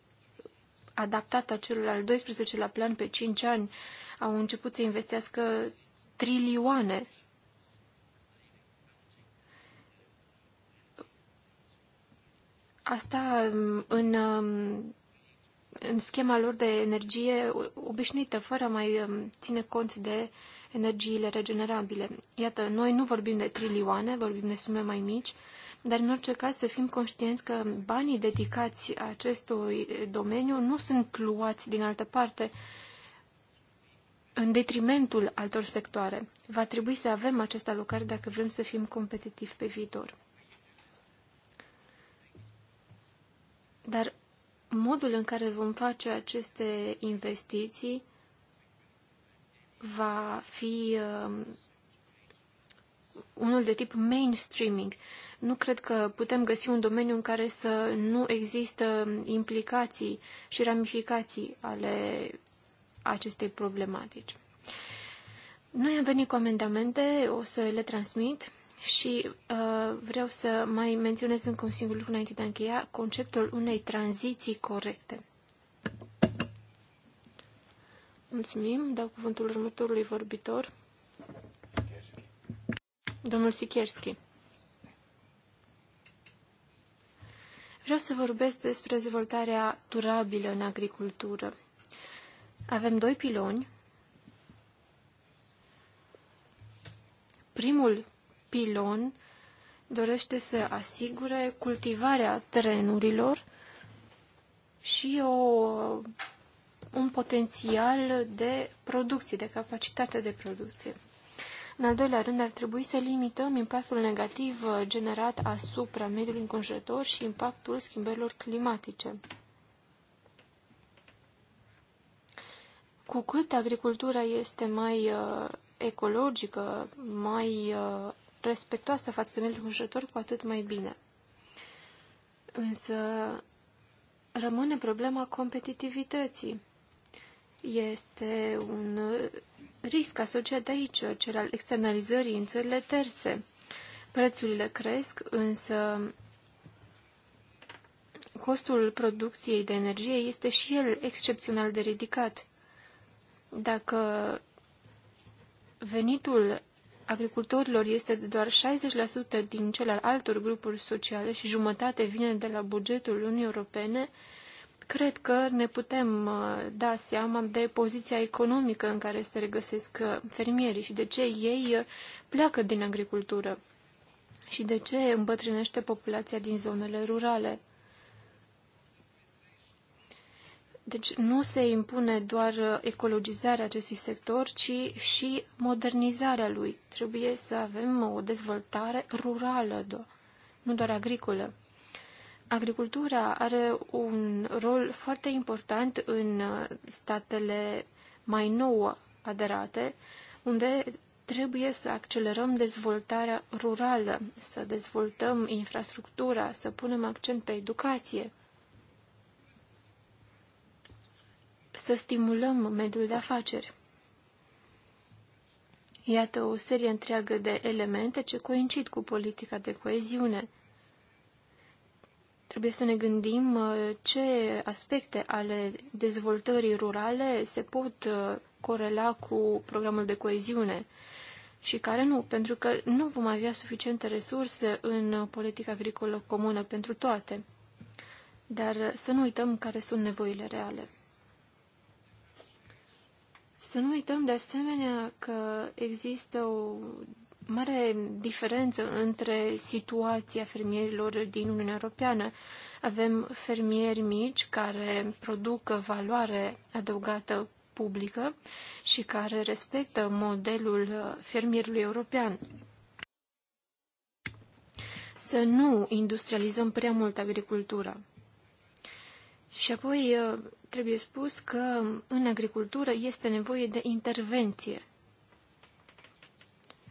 adaptat acelul al 12 la plan pe 5 ani, au început să investească trilioane Asta um, în, um, în schema lor de energie obișnuită, fără mai um, ține cont de energiile regenerabile. Iată, noi nu vorbim de trilioane, vorbim de sume mai mici, dar în orice caz să fim conștienți că banii dedicați acestui domeniu nu sunt luați din altă parte în detrimentul altor sectoare. Va trebui să avem această alocare dacă vrem să fim competitivi pe viitor. Dar modul în care vom face aceste investiții va fi um, unul de tip mainstreaming. Nu cred că putem găsi un domeniu în care să nu există implicații și ramificații ale acestei problematici. Noi am venit cu amendamente, o să le transmit și uh, vreau să mai menționez încă un singur lucru înainte de a încheia, conceptul unei tranziții corecte. Mulțumim. Dau cuvântul următorului vorbitor. Domnul Sikierski. Vreau să vorbesc despre dezvoltarea durabilă în agricultură. Avem doi piloni. Primul pilon dorește să asigure cultivarea trenurilor și o, un potențial de producție, de capacitate de producție. În al doilea rând, ar trebui să limităm impactul negativ uh, generat asupra mediului înconjurător și impactul schimbărilor climatice. Cu cât agricultura este mai uh, ecologică, mai uh, respectoasă față de mediul înconjurător, cu atât mai bine. Însă rămâne problema competitivității. Este un risc asociat aici, cel al externalizării în țările terțe. Prețurile cresc, însă costul producției de energie este și el excepțional de ridicat. Dacă venitul agricultorilor este de doar 60% din cel al altor grupuri sociale și jumătate vine de la bugetul Uniunii Europene, cred că ne putem uh, da seama de poziția economică în care se regăsesc uh, fermierii și de ce ei uh, pleacă din agricultură și de ce îmbătrânește populația din zonele rurale. Deci nu se impune doar ecologizarea acestui sector, ci și modernizarea lui. Trebuie să avem o dezvoltare rurală, nu doar agricolă. Agricultura are un rol foarte important în statele mai nouă aderate, unde trebuie să accelerăm dezvoltarea rurală, să dezvoltăm infrastructura, să punem accent pe educație. să stimulăm mediul de afaceri. Iată o serie întreagă de elemente ce coincid cu politica de coeziune. Trebuie să ne gândim uh, ce aspecte ale dezvoltării rurale se pot uh, corela cu programul de coeziune și care nu, pentru că nu vom avea suficiente resurse în politica agricolă comună pentru toate. Dar să nu uităm care sunt nevoile reale. Să nu uităm de asemenea că există o mare diferență între situația fermierilor din Uniunea Europeană. Avem fermieri mici care produc valoare adăugată publică și care respectă modelul fermierului european. Să nu industrializăm prea mult agricultura. Și apoi uh, trebuie spus că în agricultură este nevoie de intervenție.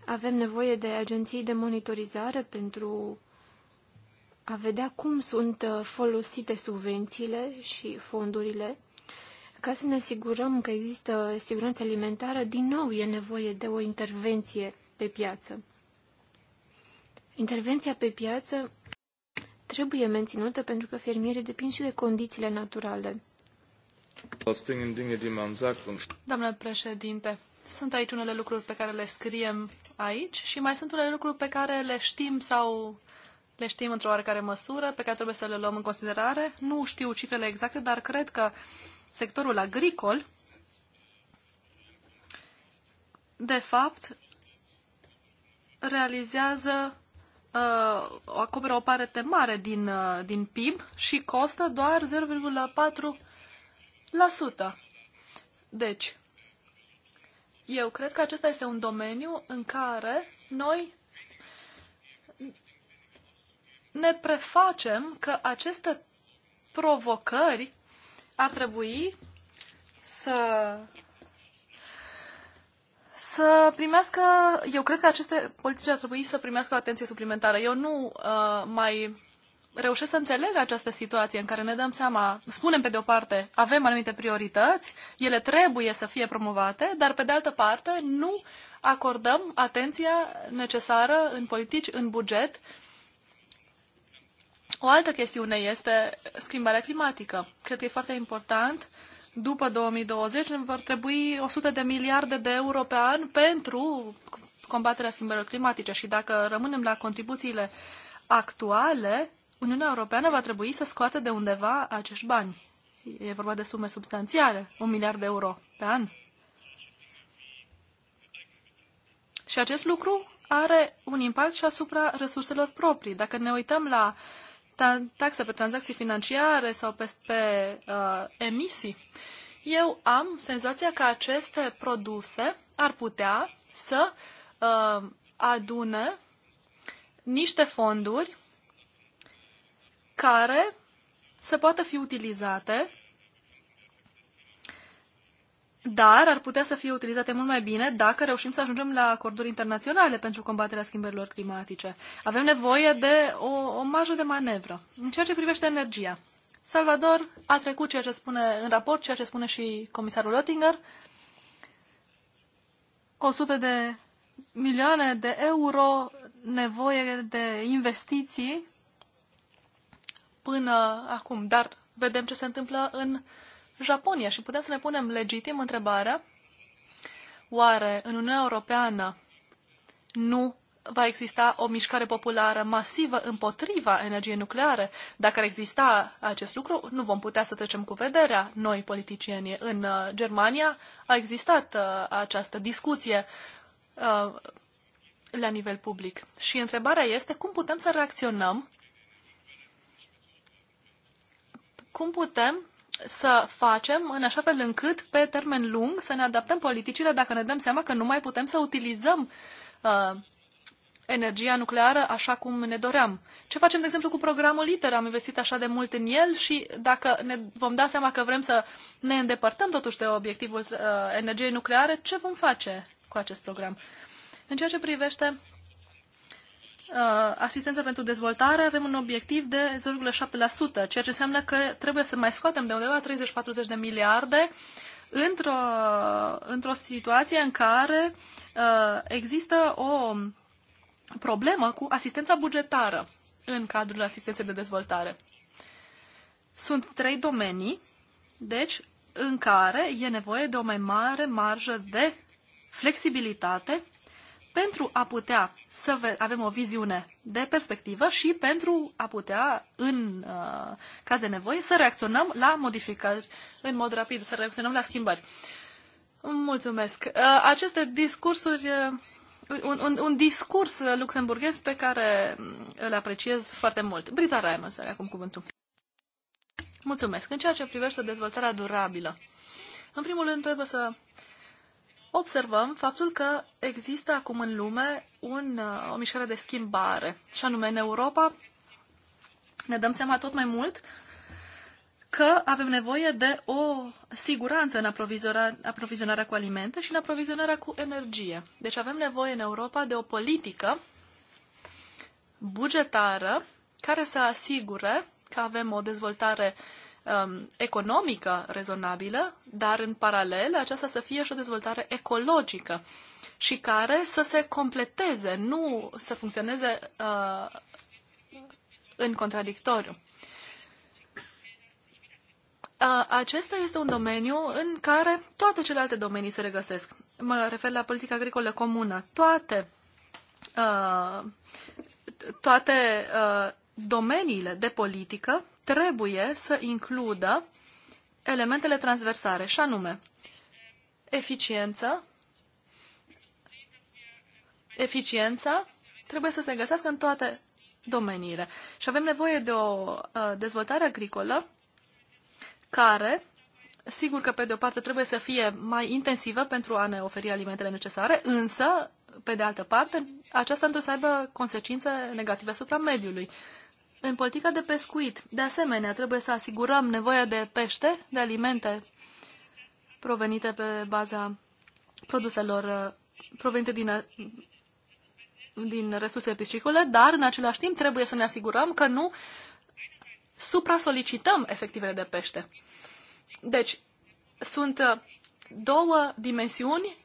Avem nevoie de agenții de monitorizare pentru a vedea cum sunt uh, folosite subvențiile și fondurile. Ca să ne asigurăm că există siguranță alimentară, din nou e nevoie de o intervenție pe piață. Intervenția pe piață trebuie menținută pentru că fermierii depind și de condițiile naturale. Doamnă președinte, sunt aici unele lucruri pe care le scriem
aici și mai sunt unele lucruri pe care le știm sau le știm într-o oarecare măsură, pe care trebuie să le luăm în considerare. Nu știu cifrele exacte, dar cred că sectorul agricol, de fapt, realizează uh, acoperă o parte mare din, uh, din PIB și costă doar 0,4%. Deci, eu cred că acesta este un domeniu în care noi ne prefacem că aceste provocări ar trebui să să primească, eu cred că aceste politici ar trebui să primească o atenție suplimentară. Eu nu uh, mai reușesc să înțeleg această situație în care ne dăm seama, spunem pe de o parte, avem anumite priorități, ele trebuie să fie promovate, dar pe de altă parte nu acordăm atenția necesară în politici, în buget. O altă chestiune este schimbarea climatică. Cred că e foarte important uh, după 2020 vor trebui 100 de miliarde de euro pe an pentru combaterea schimbărilor climatice și dacă rămânem la contribuțiile actuale, Uniunea Europeană va trebui să scoată de undeva acești bani. E vorba de sume substanțiale, un miliard de euro pe an. Și acest lucru are un impact și asupra resurselor proprii. Dacă ne uităm la uh, taxa pe tranzacții financiare sau pe, pe uh, emisii, eu am senzația că aceste produse ar putea să uh, adune niște fonduri care să poată fi utilizate dar ar putea să fie utilizate mult mai bine dacă reușim să ajungem la acorduri internaționale pentru combaterea schimbărilor climatice. Avem nevoie de o, o marjă de manevră. În ceea ce privește energia, Salvador a trecut ceea ce spune în raport, ceea ce spune și comisarul Oettinger. 100 de milioane de euro nevoie de investiții până acum, dar vedem ce se întâmplă în uh, Japonia și putem să ne punem legitim întrebarea oare în Uniunea Europeană nu va exista o mișcare populară masivă împotriva energiei nucleare. Dacă ar exista acest lucru, nu vom putea să trecem cu vederea noi politicieni. În uh, Germania a existat uh, această discuție uh, la nivel public. Și întrebarea este cum putem să reacționăm, cum putem să facem în așa fel încât, pe termen lung, să ne adaptăm politicile dacă ne dăm seama că nu mai putem să utilizăm uh, energia nucleară așa cum ne doream. Ce facem, de exemplu, cu programul ITER? Am investit așa de mult în el și dacă ne vom da seama că vrem să ne îndepărtăm totuși de obiectivul uh, energiei nucleare, ce vom face cu acest program? În ceea ce privește Uh, asistență pentru dezvoltare avem un obiectiv de 0,7%, ceea ce înseamnă că trebuie să mai scoatem de undeva 30-40 de miliarde într-o, într-o situație în care uh, există o problemă cu asistența bugetară în cadrul asistenței de dezvoltare. Sunt trei domenii, deci, în care e nevoie de o mai mare marjă de flexibilitate pentru a putea să avem o viziune de perspectivă și pentru a putea, în uh, caz de nevoie, să reacționăm la modificări în mod rapid, să reacționăm la schimbări. Mulțumesc. Uh, aceste discursuri, uh, un, un, un discurs luxemburghez pe care îl apreciez foarte mult. Brita Reimers să acum cuvântul. Mulțumesc. În ceea ce privește dezvoltarea durabilă, în primul rând trebuie să uh, observăm faptul că există acum în lume un, uh, o mișcare de schimbare. Și anume, în Europa ne dăm seama tot mai mult că avem nevoie de o siguranță în aprovizionarea cu alimente și în aprovizionarea cu energie. Deci avem nevoie în Europa de o politică bugetară care să asigure că avem o dezvoltare uh, um, economică rezonabilă, dar în paralel aceasta să fie și o dezvoltare ecologică și care să se completeze, nu să funcționeze uh, în contradictoriu. Uh, acesta este un domeniu în care toate celelalte domenii se regăsesc. Mă refer la politica agricolă comună. Toate, uh, toate uh, domeniile de politică trebuie să includă elementele transversare, și anume eficiență, eficiența trebuie să se găsească în toate domeniile. Și avem nevoie de o uh, dezvoltare agricolă care, sigur că pe de o parte trebuie să fie mai intensivă pentru a ne oferi alimentele necesare, însă, pe de altă parte, aceasta trebuie să aibă consecințe negative asupra mediului. În politica de pescuit, de asemenea, trebuie să asigurăm nevoia de pește, de alimente provenite pe baza produselor uh, provenite din, uh, din resurse piscicole, dar în același timp trebuie să ne asigurăm că nu supra-solicităm efectivele de pește. Deci, sunt uh, două dimensiuni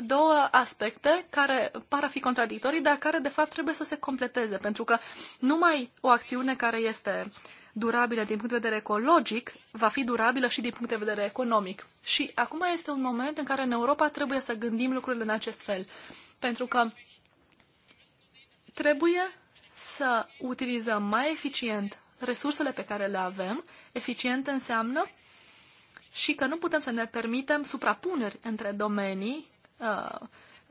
două aspecte care par a fi contradictorii, dar care de fapt trebuie să se completeze, pentru că numai o acțiune care este durabilă din punct de vedere ecologic va fi durabilă și din punct de vedere economic. Și acum este un moment în care în Europa trebuie să gândim lucrurile în acest fel, pentru că trebuie să utilizăm mai eficient resursele pe care le avem. Eficient înseamnă și că nu putem să ne permitem suprapuneri între domenii Uh,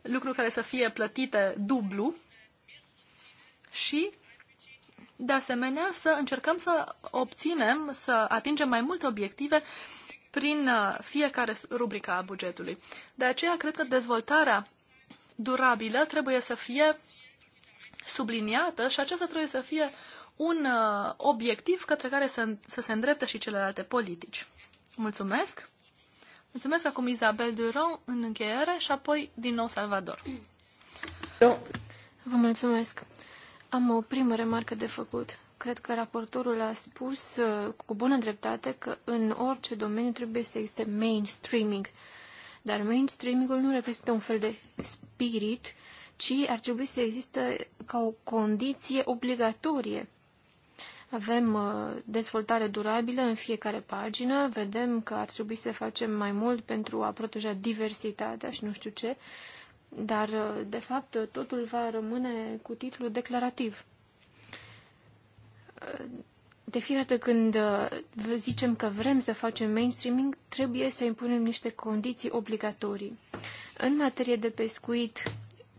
lucruri care să fie plătite dublu și, de asemenea, să încercăm să obținem, să atingem mai multe obiective prin uh, fiecare rubrică a bugetului. De aceea, cred că dezvoltarea durabilă trebuie să fie subliniată și acesta trebuie să fie un uh, obiectiv către care să, să se îndrepte și celelalte politici. Mulțumesc! Mulțumesc acum Isabel Duron în încheiere și apoi din nou Salvador.
Vă mulțumesc. Am o primă remarcă de făcut. Cred că raportorul a spus uh, cu bună dreptate că în orice domeniu trebuie să existe mainstreaming. Dar mainstreamingul nu reprezintă un fel de spirit, ci ar trebui să existe ca o condiție obligatorie avem uh, dezvoltare durabilă în fiecare pagină, vedem că ar trebui să facem mai mult pentru a proteja diversitatea și nu știu ce, dar, uh, de fapt, totul va rămâne cu titlu declarativ. Uh, de fiecare dată când zicem că vrem să facem mainstreaming, trebuie să impunem niște condiții obligatorii. În materie de pescuit,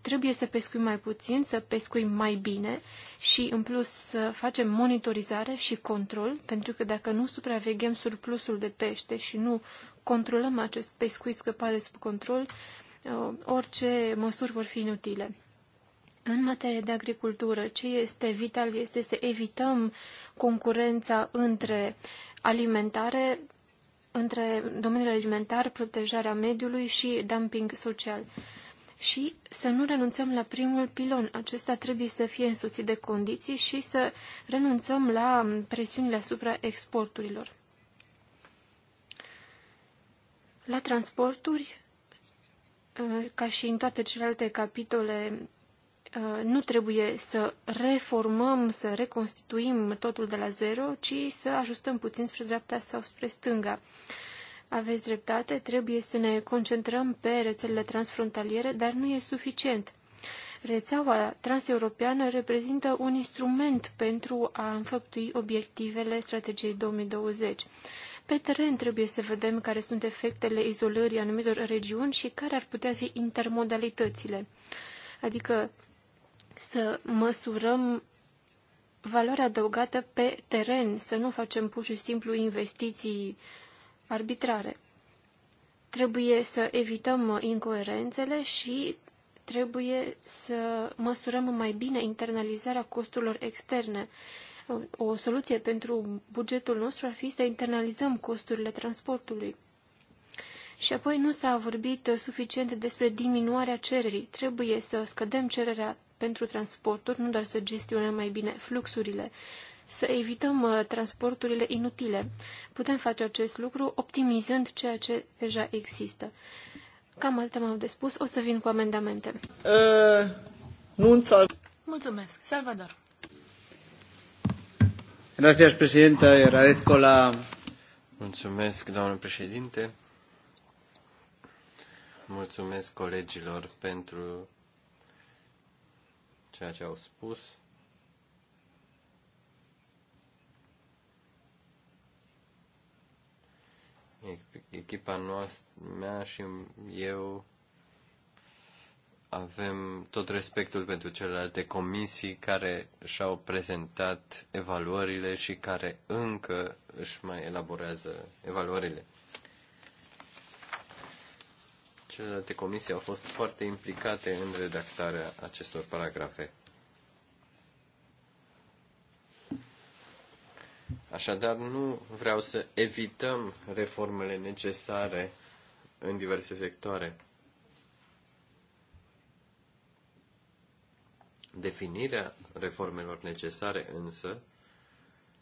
trebuie să pescuim mai puțin, să pescuim mai bine și, în plus, să facem monitorizare și control, pentru că dacă nu supraveghem surplusul de pește și nu controlăm acest pescuit scăpat de sub control, uh, orice măsuri vor fi inutile. În materie de agricultură, ce este vital este să evităm concurența între alimentare, între domeniul alimentar, protejarea mediului și dumping social și să nu renunțăm la primul pilon. Acesta trebuie să fie însoțit de condiții și să renunțăm la presiunile asupra exporturilor. La transporturi, uh, ca și în toate celelalte capitole, uh, nu trebuie să reformăm, să reconstituim totul de la zero, ci să ajustăm puțin spre dreapta sau spre stânga. Aveți dreptate, trebuie să ne concentrăm pe rețelele transfrontaliere, dar nu e suficient. Rețeaua transeuropeană reprezintă un instrument pentru a înfăptui obiectivele strategiei 2020. Pe teren trebuie să vedem care sunt efectele izolării anumitor regiuni și care ar putea fi intermodalitățile. Adică să măsurăm valoarea adăugată pe teren, să nu facem pur și simplu investiții uh, arbitrare. Trebuie să evităm uh, incoerențele și trebuie să măsurăm mai bine internalizarea costurilor externe. Uh, o soluție pentru bugetul nostru ar fi să internalizăm costurile transportului. Și apoi nu s-a vorbit uh, suficient despre diminuarea cererii. Trebuie să scădem cererea pentru transporturi, nu doar să gestionăm mai bine fluxurile să evităm uh, transporturile inutile. Putem face acest lucru optimizând ceea ce deja există. Cam atât m-am de spus, o să vin cu amendamente.
Uh, nu
Mulțumesc. Salvador.
Gracias, presidenta. Agradezco la...
Mulțumesc, doamnă președinte. Mulțumesc colegilor pentru ceea ce au spus. echipa noastră, mea și eu avem tot respectul pentru celelalte comisii care și-au prezentat evaluările și care încă își mai elaborează evaluările. Celelalte comisii au fost foarte implicate în redactarea acestor paragrafe. Așadar, nu vreau să evităm reformele necesare în diverse sectoare. Definirea reformelor necesare însă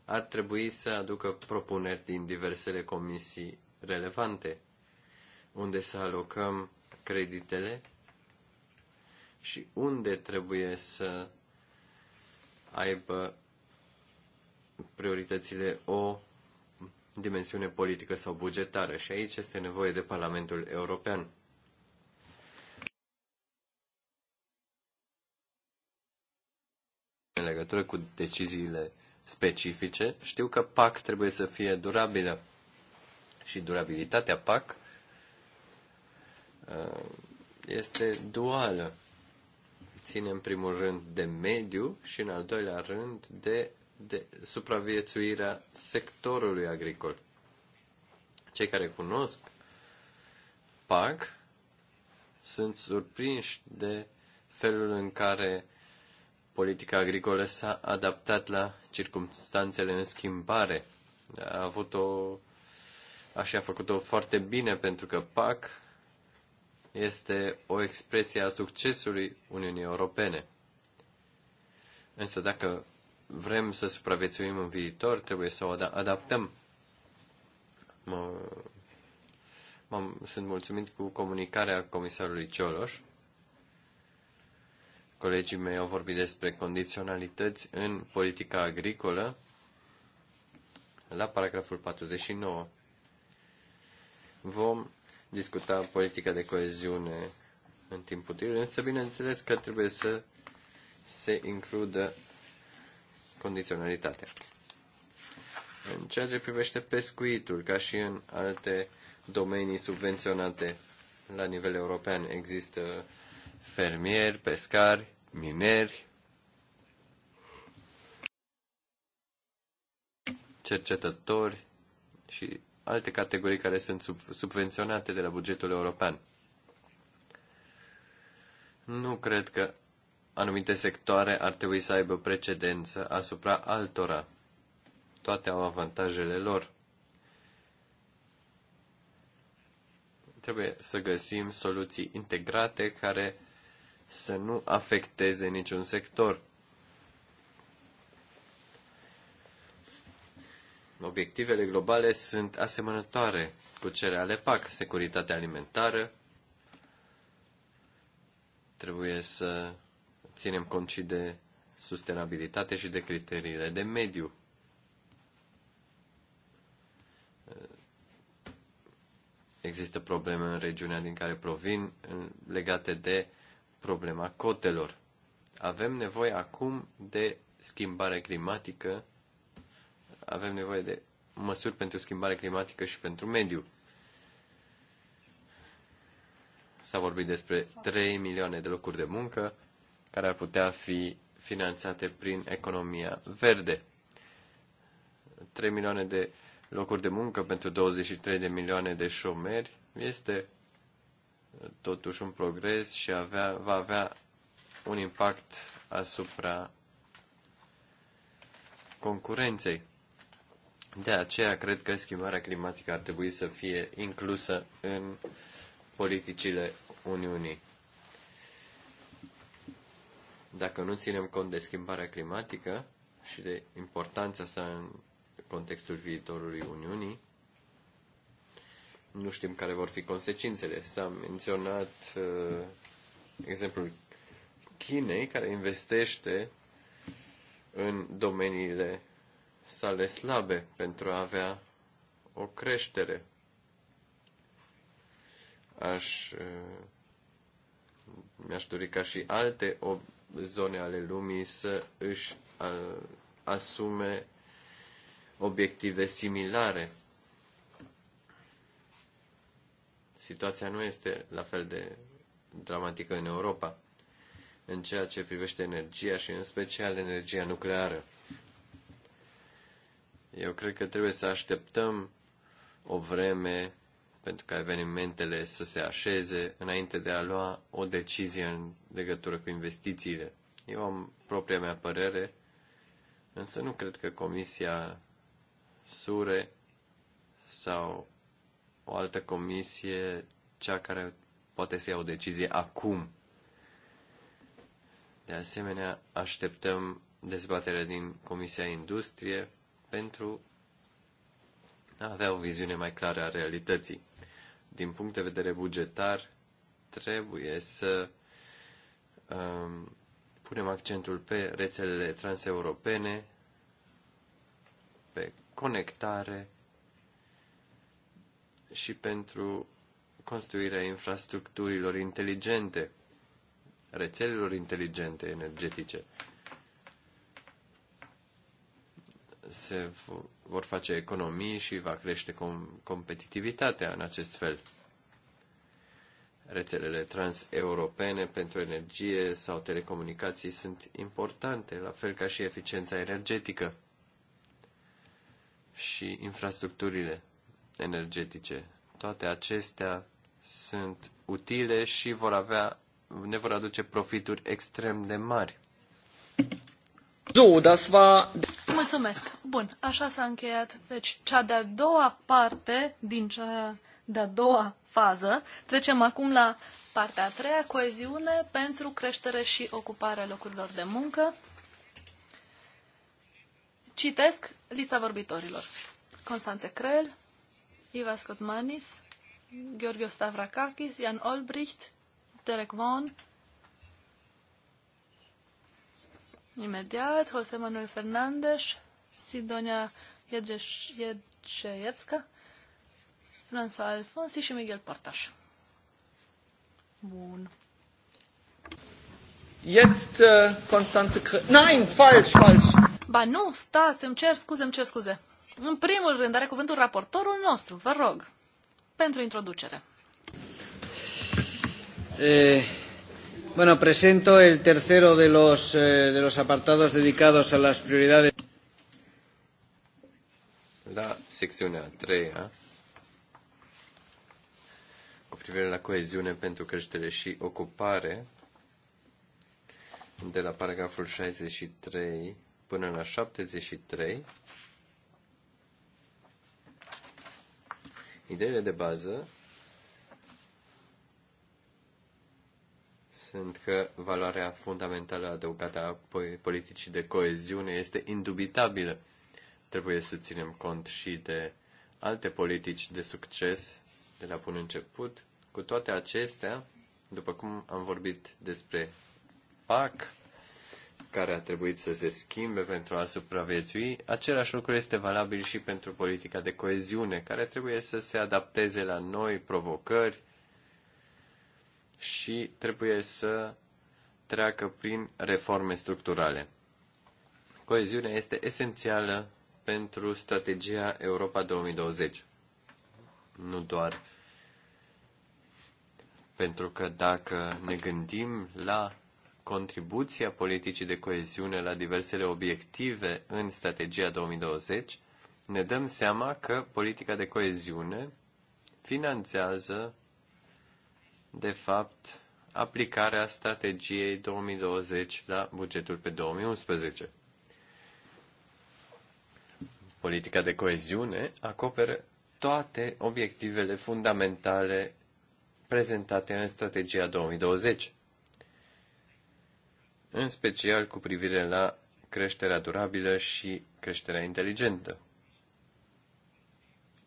ar trebui să aducă propuneri din diversele comisii relevante, unde să alocăm creditele și unde trebuie să aibă prioritățile o dimensiune politică sau bugetară și aici este nevoie de Parlamentul European. În legătură cu deciziile specifice, știu că PAC trebuie să fie durabilă și durabilitatea PAC uh, este duală. Ține în primul rând de mediu și în al doilea rând de de supraviețuirea sectorului agricol. Cei care cunosc PAC sunt surprinși de felul în care politica agricolă s-a adaptat la circumstanțele în schimbare. A avut o așa a făcut-o foarte bine pentru că PAC este o expresie a succesului Uniunii Europene. Însă dacă vrem să supraviețuim în viitor, trebuie să o adaptăm. Mă, m-am, sunt mulțumit cu comunicarea comisarului Cioloș. Colegii mei au vorbit despre condiționalități în politica agricolă la paragraful 49. Vom discuta politica de coeziune în timp util, însă bineînțeles că trebuie să se includă condiționalitatea. În ceea ce privește pescuitul, ca și în alte domenii subvenționate la nivel european, există fermieri, pescari, mineri, cercetători și alte categorii care sunt sub, subvenționate de la bugetul european. Nu cred că anumite sectoare ar trebui să aibă precedență asupra altora. Toate au avantajele lor. Trebuie să găsim soluții integrate care să nu afecteze niciun sector. Obiectivele globale sunt asemănătoare cu cele ale PAC, securitatea alimentară, trebuie să ținem cont și de sustenabilitate și de criteriile de mediu. Există probleme în regiunea din care provin legate de problema cotelor. Avem nevoie acum de schimbare climatică, avem nevoie de măsuri pentru schimbare climatică și pentru mediu. S-a vorbit despre 3 milioane de locuri de muncă, care ar putea fi finanțate prin economia verde. 3 milioane de locuri de muncă pentru 23 de milioane de șomeri este totuși un progres și avea, va avea un impact asupra concurenței. De aceea cred că schimbarea climatică ar trebui să fie inclusă în politicile Uniunii. Dacă nu ținem cont de schimbarea climatică și de importanța sa în contextul viitorului Uniunii, nu știm care vor fi consecințele. S-a menționat uh, exemplul Chinei, care investește în domeniile sale slabe pentru a avea o creștere. Aș, uh, mi-aș dori ca și alte ob- zone ale lumii să își asume obiective similare. Situația nu este la fel de dramatică în Europa în ceea ce privește energia și în special energia nucleară. Eu cred că trebuie să așteptăm o vreme pentru ca evenimentele să se așeze înainte de a lua o decizie în legătură cu investițiile. Eu am propria mea părere, însă nu cred că Comisia Sure sau o altă comisie cea care poate să ia o decizie acum. De asemenea, așteptăm dezbaterea din Comisia Industrie pentru a avea o viziune mai clară a realității din punct de vedere bugetar, trebuie să um, punem accentul pe rețelele transeuropene, pe conectare și pentru construirea infrastructurilor inteligente, rețelelor inteligente energetice. se vor face economii și va crește com- competitivitatea în acest fel. Rețelele transeuropene pentru energie sau telecomunicații sunt importante, la fel ca și eficiența energetică și infrastructurile energetice. Toate acestea sunt utile și vor avea, ne vor aduce profituri extrem de mari.
So, das war
Mulțumesc. Bun, așa s-a încheiat. Deci, cea de-a doua parte din cea de-a doua fază. Trecem acum la partea a treia, coeziune pentru creștere și ocuparea locurilor de muncă. Citesc lista vorbitorilor. Constanțe Crel, Iva Manis, Gheorghe Stavrakakis, Jan Olbricht, Derek Vaughan, imediat. José Manuel Fernandes, Sidonia Jedrzejewska, François Alfonsi și Miguel Portaș.
Bun. Jetzt uh, Constanze Cr- Nein, falsch, falsch.
Ba nu, stați, îmi cer scuze, îmi cer scuze. În primul rând are cuvântul raportorul nostru, vă rog, pentru introducere.
Eh, Bueno, presento el tercero de los, eh, de los apartados dedicados a las prioridades.
La secțiunea a treia, cu privire la coeziune pentru creștere și ocupare, de la paragraful 63 până la 73, ideile de bază sunt că valoarea fundamentală adăugată a politicii de coeziune este indubitabilă. Trebuie să ținem cont și de alte politici de succes de la bun început. Cu toate acestea, după cum am vorbit despre PAC, care a trebuit să se schimbe pentru a supraviețui, același lucru este valabil și pentru politica de coeziune, care trebuie să se adapteze la noi provocări, și trebuie să treacă prin reforme structurale. Coeziunea este esențială pentru strategia Europa 2020. Nu doar pentru că dacă ne gândim la contribuția politicii de coeziune la diversele obiective în strategia 2020, ne dăm seama că politica de coeziune finanțează de fapt, aplicarea strategiei 2020 la bugetul pe 2011. Politica de coeziune acoperă toate obiectivele fundamentale prezentate în strategia 2020, în special cu privire la creșterea durabilă și creșterea inteligentă.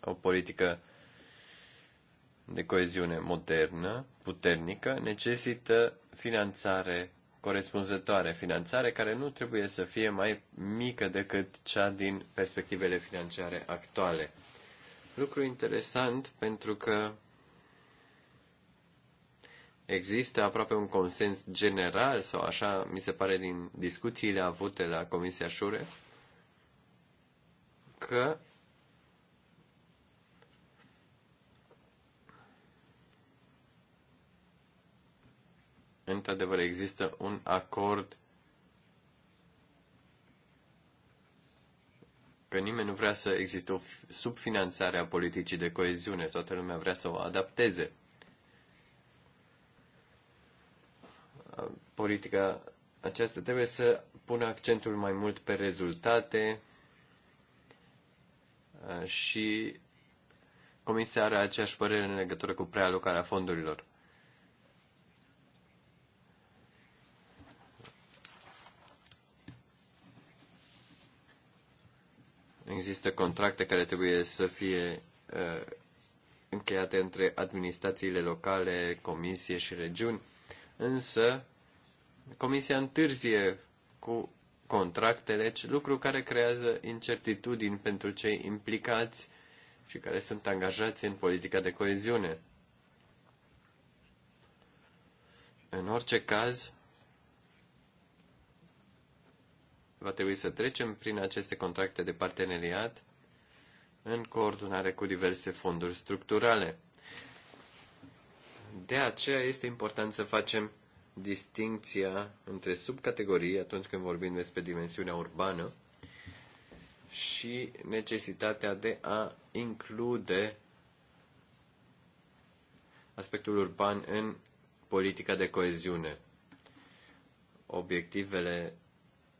O politică de coeziune modernă puternică necesită finanțare corespunzătoare, finanțare care nu trebuie să fie mai mică decât cea din perspectivele financiare actuale. Lucru interesant pentru că există aproape un consens general, sau așa mi se pare din discuțiile avute la Comisia Șure, că într-adevăr există un acord că nimeni nu vrea să existe o subfinanțare a politicii de coeziune, toată lumea vrea să o adapteze. Politica aceasta trebuie să pună accentul mai mult pe rezultate și Comisia are aceeași părere în legătură cu prealocarea fondurilor. Există contracte care trebuie să fie uh, încheiate între administrațiile locale, comisie și regiuni, însă comisia întârzie cu contractele, deci lucru care creează incertitudini pentru cei implicați și care sunt angajați în politica de coeziune. În orice caz, Va trebui să trecem prin aceste contracte de parteneriat în coordonare cu diverse fonduri structurale. De aceea este important să facem distinția între subcategorii atunci când vorbim despre dimensiunea urbană și necesitatea de a include aspectul urban în politica de coeziune. Obiectivele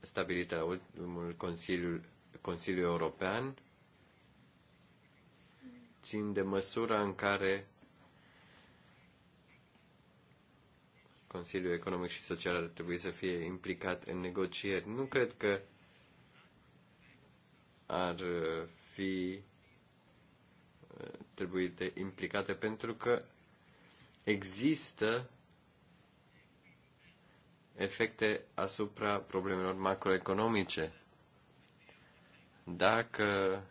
stabilită la ultimul Consiliul, Consiliul European țin de măsura în care Consiliul Economic și Social ar trebui să fie implicat în negocieri. Nu cred că ar uh, fi uh, trebuite implicate pentru că există efecte asupra problemelor macroeconomice. Dacă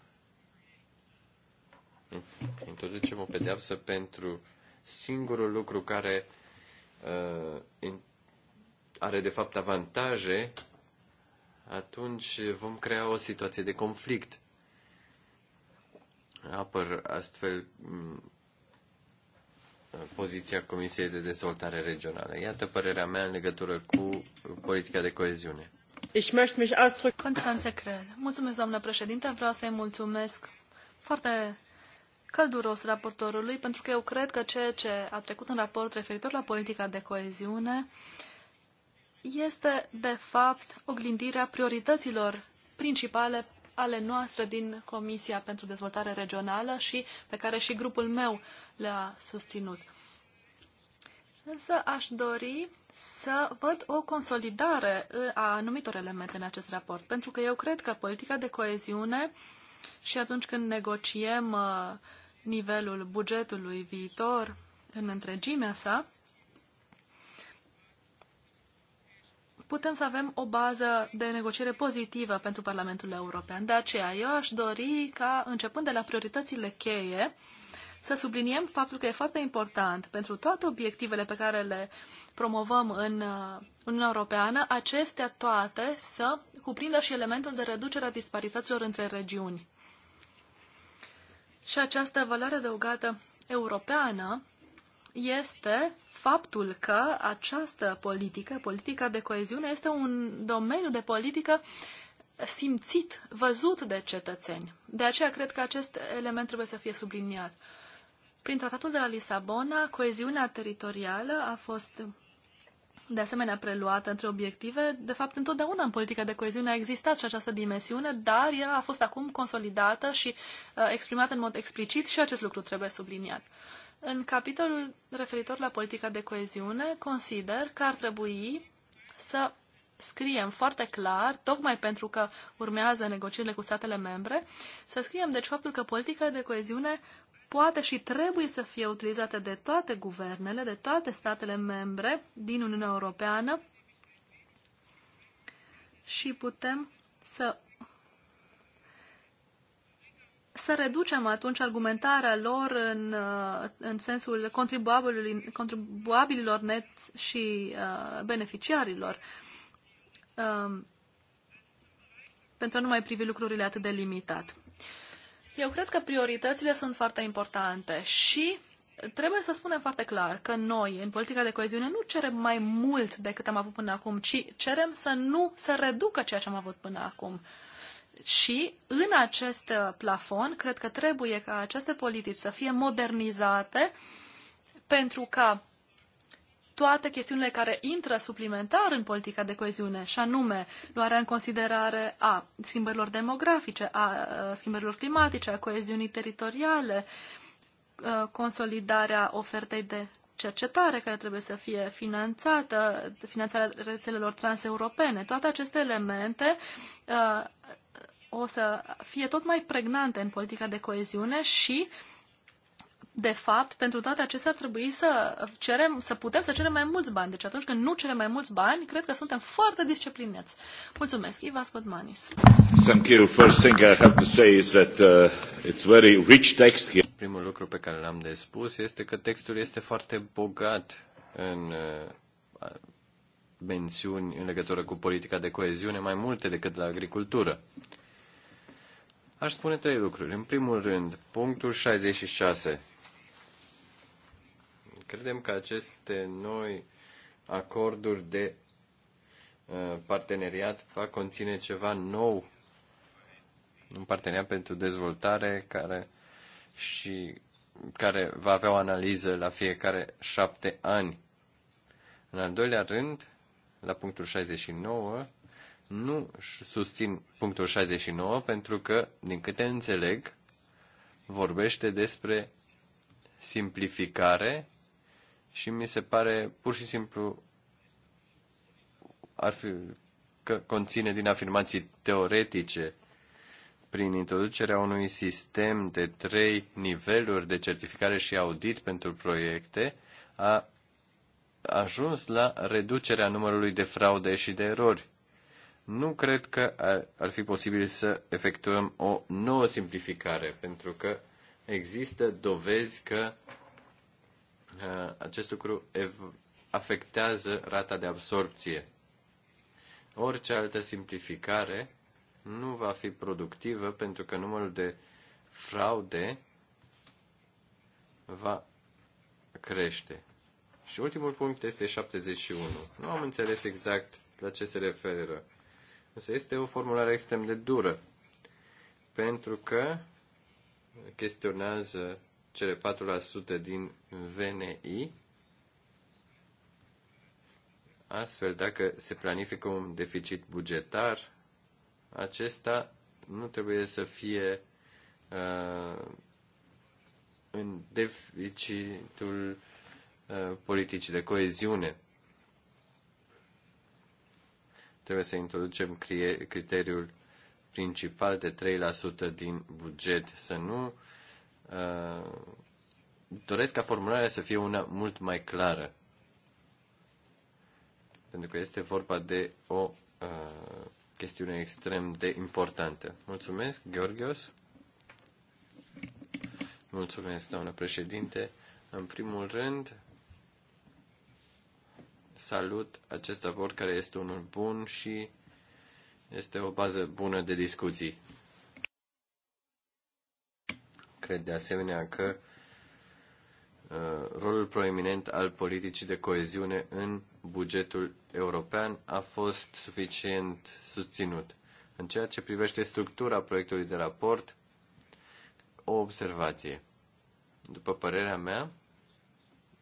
introducem o pedeapsă pentru singurul lucru care uh, are de fapt avantaje, atunci vom crea o situație de conflict. Apăr astfel poziția Comisiei de Dezvoltare Regională. Iată părerea mea în legătură cu politica de coeziune.
Ich möchte mich ausdrücken. Constanze Mulțumesc, doamnă președinte. Vreau să-i mulțumesc foarte călduros raportorului, pentru că eu cred că ceea ce a trecut în raport referitor la politica de coeziune este, de fapt, oglindirea priorităților principale ale noastre din Comisia pentru Dezvoltare Regională și pe care și grupul meu le-a susținut. Însă aș dori să văd o consolidare a anumitor elemente în acest raport, pentru că eu cred că politica de coeziune și atunci când negociem uh, nivelul bugetului viitor în întregimea sa, putem să avem o bază de negociere pozitivă pentru Parlamentul European. De aceea, eu aș dori ca, începând de la prioritățile cheie, să subliniem faptul că e foarte important pentru toate obiectivele pe care le promovăm în uh, Uniunea Europeană, acestea toate să cuprindă și elementul de reducere a disparităților între regiuni. Și această valoare adăugată europeană este faptul că această politică, politica de coeziune, este un domeniu de politică simțit, văzut de cetățeni. De aceea cred că acest element trebuie să fie subliniat. Prin tratatul de la Lisabona, coeziunea teritorială a fost de asemenea preluată între obiective. De fapt, întotdeauna în politica de coeziune a existat și această dimensiune, dar ea a fost acum consolidată și uh, exprimată în mod explicit și acest lucru trebuie subliniat. În capitolul referitor la politica de coeziune, consider că ar trebui să scriem foarte clar, tocmai pentru că urmează negocierile cu statele membre, să scriem deci faptul că politica de coeziune poate și trebuie să fie utilizată de toate guvernele, de toate statele membre din Uniunea Europeană și putem să să reducem atunci argumentarea lor în, uh, în sensul contribuabililor net și uh, beneficiarilor, uh, pentru a nu mai privi lucrurile atât de limitat. Eu cred că prioritățile sunt foarte importante și trebuie să spunem foarte clar că noi, în politica de coeziune, nu cerem mai mult decât am avut până acum, ci cerem să nu se reducă ceea ce am avut până acum. Uh, și în acest uh, plafon, cred că trebuie ca aceste politici să fie modernizate pentru ca toate chestiunile care intră suplimentar în politica de coeziune, și anume luarea în considerare a schimbărilor demografice, a uh, schimbărilor climatice, a coeziunii teritoriale, uh, consolidarea ofertei de cercetare care trebuie să fie finanțată, finanțarea rețelelor transeuropene. Toate aceste elemente o să fie tot mai pregnante în politica de coeziune și de fapt, pentru toate acestea ar trebui să cerem, să putem să cerem mai mulți bani. Deci atunci când nu cerem mai mulți bani, cred că suntem foarte disciplinați. Mulțumesc, Ivas Godmanis.
Thank you. First thing I
have to say is that uh, it's very rich text here. Primul lucru pe care l-am de spus este că textul este foarte bogat în uh, mențiuni în legătură cu politica de coeziune, mai multe decât la agricultură. Aș spune trei lucruri. În primul rând, punctul 66. Credem că aceste noi acorduri de uh, parteneriat va conține ceva nou, un parteneriat pentru dezvoltare care și care va avea o analiză la fiecare șapte ani. În al doilea rând, la punctul 69, nu susțin punctul 69 pentru că, din câte înțeleg, vorbește despre simplificare și mi se pare pur și simplu ar fi că conține din afirmații teoretice prin introducerea unui sistem de trei niveluri de certificare și audit pentru proiecte a ajuns la reducerea numărului de fraude și de erori. Nu cred că ar, ar fi posibil să efectuăm o nouă simplificare, pentru că există dovezi că uh, acest lucru afectează rata de absorpție. Orice altă simplificare nu va fi productivă pentru că numărul de fraude va crește. Și ultimul punct este 71. Nu am înțeles exact la ce se referă. Însă este o formulare extrem de dură, pentru că chestionează cele 4% din VNI. Astfel, dacă se planifică un deficit bugetar, acesta nu trebuie să fie uh, în deficitul uh, politicii de coeziune trebuie să introducem criteriul principal de 3% din buget, să nu uh, doresc ca formularea să fie una mult mai clară. Pentru că este vorba de o uh, chestiune extrem de importantă. Mulțumesc, Gheorghios. Mulțumesc, doamnă președinte. În primul rând, salut acest raport care este unul bun și este o bază bună de discuții. Cred de asemenea că uh, rolul proeminent al politicii de coeziune în bugetul european a fost suficient susținut. În ceea ce privește structura proiectului de raport, o observație. După părerea mea,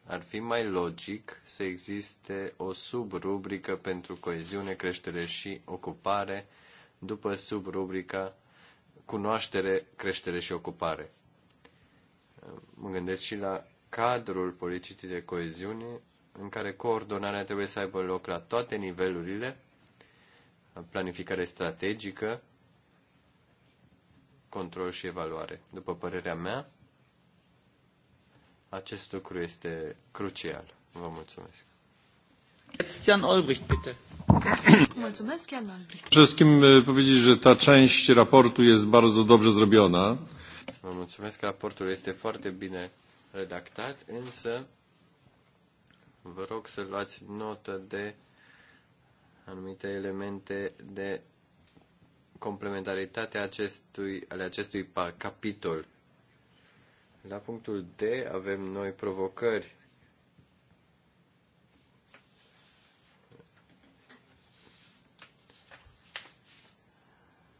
ar fi mai logic să existe o subrubrică pentru coeziune, creștere și ocupare după subrubrica cunoaștere, creștere și ocupare. Mă gândesc și la cadrul politicii de coeziune în care coordonarea trebuie să aibă loc la toate nivelurile, planificare strategică, control și evaluare. După părerea mea, acest lucru este crucial. Vă mulțumesc. Christian Olbricht, bitte. Mulțumesc, Jan Olbricht.
Wszystkim powiedzieć, że ta część raportu jest bardzo dobrze zrobiona.
Vă mulțumesc, raportul este foarte bine redactat, însă vă rog să luați notă de anumite elemente de complementaritate acestui, ale acestui capitol la punctul D avem noi provocări.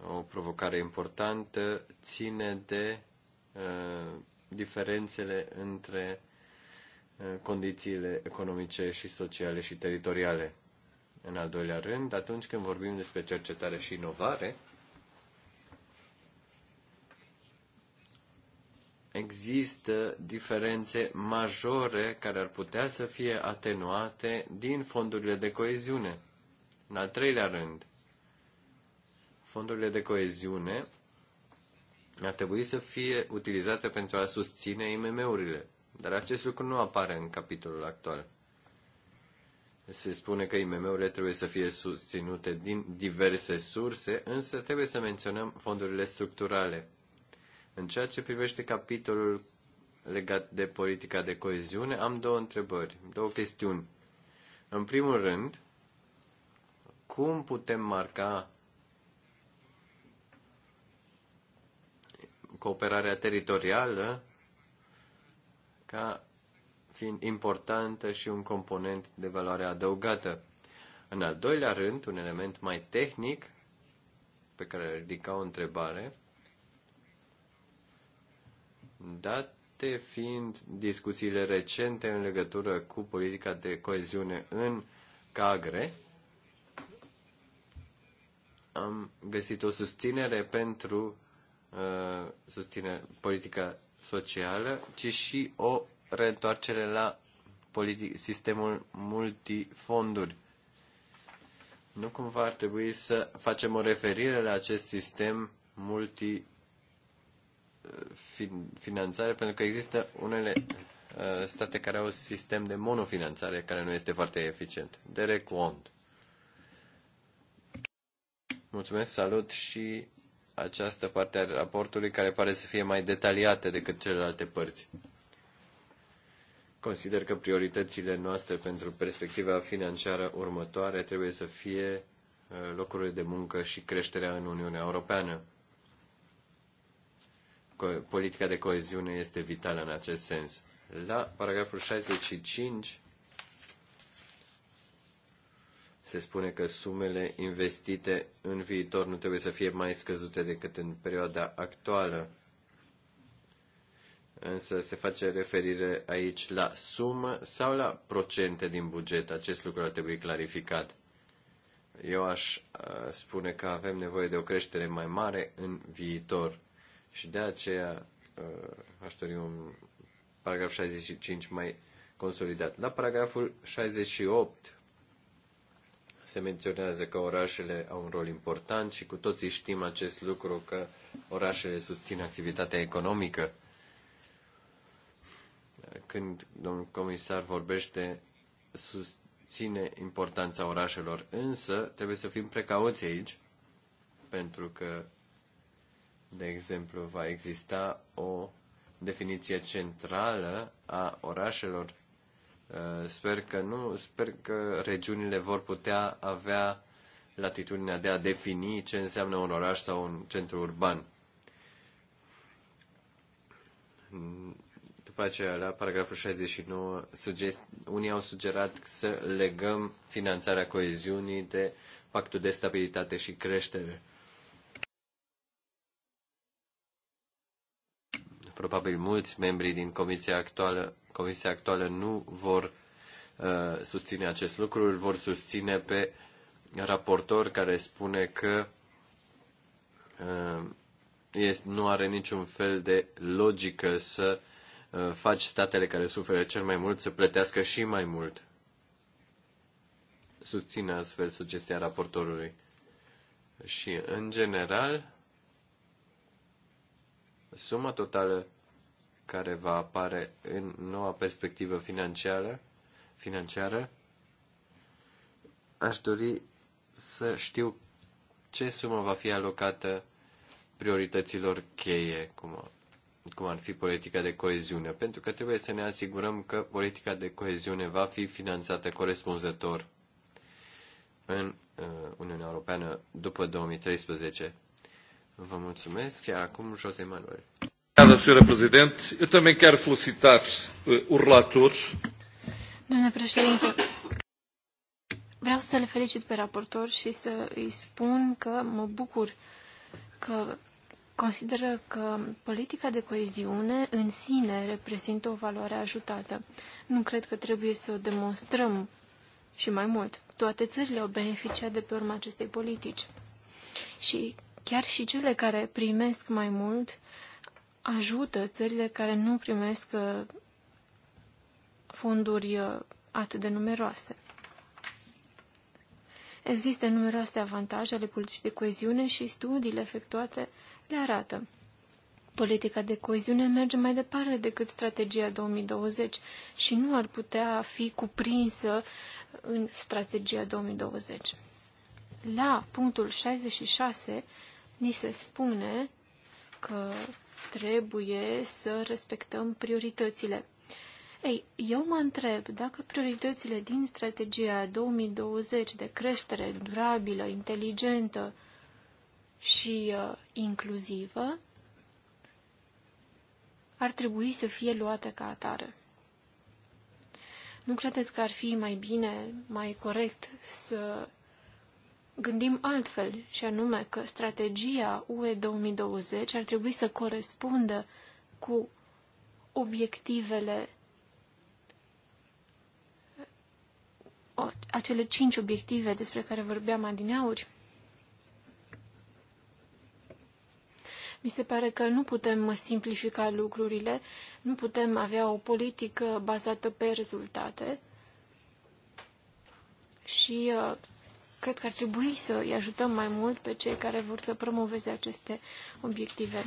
O provocare importantă ține de uh, diferențele între uh, condițiile economice și sociale și teritoriale. În al doilea rând, atunci când vorbim despre cercetare și inovare, există diferențe majore care ar putea să fie atenuate din fondurile de coeziune. În al treilea rând, fondurile de coeziune ar trebui să fie utilizate pentru a susține IMM-urile, dar acest lucru nu apare în capitolul actual. Se spune că IMM-urile trebuie să fie susținute din diverse surse, însă trebuie să menționăm fondurile structurale. În ceea ce privește capitolul legat de politica de coeziune, am două întrebări, două chestiuni. În primul rând, cum putem marca cooperarea teritorială ca fiind importantă și un component de valoare adăugată. În al doilea rând, un element mai tehnic pe care ridica o întrebare, date fiind discuțiile recente în legătură cu politica de coeziune în Cagre, am găsit o susținere pentru uh, susține politica socială, ci și o reîntoarcere la politic, sistemul multifonduri. Nu cumva ar trebui să facem o referire la acest sistem multifonduri finanțare, pentru că există unele uh, state care au un sistem de monofinanțare care nu este foarte eficient. Derek Wond. Mulțumesc, salut și această parte a raportului care pare să fie mai detaliată decât celelalte părți. Consider că prioritățile noastre pentru perspectiva financiară următoare trebuie să fie uh, locurile de muncă și creșterea în Uniunea Europeană politica de coeziune este vitală în acest sens. La paragraful 65 se spune că sumele investite în viitor nu trebuie să fie mai scăzute decât în perioada actuală. Însă se face referire aici la sumă sau la procente din buget. Acest lucru ar trebui clarificat. Eu aș uh, spune că avem nevoie de o creștere mai mare în viitor. Și de aceea uh, aș dori un paragraf 65 mai consolidat. La paragraful 68 se menționează că orașele au un rol important și cu toții știm acest lucru că orașele susțin activitatea economică. Când domnul comisar vorbește, susține importanța orașelor, însă trebuie să fim precauți aici, pentru că de exemplu, va exista o definiție centrală a orașelor. Uh, sper că nu, sper că regiunile vor putea avea latitudinea de a defini ce înseamnă un oraș sau un centru urban. După aceea, la paragraful 69, sugest, unii au sugerat să legăm finanțarea coeziunii de pactul de stabilitate și creștere. Probabil mulți membri din comisia actuală, comisia actuală nu vor uh, susține acest lucru, îl vor susține pe raportor care spune că uh, este, nu are niciun fel de logică să uh, faci statele care suferă cel mai mult să plătească și mai mult. Susține astfel sugestia raportorului. Și, în general, suma totală care va apare în noua perspectivă financiară, financiară aș dori să știu ce sumă va fi alocată priorităților cheie, cum, cum ar fi politica de coeziune, pentru că trebuie să ne asigurăm că politica de coeziune va fi finanțată corespunzător în uh, Uniunea Europeană după 2013. Vă mulțumesc. Iar acum José Manuel.
Eu também quero felicitar eh,
Doamna președinte, vreau să le felicit pe raportor și să îi spun că mă bucur că consideră că politica de coeziune în sine reprezintă o valoare ajutată. Nu cred că trebuie să o demonstrăm și mai mult. Toate țările au beneficiat de pe urma acestei politici. Și Chiar și cele care primesc mai mult ajută țările care nu primesc uh, fonduri uh, atât de numeroase. Există numeroase avantaje ale politicii de coeziune și studiile efectuate le arată. Politica de coeziune merge mai departe decât strategia 2020 și nu ar putea fi cuprinsă în strategia 2020. La punctul 66 ni se spune că trebuie să respectăm prioritățile. Ei, eu mă întreb dacă prioritățile din strategia 2020 de creștere durabilă, inteligentă și uh, inclusivă ar trebui să fie luate ca atare. Nu credeți că ar fi mai bine, mai corect să gândim altfel, și anume că strategia UE 2020 ar trebui să corespundă cu obiectivele acele cinci obiective despre care vorbeam adineauri. Mi se pare că nu putem simplifica lucrurile, nu putem avea o politică bazată pe rezultate și uh, cred că ar trebui să îi ajutăm mai mult pe cei care vor să promoveze aceste obiective.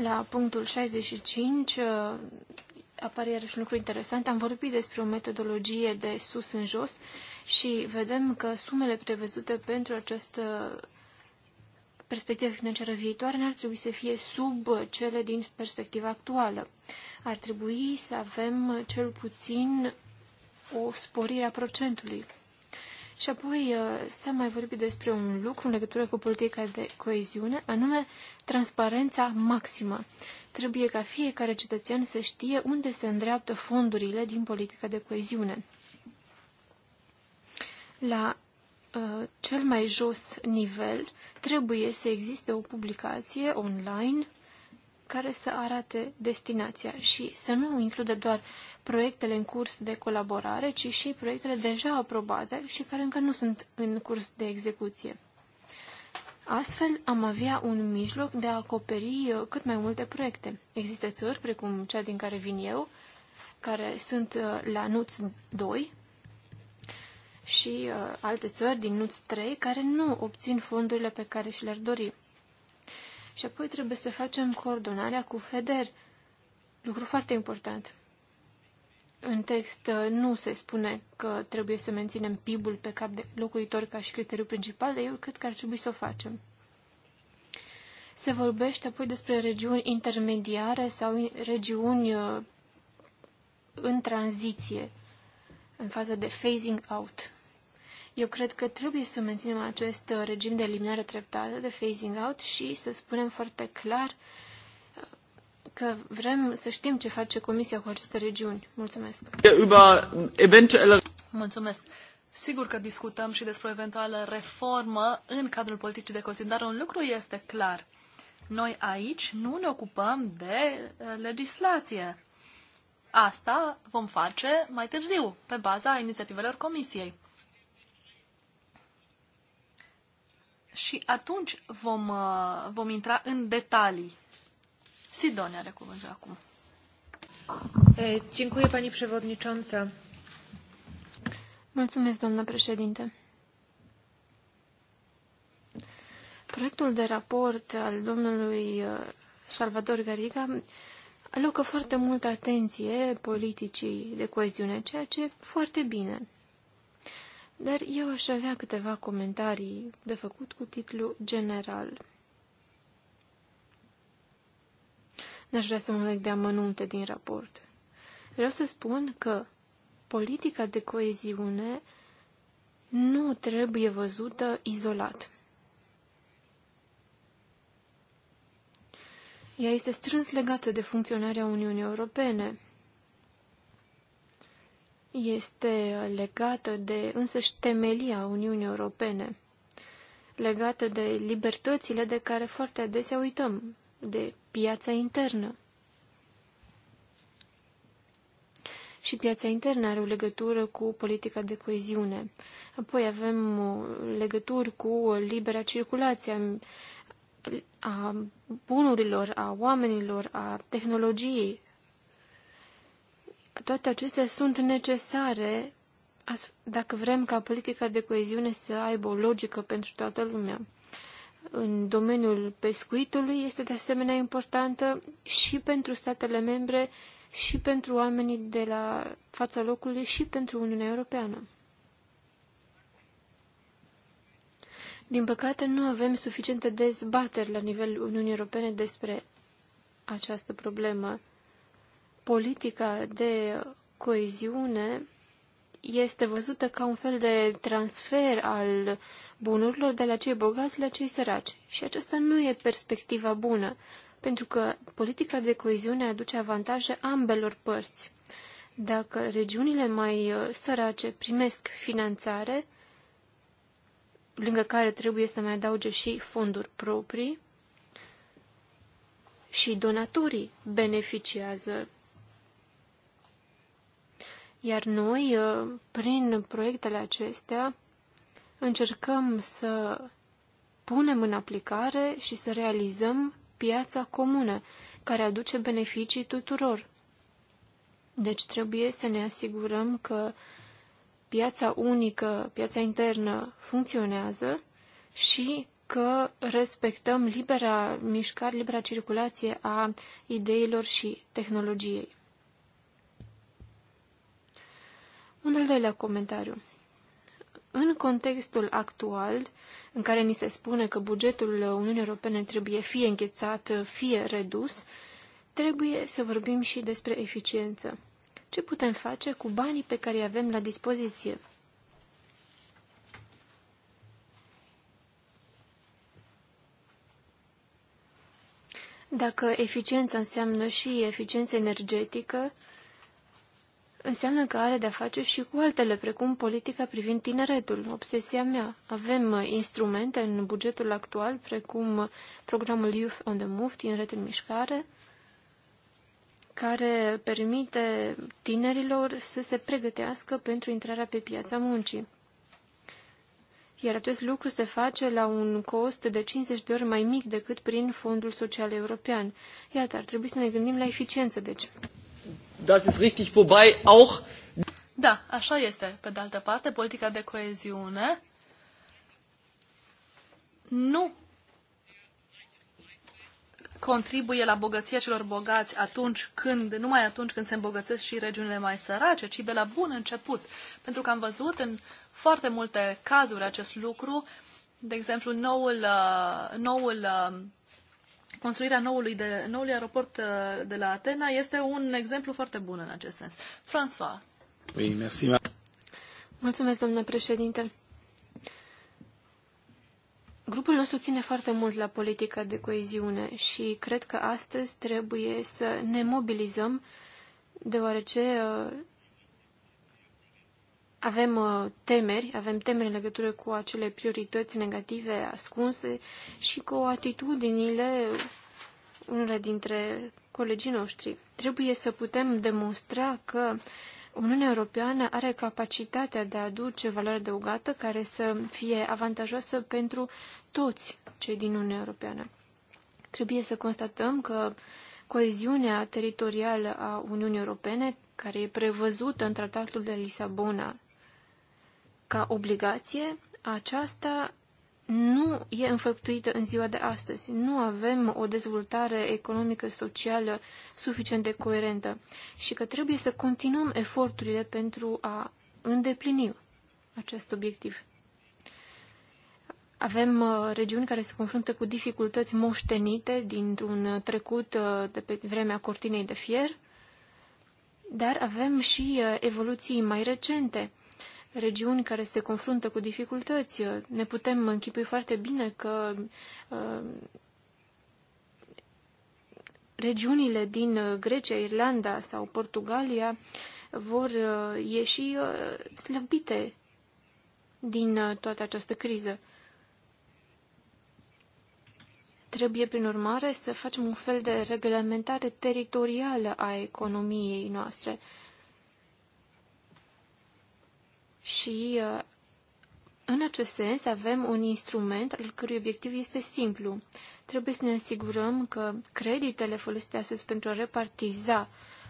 La punctul 65 uh, apare iarăși un lucru interesant. Am vorbit despre o metodologie de sus în jos și vedem că sumele prevăzute pentru această perspectivă financiară viitoare n-ar trebui să fie sub cele din perspectiva actuală. Ar trebui să avem cel puțin o sporire a procentului și apoi uh, s-a mai vorbit despre un lucru în legătură cu politica de coeziune, anume transparența maximă. Trebuie ca fiecare cetățean să știe unde se îndreaptă fondurile din politica de coeziune. La uh, cel mai jos nivel trebuie să existe o publicație online care să arate destinația și să nu includă doar uh, proiectele în curs de colaborare, ci și proiectele deja aprobate și care încă nu sunt în curs de execuție. Astfel, am avea un mijloc de a acoperi uh, cât mai multe proiecte. Există țări, precum cea din care vin eu, care sunt uh, la NUTS 2 și uh, alte țări din NUTS 3 care nu obțin fondurile pe care și le-ar dori. Și apoi trebuie să facem coordonarea cu FEDER, lucru foarte important. În text uh, nu se spune că trebuie să menținem PIB-ul pe cap de locuitor ca și criteriu principal, dar eu cred că ar trebui să o facem. Se vorbește apoi despre regiuni intermediare sau regiuni uh, în tranziție, în fază de phasing out. Eu cred că trebuie să menținem acest uh, regim de eliminare treptată, de phasing out și să spunem foarte clar uh, că vrem să știm ce face Comisia cu aceste regiuni. Mulțumesc. Mulțumesc. Sigur că discutăm și despre o eventuală
reformă în cadrul politicii de coziune, dar un lucru este clar. Noi aici nu ne ocupăm de eh, legislație. Asta vom face mai târziu, pe baza inițiativelor Comisiei. Și atunci vom, eh, vom intra în detalii Sidonia are cuvântul acum.
Dziękuję, pani przewodnicząca. Mulțumesc, doamnă președinte. Proiectul de raport al domnului Salvador Gariga alocă foarte multă atenție politicii de coeziune, ceea ce e foarte bine. Dar eu aș avea câteva comentarii de făcut cu titlu general. N-aș vrea să mă leg de amănunte din raport. Vreau să spun că politica de coeziune nu trebuie văzută izolat. Ea este strâns legată de funcționarea Uniunii Europene. Este legată de însăși temelia Uniunii Europene, legată de libertățile de care foarte adesea uităm, de piața internă. Și piața internă are o legătură cu politica de coeziune. Apoi avem uh, legături cu libera circulație a bunurilor, a oamenilor, a tehnologiei. Toate acestea sunt necesare dacă vrem ca politica de coeziune să aibă o logică pentru toată lumea în domeniul pescuitului este de asemenea importantă și pentru statele membre, și pentru oamenii de la fața locului, și pentru Uniunea Europeană. Din păcate, nu avem suficiente dezbateri la nivel Uniunii Europene despre această problemă. Politica de coeziune este văzută ca un fel de transfer al uh, bunurilor de la cei bogați la cei săraci. Și aceasta nu e perspectiva bună, pentru că politica de coeziune aduce avantaje ambelor părți. Dacă regiunile mai uh, sărace primesc finanțare, lângă care trebuie să mai adauge și fonduri proprii, și donatorii beneficiază. Iar noi, uh, prin proiectele acestea, încercăm să punem în aplicare și să realizăm piața comună, care aduce beneficii tuturor. Deci trebuie să ne asigurăm că piața unică, piața internă funcționează și că respectăm libera mișcare, libera circulație a ideilor și tehnologiei. Un al doilea comentariu. În contextul actual, în care ni se spune că bugetul Uniunii Europene trebuie fie înghețat, fie redus, trebuie să vorbim și despre eficiență. Ce putem face cu banii pe care îi avem la dispoziție? Dacă eficiența înseamnă și eficiență energetică, înseamnă că are de-a face și cu altele, precum politica privind tineretul, obsesia mea. Avem uh, instrumente în bugetul actual, precum uh, programul Youth on the Move, Tineret în Mișcare, care permite tinerilor să se pregătească pentru intrarea pe piața muncii. Iar acest lucru se face la un cost de 50 de ori mai mic decât prin Fondul Social European. Iată, ar trebui să ne gândim la eficiență, deci
das ist richtig, wobei auch...
Da, așa este. Pe de altă parte, politica de coeziune nu contribuie la bogăția celor bogați atunci când, numai atunci când se îmbogățesc și regiunile mai sărace, ci de la bun început. Pentru că am văzut în foarte multe cazuri acest lucru, de exemplu, noul, uh, noul uh, construirea noului, de, noului aeroport uh, de la Atena este un exemplu foarte bun în acest sens. François.
Oui, merci.
Mulțumesc, domnule președinte. Grupul nostru ține foarte mult la politica de coeziune și cred că astăzi trebuie să ne mobilizăm, deoarece uh, avem uh, temeri, avem temeri în legătură cu acele priorități negative ascunse și cu atitudinile unora dintre colegii noștri. Trebuie să putem demonstra că Uniunea Europeană are capacitatea de a aduce valoare adăugată care să fie avantajoasă pentru toți cei din Uniunea Europeană. Trebuie să constatăm că coeziunea teritorială a Uniunii Europene, care e prevăzută în Tratatul de Lisabona ca obligație, aceasta nu e înfăptuită în ziua de astăzi. Nu avem o dezvoltare economică, socială suficient de coerentă și că trebuie să continuăm eforturile pentru a îndeplini acest obiectiv. Avem uh, regiuni care se confruntă cu dificultăți moștenite dintr-un trecut uh, de pe vremea cortinei de fier, dar avem și uh, evoluții mai recente – regiuni care se confruntă cu dificultăți. Ne putem închipui foarte bine că uh, regiunile din uh, Grecia, Irlanda sau Portugalia vor uh, ieși uh, slăbite din uh, toată această criză. Trebuie, prin urmare, să facem un fel de reglementare teritorială a economiei noastre. Uh, și uh, în acest sens avem un instrument al cărui obiectiv este simplu. Trebuie să ne asigurăm că creditele folosite astăzi pentru a repartiza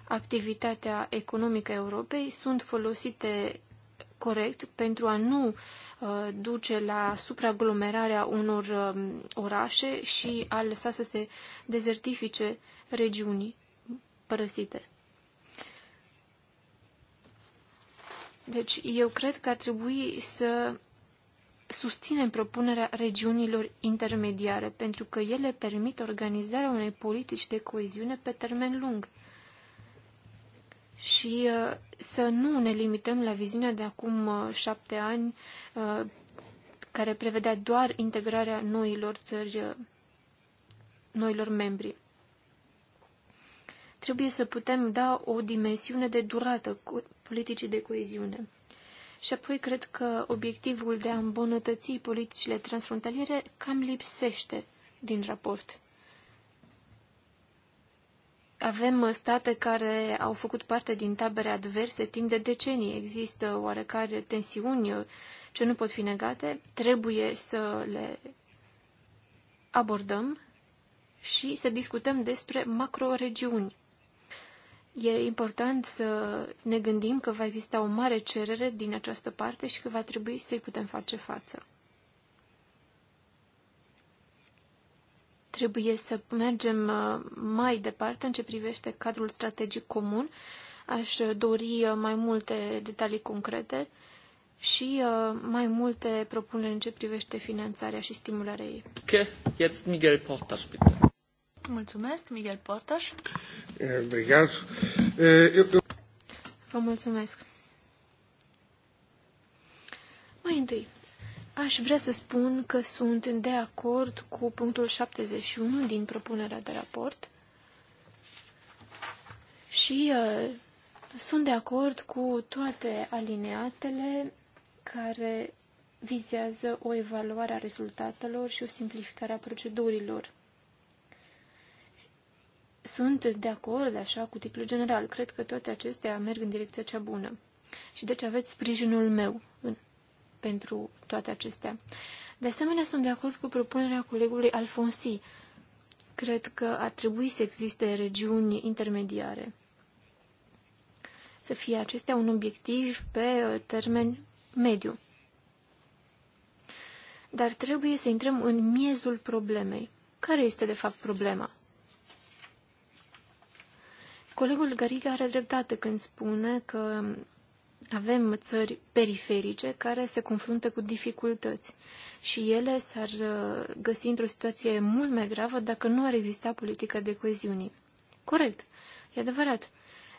activitatea economică a Europei sunt folosite corect pentru a nu uh, duce la supraaglomerarea unor uh, orașe și a lăsa să se dezertifice regiuni părăsite. Deci eu cred că ar trebui să susținem propunerea regiunilor intermediare, pentru că ele permit organizarea unei politici de coeziune pe termen lung. Și uh, să nu ne limităm la viziunea de acum uh, șapte ani, uh, care prevedea doar integrarea noilor țări, noilor membri. Trebuie să putem da o dimensiune de durată politicii de coeziune. Și apoi cred că obiectivul de a îmbunătăți politicile transfrontaliere cam lipsește din raport. Avem state care au făcut parte din tabere adverse timp de decenii. Există oarecare tensiuni ce nu pot fi negate. Trebuie să le abordăm și să discutăm despre macroregiuni. E important să ne gândim că va exista o mare cerere din această parte și că va trebui să-i putem face față. Trebuie să mergem uh, mai departe în ce privește cadrul strategic comun. Aș uh, dori uh, mai multe detalii concrete și mai multe propuneri în ce privește finanțarea și stimularea ei.
Că, jetzt Miguel Portas, bitte.
Mulțumesc, Miguel Portaș. Obrigado. Vă mulțumesc. Mai întâi, aș vrea să spun că sunt de acord cu punctul 71 din propunerea de raport și uh, sunt de acord cu toate alineatele care vizează o evaluare a rezultatelor și o simplificare a procedurilor. Sunt de acord, așa, cu titlul general. Cred că toate acestea merg în direcția cea bună. Și deci aveți sprijinul meu în, pentru toate acestea. De asemenea, sunt de acord cu propunerea colegului Alfonsi. Cred că ar trebui să existe regiuni intermediare. Să fie acestea un obiectiv pe uh, termen mediu. Dar trebuie să intrăm în miezul problemei. Care este, de fapt, problema? Colegul Gariga are dreptate când spune că avem țări periferice care se confruntă cu dificultăți și ele s-ar uh, găsi într-o situație mult mai gravă dacă nu ar exista politică de coeziune. Corect, e adevărat.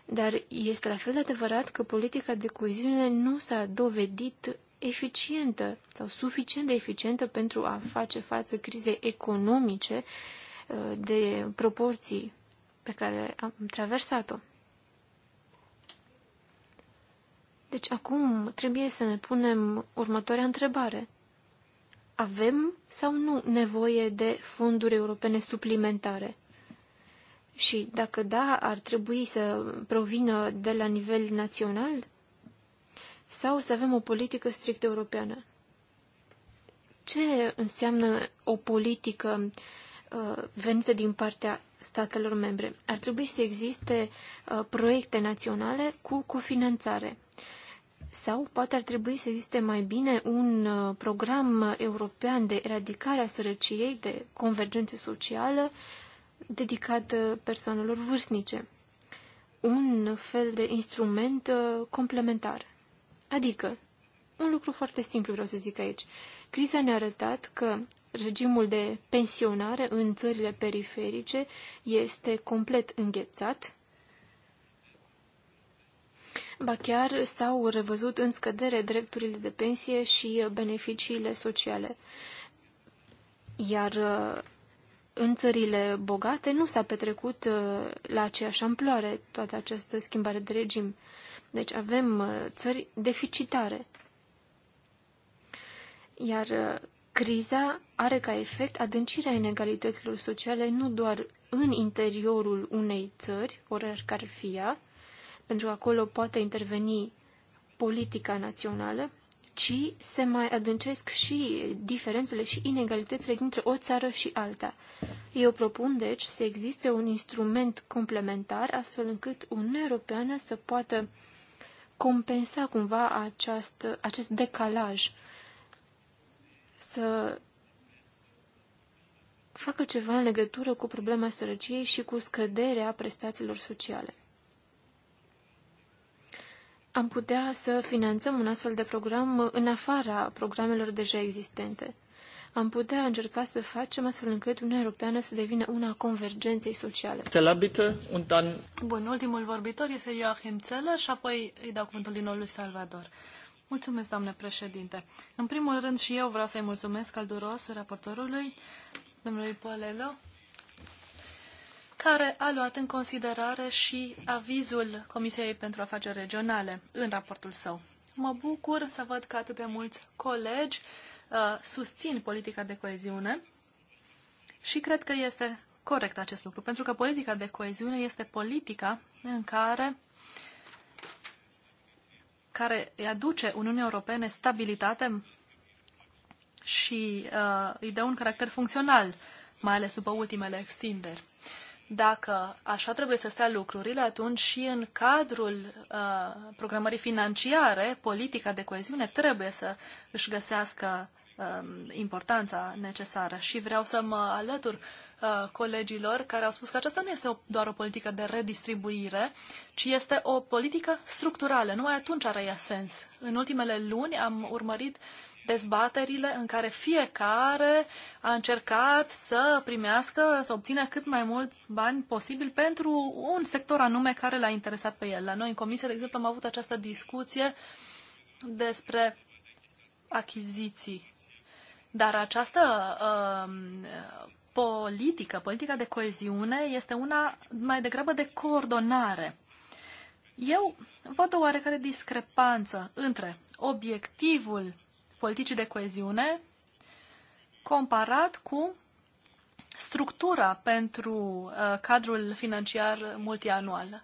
Dar este la fel de adevărat că politica de coeziune nu s-a dovedit eficientă sau suficient de eficientă pentru a face față crizei economice uh, de proporții pe care am traversat-o. Deci acum trebuie să ne punem următoarea întrebare. Avem sau nu nevoie de fonduri europene suplimentare? Și dacă da, ar trebui să provină de la nivel național? Sau să avem o politică strict europeană? Ce înseamnă o politică uh, Uh, venite din partea statelor membre. Ar trebui să existe uh, proiecte naționale cu cofinanțare. Sau poate ar trebui să existe mai bine un uh, program european de eradicare a sărăciei, de convergență socială, dedicat persoanelor vârstnice. Un fel de instrument complementar. Adică, un lucru foarte simplu vreau să zic aici. Criza ne-a arătat că regimul de pensionare în țările periferice este complet înghețat. Ba chiar s-au revăzut în scădere drepturile de pensie și beneficiile sociale. Iar uh, în țările bogate nu s-a petrecut uh, la aceeași amploare toată această schimbare de regim. Deci avem uh, țări deficitare. Iar Criza are ca efect adâncirea inegalităților sociale nu doar în interiorul unei țări, oricare ar fi ea, pentru că acolo poate interveni politica națională, ci se mai adâncesc și diferențele și inegalitățile dintre o țară și alta. Eu propun, deci, să existe un instrument complementar, astfel încât Uniunea Europeană să poată compensa cumva această, acest decalaj să facă ceva în legătură cu problema sărăciei și cu scăderea prestațiilor sociale. Am putea să finanțăm un astfel de program în afara programelor deja existente. Am putea încerca să facem astfel încât Uniunea Europeană să devină una a convergenței sociale. Bun, ultimul vorbitor este Joachim Zeller și apoi îi dau cuvântul din nou
lui Salvador. Mulțumesc, doamne președinte. În primul rând și eu vreau să-i mulțumesc calduros raportorului, domnului Poledo, care a luat în considerare și avizul Comisiei pentru Afaceri Regionale în raportul său. Mă bucur să văd că atât de mulți colegi uh, susțin politica de coeziune și cred că este corect acest lucru, pentru că politica de coeziune este politica în care care îi aduce Uniunii Europene stabilitate și uh, îi dă un caracter funcțional, mai ales după ultimele extinderi. Dacă așa trebuie să stea lucrurile, atunci și în cadrul uh, programării financiare, politica de coeziune trebuie să își găsească Um, importanța necesară. Și vreau să mă alătur uh, colegilor care au spus că aceasta nu este doar o politică de redistribuire, ci este o politică structurală. Numai atunci are ea sens. În ultimele luni am urmărit dezbaterile în care fiecare a încercat să primească, să obțină cât mai mulți bani posibil pentru un sector anume care l-a interesat pe el. La noi în comisie, de exemplu, am avut această discuție despre achiziții. Dar această uh, politică, politica de coeziune, este una mai degrabă de coordonare. Eu văd o oarecare discrepanță între obiectivul politicii de coeziune comparat cu structura pentru uh, cadrul financiar multianual.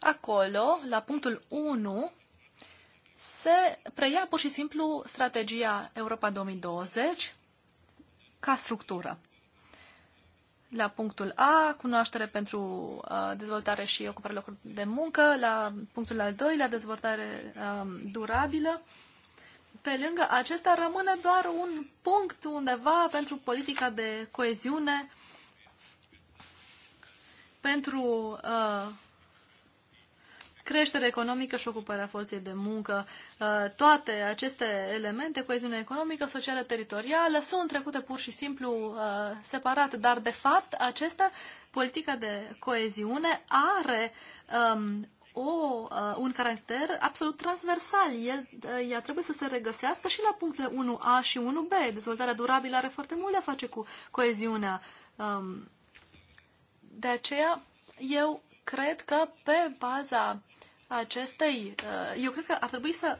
Acolo, la punctul 1, se preia pur și simplu strategia Europa 2020 ca structură. La punctul A, cunoaștere pentru uh, dezvoltare și ocupare locuri de muncă. La punctul al doilea, dezvoltare uh, durabilă. Pe lângă acesta rămâne doar un punct undeva pentru politica de coeziune, pentru uh, creștere economică și ocuparea forței de muncă. Uh, toate aceste elemente, coeziune economică, socială, teritorială, sunt trecute pur și simplu uh, separat, dar de fapt acesta, politica de coeziune, are um, o, uh, un caracter absolut transversal. El, uh, ea trebuie să se regăsească și la punctele 1A și 1B. Dezvoltarea durabilă are foarte mult de a face cu coeziunea. Um, de aceea, eu cred că pe baza acestei, uh, eu cred că ar trebui să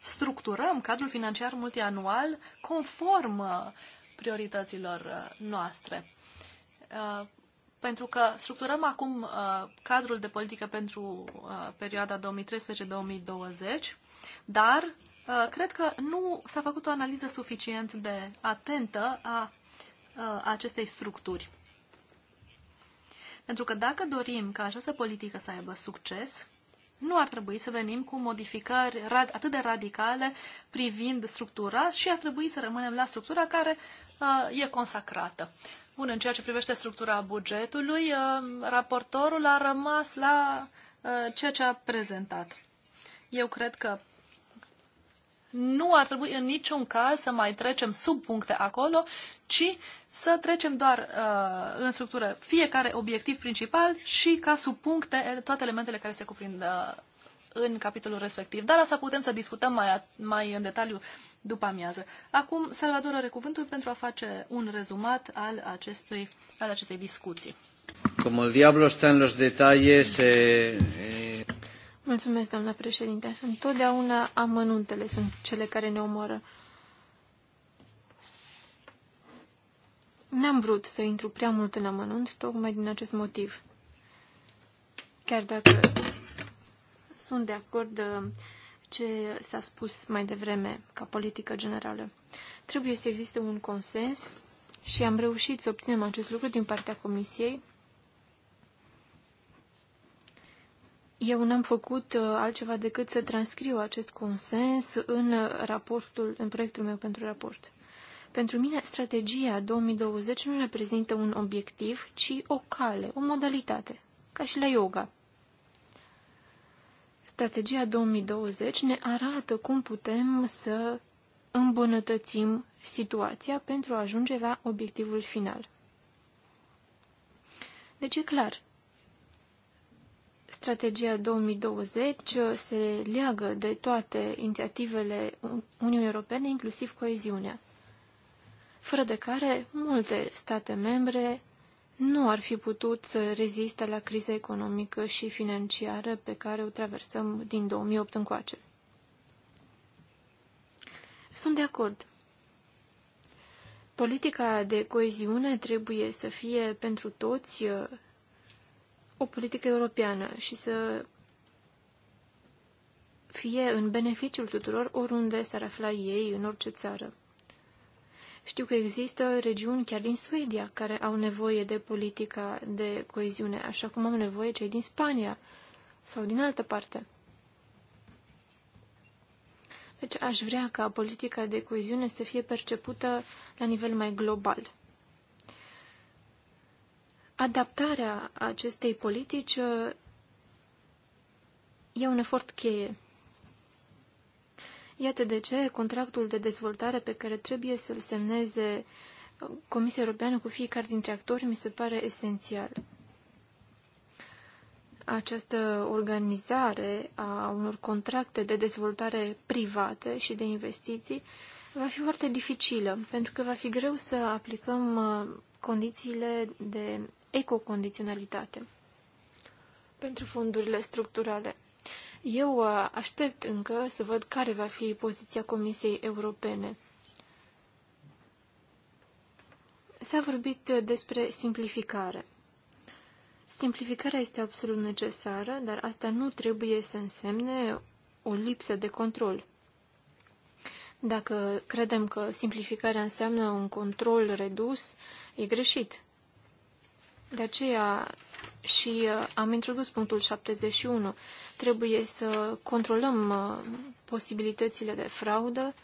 structurăm cadrul financiar multianual conform uh, priorităților uh, noastre. Pentru că structurăm acum cadrul de politică pentru perioada 2013-2020, dar cred că nu s-a făcut o analiză suficient de atentă a acestei structuri. Pentru că dacă dorim ca această politică să aibă succes, nu ar trebui să venim cu modificări atât de radicale privind structura și ar trebui să rămânem la structura care uh, e consacrată. Bun, în ceea ce privește structura bugetului, uh, raportorul a rămas la uh, ceea ce a prezentat. Eu cred că nu ar trebui în niciun caz să mai trecem sub puncte acolo, ci să trecem doar uh, în structură fiecare obiectiv principal și ca sub puncte toate elementele care se cuprind uh, în capitolul respectiv. Dar asta putem să discutăm mai, mai în detaliu după amiază. Acum, Salvador are cuvântul pentru a face un rezumat al, acestui, al acestei discuții.
Como el diablo está en los detalles, eh, eh...
Mulțumesc, doamna președinte. Întotdeauna amănuntele sunt cele care ne omoră. N-am vrut să intru prea mult în amănunt, tocmai din acest motiv. Chiar dacă sunt de acord uh, ce s-a spus mai devreme ca politică generală. Trebuie să existe un consens și am reușit să obținem acest lucru din partea Comisiei, Eu n-am făcut uh, altceva decât să transcriu acest consens în raportul, în proiectul meu pentru raport. Pentru mine, strategia 2020 nu reprezintă un obiectiv, ci o cale, o modalitate, ca și la yoga. Strategia 2020 ne arată cum putem să îmbunătățim situația pentru a ajunge la obiectivul final. Deci e clar, strategia 2020 uh, se leagă de toate inițiativele Uniunii Europene, inclusiv coeziunea, fără de care multe state membre nu ar fi putut să reziste la criza economică și financiară pe care o traversăm din 2008 încoace. Sunt de acord. Politica de coeziune trebuie să fie pentru toți uh, o politică europeană și să fie în beneficiul tuturor oriunde s-ar afla ei în orice țară. Știu că există regiuni chiar din Suedia care au nevoie de politica de coeziune, așa cum au nevoie cei din Spania sau din altă parte. Deci aș vrea ca politica de coeziune să fie percepută la nivel mai global. Adaptarea acestei politici uh, e un efort cheie. Iată de ce contractul de dezvoltare pe care trebuie să-l semneze Comisia Europeană cu fiecare dintre actori mi se pare esențial. Această organizare a unor contracte de dezvoltare private și de investiții va fi foarte dificilă, pentru că va fi greu să aplicăm uh, condițiile de ecocondiționalitate pentru fondurile structurale. Eu uh, aștept încă să văd care va fi poziția Comisiei Europene. S-a vorbit uh, despre simplificare. Simplificarea este absolut necesară, dar asta nu trebuie să însemne o lipsă de control. Dacă credem că simplificarea înseamnă un control redus, e greșit. De aceea și uh, am introdus punctul 71. Trebuie să controlăm uh, posibilitățile de fraudă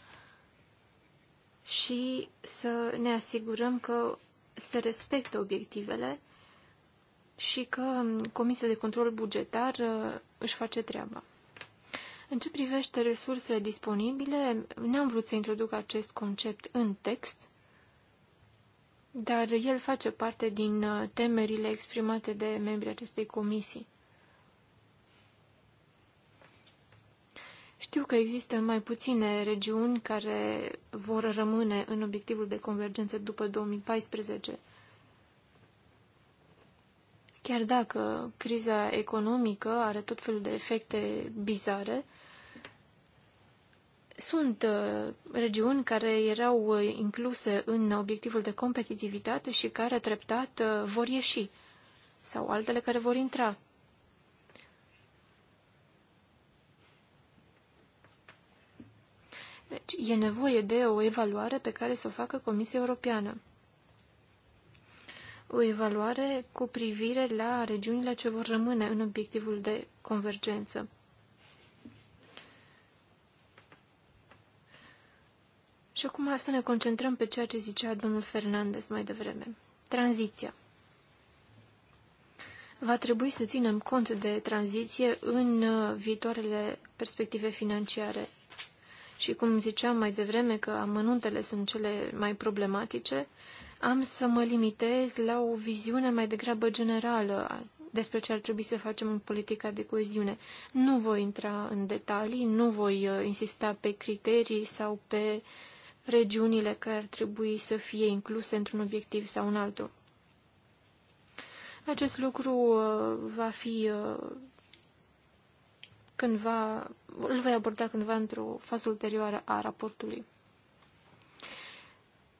și să ne asigurăm că se respectă obiectivele și că um, Comisia de Control Bugetar uh, își face treaba. În ce privește resursele disponibile, n-am vrut să introduc acest concept în text, dar el face parte din uh, temerile exprimate de membrii acestei comisii. Știu că există mai puține regiuni care vor rămâne în obiectivul de convergență după 2014. Chiar dacă criza economică are tot felul de efecte bizare, sunt uh, regiuni care erau uh, incluse în obiectivul de competitivitate și care treptat uh, vor ieși sau altele care vor intra. Deci e nevoie de o evaluare pe care să o facă Comisia Europeană. O evaluare cu privire la regiunile ce vor rămâne în obiectivul de convergență. Și acum să ne concentrăm pe ceea ce zicea domnul Fernandez mai devreme. Tranziția. Va trebui să ținem cont de tranziție în uh, viitoarele perspective financiare. Și cum ziceam mai devreme că amănuntele sunt cele mai problematice, am să mă limitez la o viziune mai degrabă generală despre ce ar trebui să facem în politica de coeziune. Nu voi intra în detalii, nu voi uh, insista pe criterii sau pe regiunile care ar trebui să fie incluse într-un obiectiv sau în altul. Acest lucru uh, va fi uh, cândva, îl voi aborda cândva într-o fază ulterioară a raportului.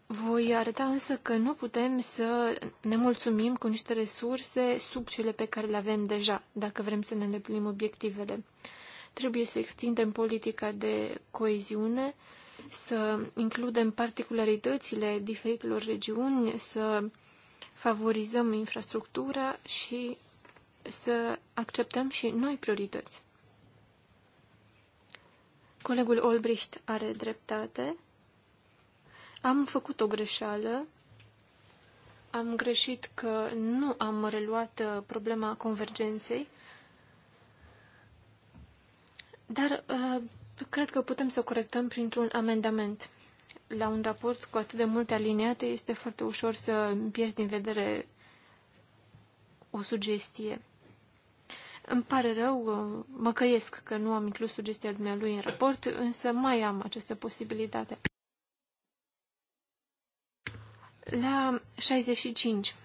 Voi arăta însă că nu putem să ne mulțumim cu niște resurse sub cele pe care le avem deja, dacă vrem să ne îndeplinim obiectivele. Trebuie să extindem politica de coeziune, să includem particularitățile diferitelor regiuni, să favorizăm infrastructura și să acceptăm și noi priorități. Colegul Olbricht are dreptate. Am făcut o greșeală. Am greșit că nu am reluat uh, problema convergenței. Dar uh, Cred că putem să o corectăm printr-un amendament. La un raport cu atât de multe aliniate este foarte ușor să pierzi din vedere o sugestie. Îmi pare rău, mă căiesc că nu am inclus sugestia dumnealui în raport, însă mai am această posibilitate. La 65.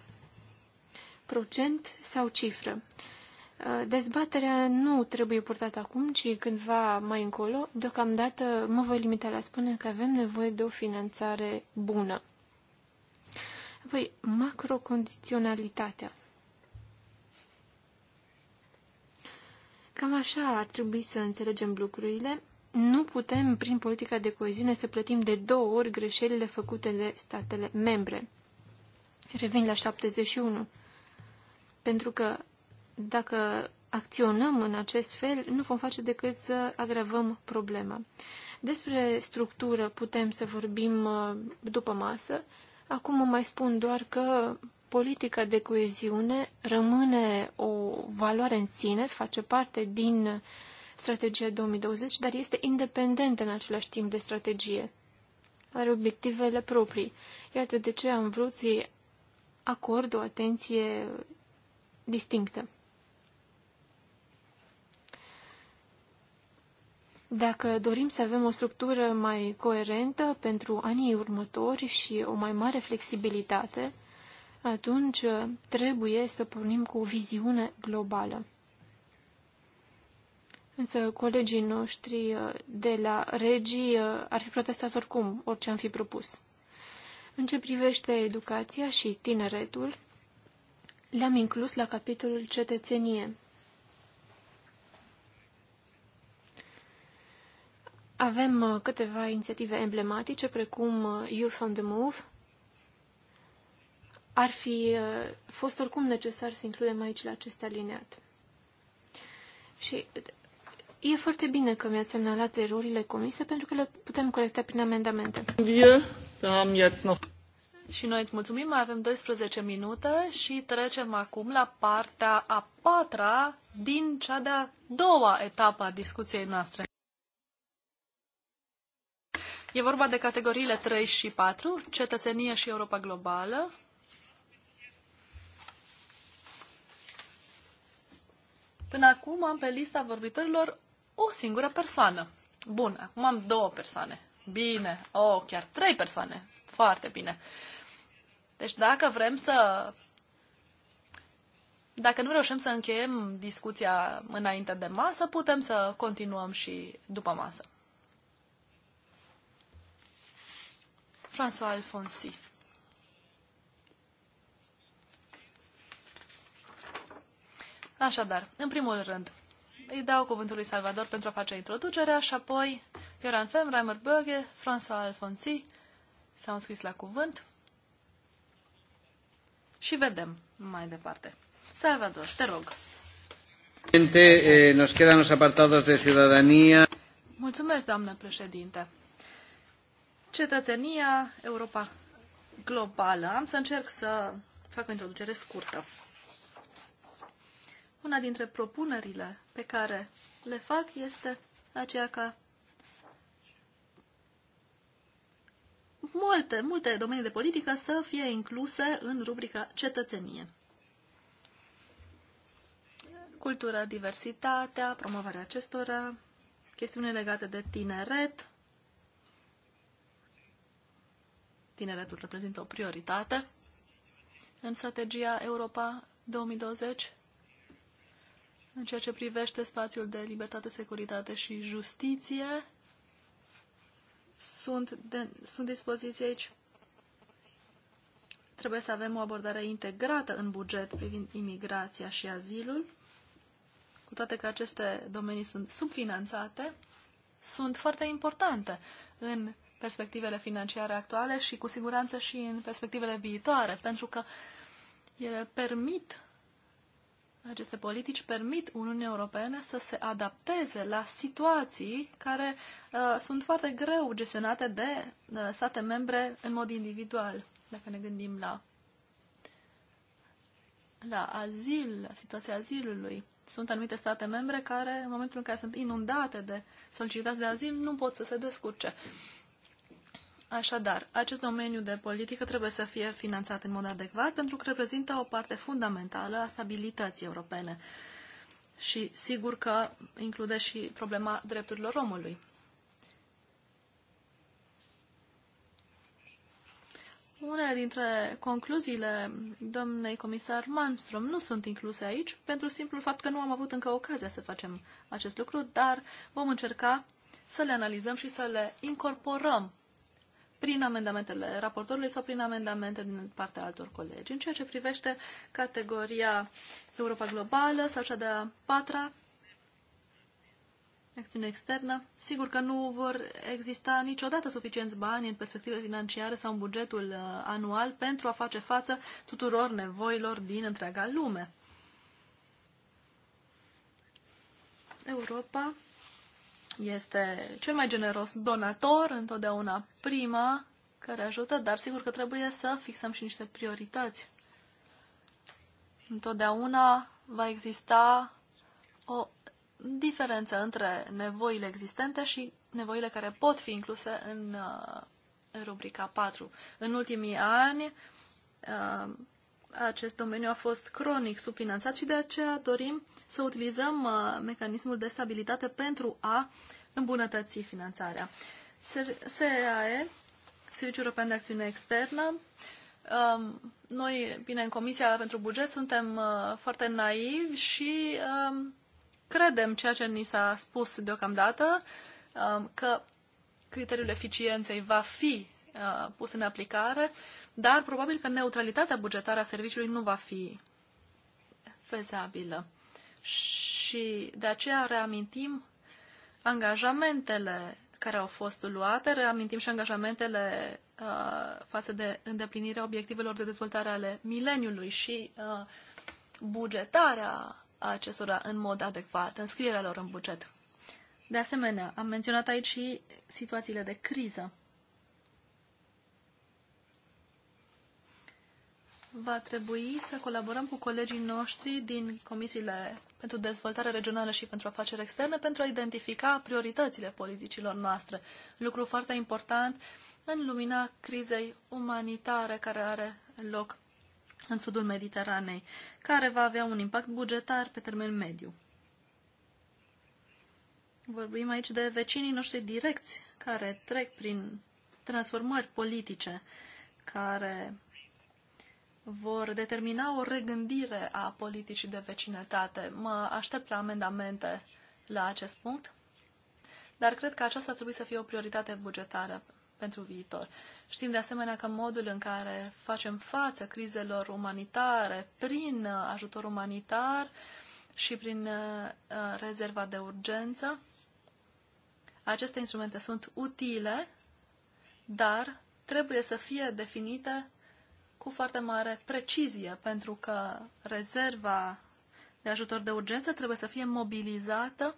Procent sau cifră? Uh, dezbaterea nu trebuie purtată acum, ci cândva mai încolo. Deocamdată mă voi limita la spune că avem nevoie de o finanțare bună. Apoi, macrocondiționalitatea. Cam așa ar trebui să înțelegem lucrurile. Nu putem, prin politica de coeziune, să plătim de două ori greșelile făcute de statele membre. Revin la 71. Pentru că dacă acționăm în acest fel, nu vom face decât să agravăm problema. Despre structură putem să vorbim uh, după masă. Acum mai spun doar că politica de coeziune rămâne o valoare în sine, face parte din strategia 2020, dar este independentă în același timp de strategie. Are obiectivele proprii. Iată de ce am vrut să acord o atenție distinctă. Dacă dorim să avem o structură mai coerentă pentru anii următori și o mai mare flexibilitate, atunci uh, trebuie să pornim cu o viziune globală. Însă colegii noștri uh, de la regii uh, ar fi protestat oricum orice am fi propus. În ce privește educația și tineretul, le-am inclus la capitolul cetățenie, Avem uh, câteva inițiative emblematice, precum uh, Youth on the Move. Ar fi uh, fost oricum necesar să includem aici la acest aliniat. Și e foarte bine că mi-ați semnalat erorile comise, pentru că le putem corecta prin amendamente.
Și noi îți mulțumim, mai avem 12 minute și trecem acum la partea a patra din cea de-a doua etapă a discuției noastre. E vorba de categoriile 3 și 4, cetățenie și Europa globală. Până acum am pe lista vorbitorilor o singură persoană. Bun, acum am două persoane. Bine, o, oh, chiar trei persoane. Foarte bine. Deci dacă vrem să... Dacă nu reușim să încheiem discuția înainte de masă, putem să continuăm și după masă. François Alfonsi. Așadar, în primul rând, îi dau cuvântul lui Salvador pentru a face introducerea și apoi Ioran Fem, Reimer Böge, François Alfonsi s-au înscris la cuvânt și vedem mai departe. Salvador, te rog.
Eh, nos de
Mulțumesc, doamnă președinte. Cetățenia, Europa globală. Am să încerc să fac o introducere scurtă. Una dintre propunerile pe care le fac este aceea ca multe, multe domenii de politică să fie incluse în rubrica cetățenie. Cultura, diversitatea, promovarea acestora, chestiuni legate de tineret, tineretul reprezintă o prioritate în strategia Europa 2020 în ceea ce privește spațiul de libertate, securitate și justiție. Sunt, de, sunt dispoziții aici. Trebuie să avem o abordare integrată în buget privind imigrația și azilul. Cu toate că aceste domenii sunt subfinanțate, sunt foarte importante în perspectivele financiare actuale și cu siguranță și în perspectivele viitoare, pentru că ele permit, aceste politici permit Uniunii Europene să se adapteze la situații care uh, sunt foarte greu gestionate de uh, state membre în mod individual, dacă ne gândim la la azil, la situația azilului. Sunt anumite state membre care, în momentul în care sunt inundate de solicitați de azil, nu pot să se descurce. Uh, Așadar, acest domeniu de politică trebuie să fie finanțat în mod adecvat pentru că reprezintă o parte fundamentală a stabilității europene și sigur că include și problema drepturilor omului. Unele dintre concluziile domnei comisar Malmström nu sunt incluse aici pentru simplul fapt că nu am avut încă ocazia să facem acest lucru, dar vom încerca să le analizăm și să le incorporăm prin amendamentele raportorului sau prin amendamente din partea altor colegi. În ceea ce privește categoria Europa Globală sau cea de-a patra, acțiune externă, sigur că nu vor exista niciodată suficienți bani în perspective financiare sau în bugetul uh, anual pentru a face față tuturor nevoilor din întreaga lume. Europa este cel mai generos donator, întotdeauna prima care ajută, dar sigur că trebuie să fixăm și niște priorități. Întotdeauna va exista o diferență între nevoile existente și nevoile care pot fi incluse în uh, rubrica 4. În ultimii ani, uh, acest domeniu a fost cronic subfinanțat și de aceea dorim să utilizăm uh, mecanismul de stabilitate pentru a îmbunătăți finanțarea. SEAE, Serviciul European de Acțiune Externă, um, noi, bine, în Comisia pentru Buget suntem uh, foarte naivi și um, credem ceea ce ni s-a spus deocamdată, um, că criteriul eficienței va fi Uh, pus în aplicare, dar probabil că neutralitatea bugetară a serviciului nu va fi fezabilă. Și de aceea reamintim angajamentele care au fost luate, reamintim și angajamentele uh, față de îndeplinirea obiectivelor de dezvoltare ale mileniului și uh, bugetarea acestora în mod adecvat, înscrierea lor în buget. De asemenea, am menționat aici și situațiile de criză. va trebui să colaborăm cu colegii noștri din Comisiile pentru Dezvoltare Regională și pentru Afaceri Externe pentru a identifica prioritățile politicilor noastre. Lucru foarte important în lumina crizei umanitare care are loc în sudul Mediteranei, care va avea un impact bugetar pe termen mediu. Vorbim aici de vecinii noștri direcți care trec prin transformări politice, care vor determina o regândire a politicii de vecinătate. Mă aștept la amendamente la acest punct, dar cred că aceasta trebuie să fie o prioritate bugetară pentru viitor. Știm de asemenea că modul în care facem față crizelor umanitare prin ajutor umanitar și prin uh, rezerva de urgență, aceste instrumente sunt utile, dar trebuie să fie definite cu foarte mare precizie, pentru că rezerva de ajutor de urgență trebuie să fie mobilizată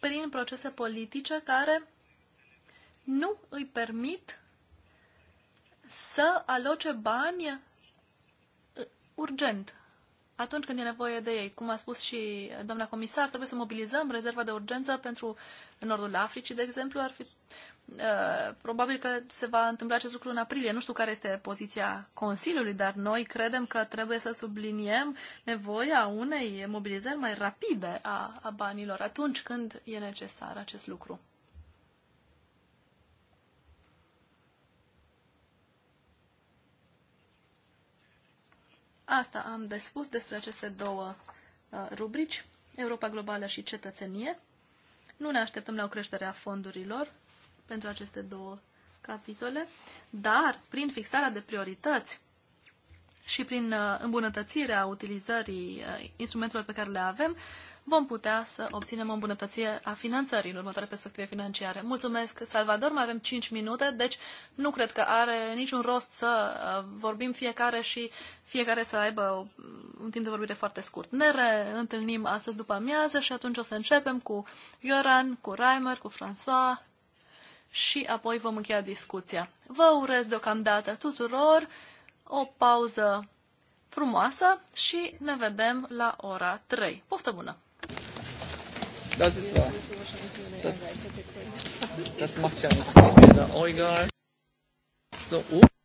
prin procese politice care nu îi permit să aloce bani uh, urgent, atunci când e nevoie de ei. Cum a spus și doamna comisar, trebuie să mobilizăm rezerva de urgență pentru nordul Africii, de exemplu, ar fi Uh, probabil că se va întâmpla acest lucru în aprilie. Nu știu care este poziția Consiliului, dar noi credem că trebuie să subliniem nevoia unei mobilizări mai rapide a, a banilor atunci când e necesar acest lucru. Asta am de spus despre aceste două uh, rubrici, Europa Globală și Cetățenie. Nu ne așteptăm la o creștere a fondurilor, pentru aceste două capitole, dar prin fixarea de priorități și prin uh, îmbunătățirea utilizării uh, instrumentelor pe care le avem, vom putea să obținem o îmbunătățire a finanțării în următoarea perspective financiare. Mulțumesc, Salvador, mai avem 5 minute, deci nu cred că are niciun rost să uh, vorbim fiecare și fiecare să aibă un timp de vorbire foarte scurt. Ne reîntâlnim astăzi după amiază și atunci o să începem cu Ioran, cu Reimer, cu François, și apoi vom încheia discuția. Vă urez deocamdată tuturor o pauză frumoasă și ne vedem la ora 3. Poftă bună!
Das ist wahr. Das, das macht ja nichts, dass wir da egal. So, oh.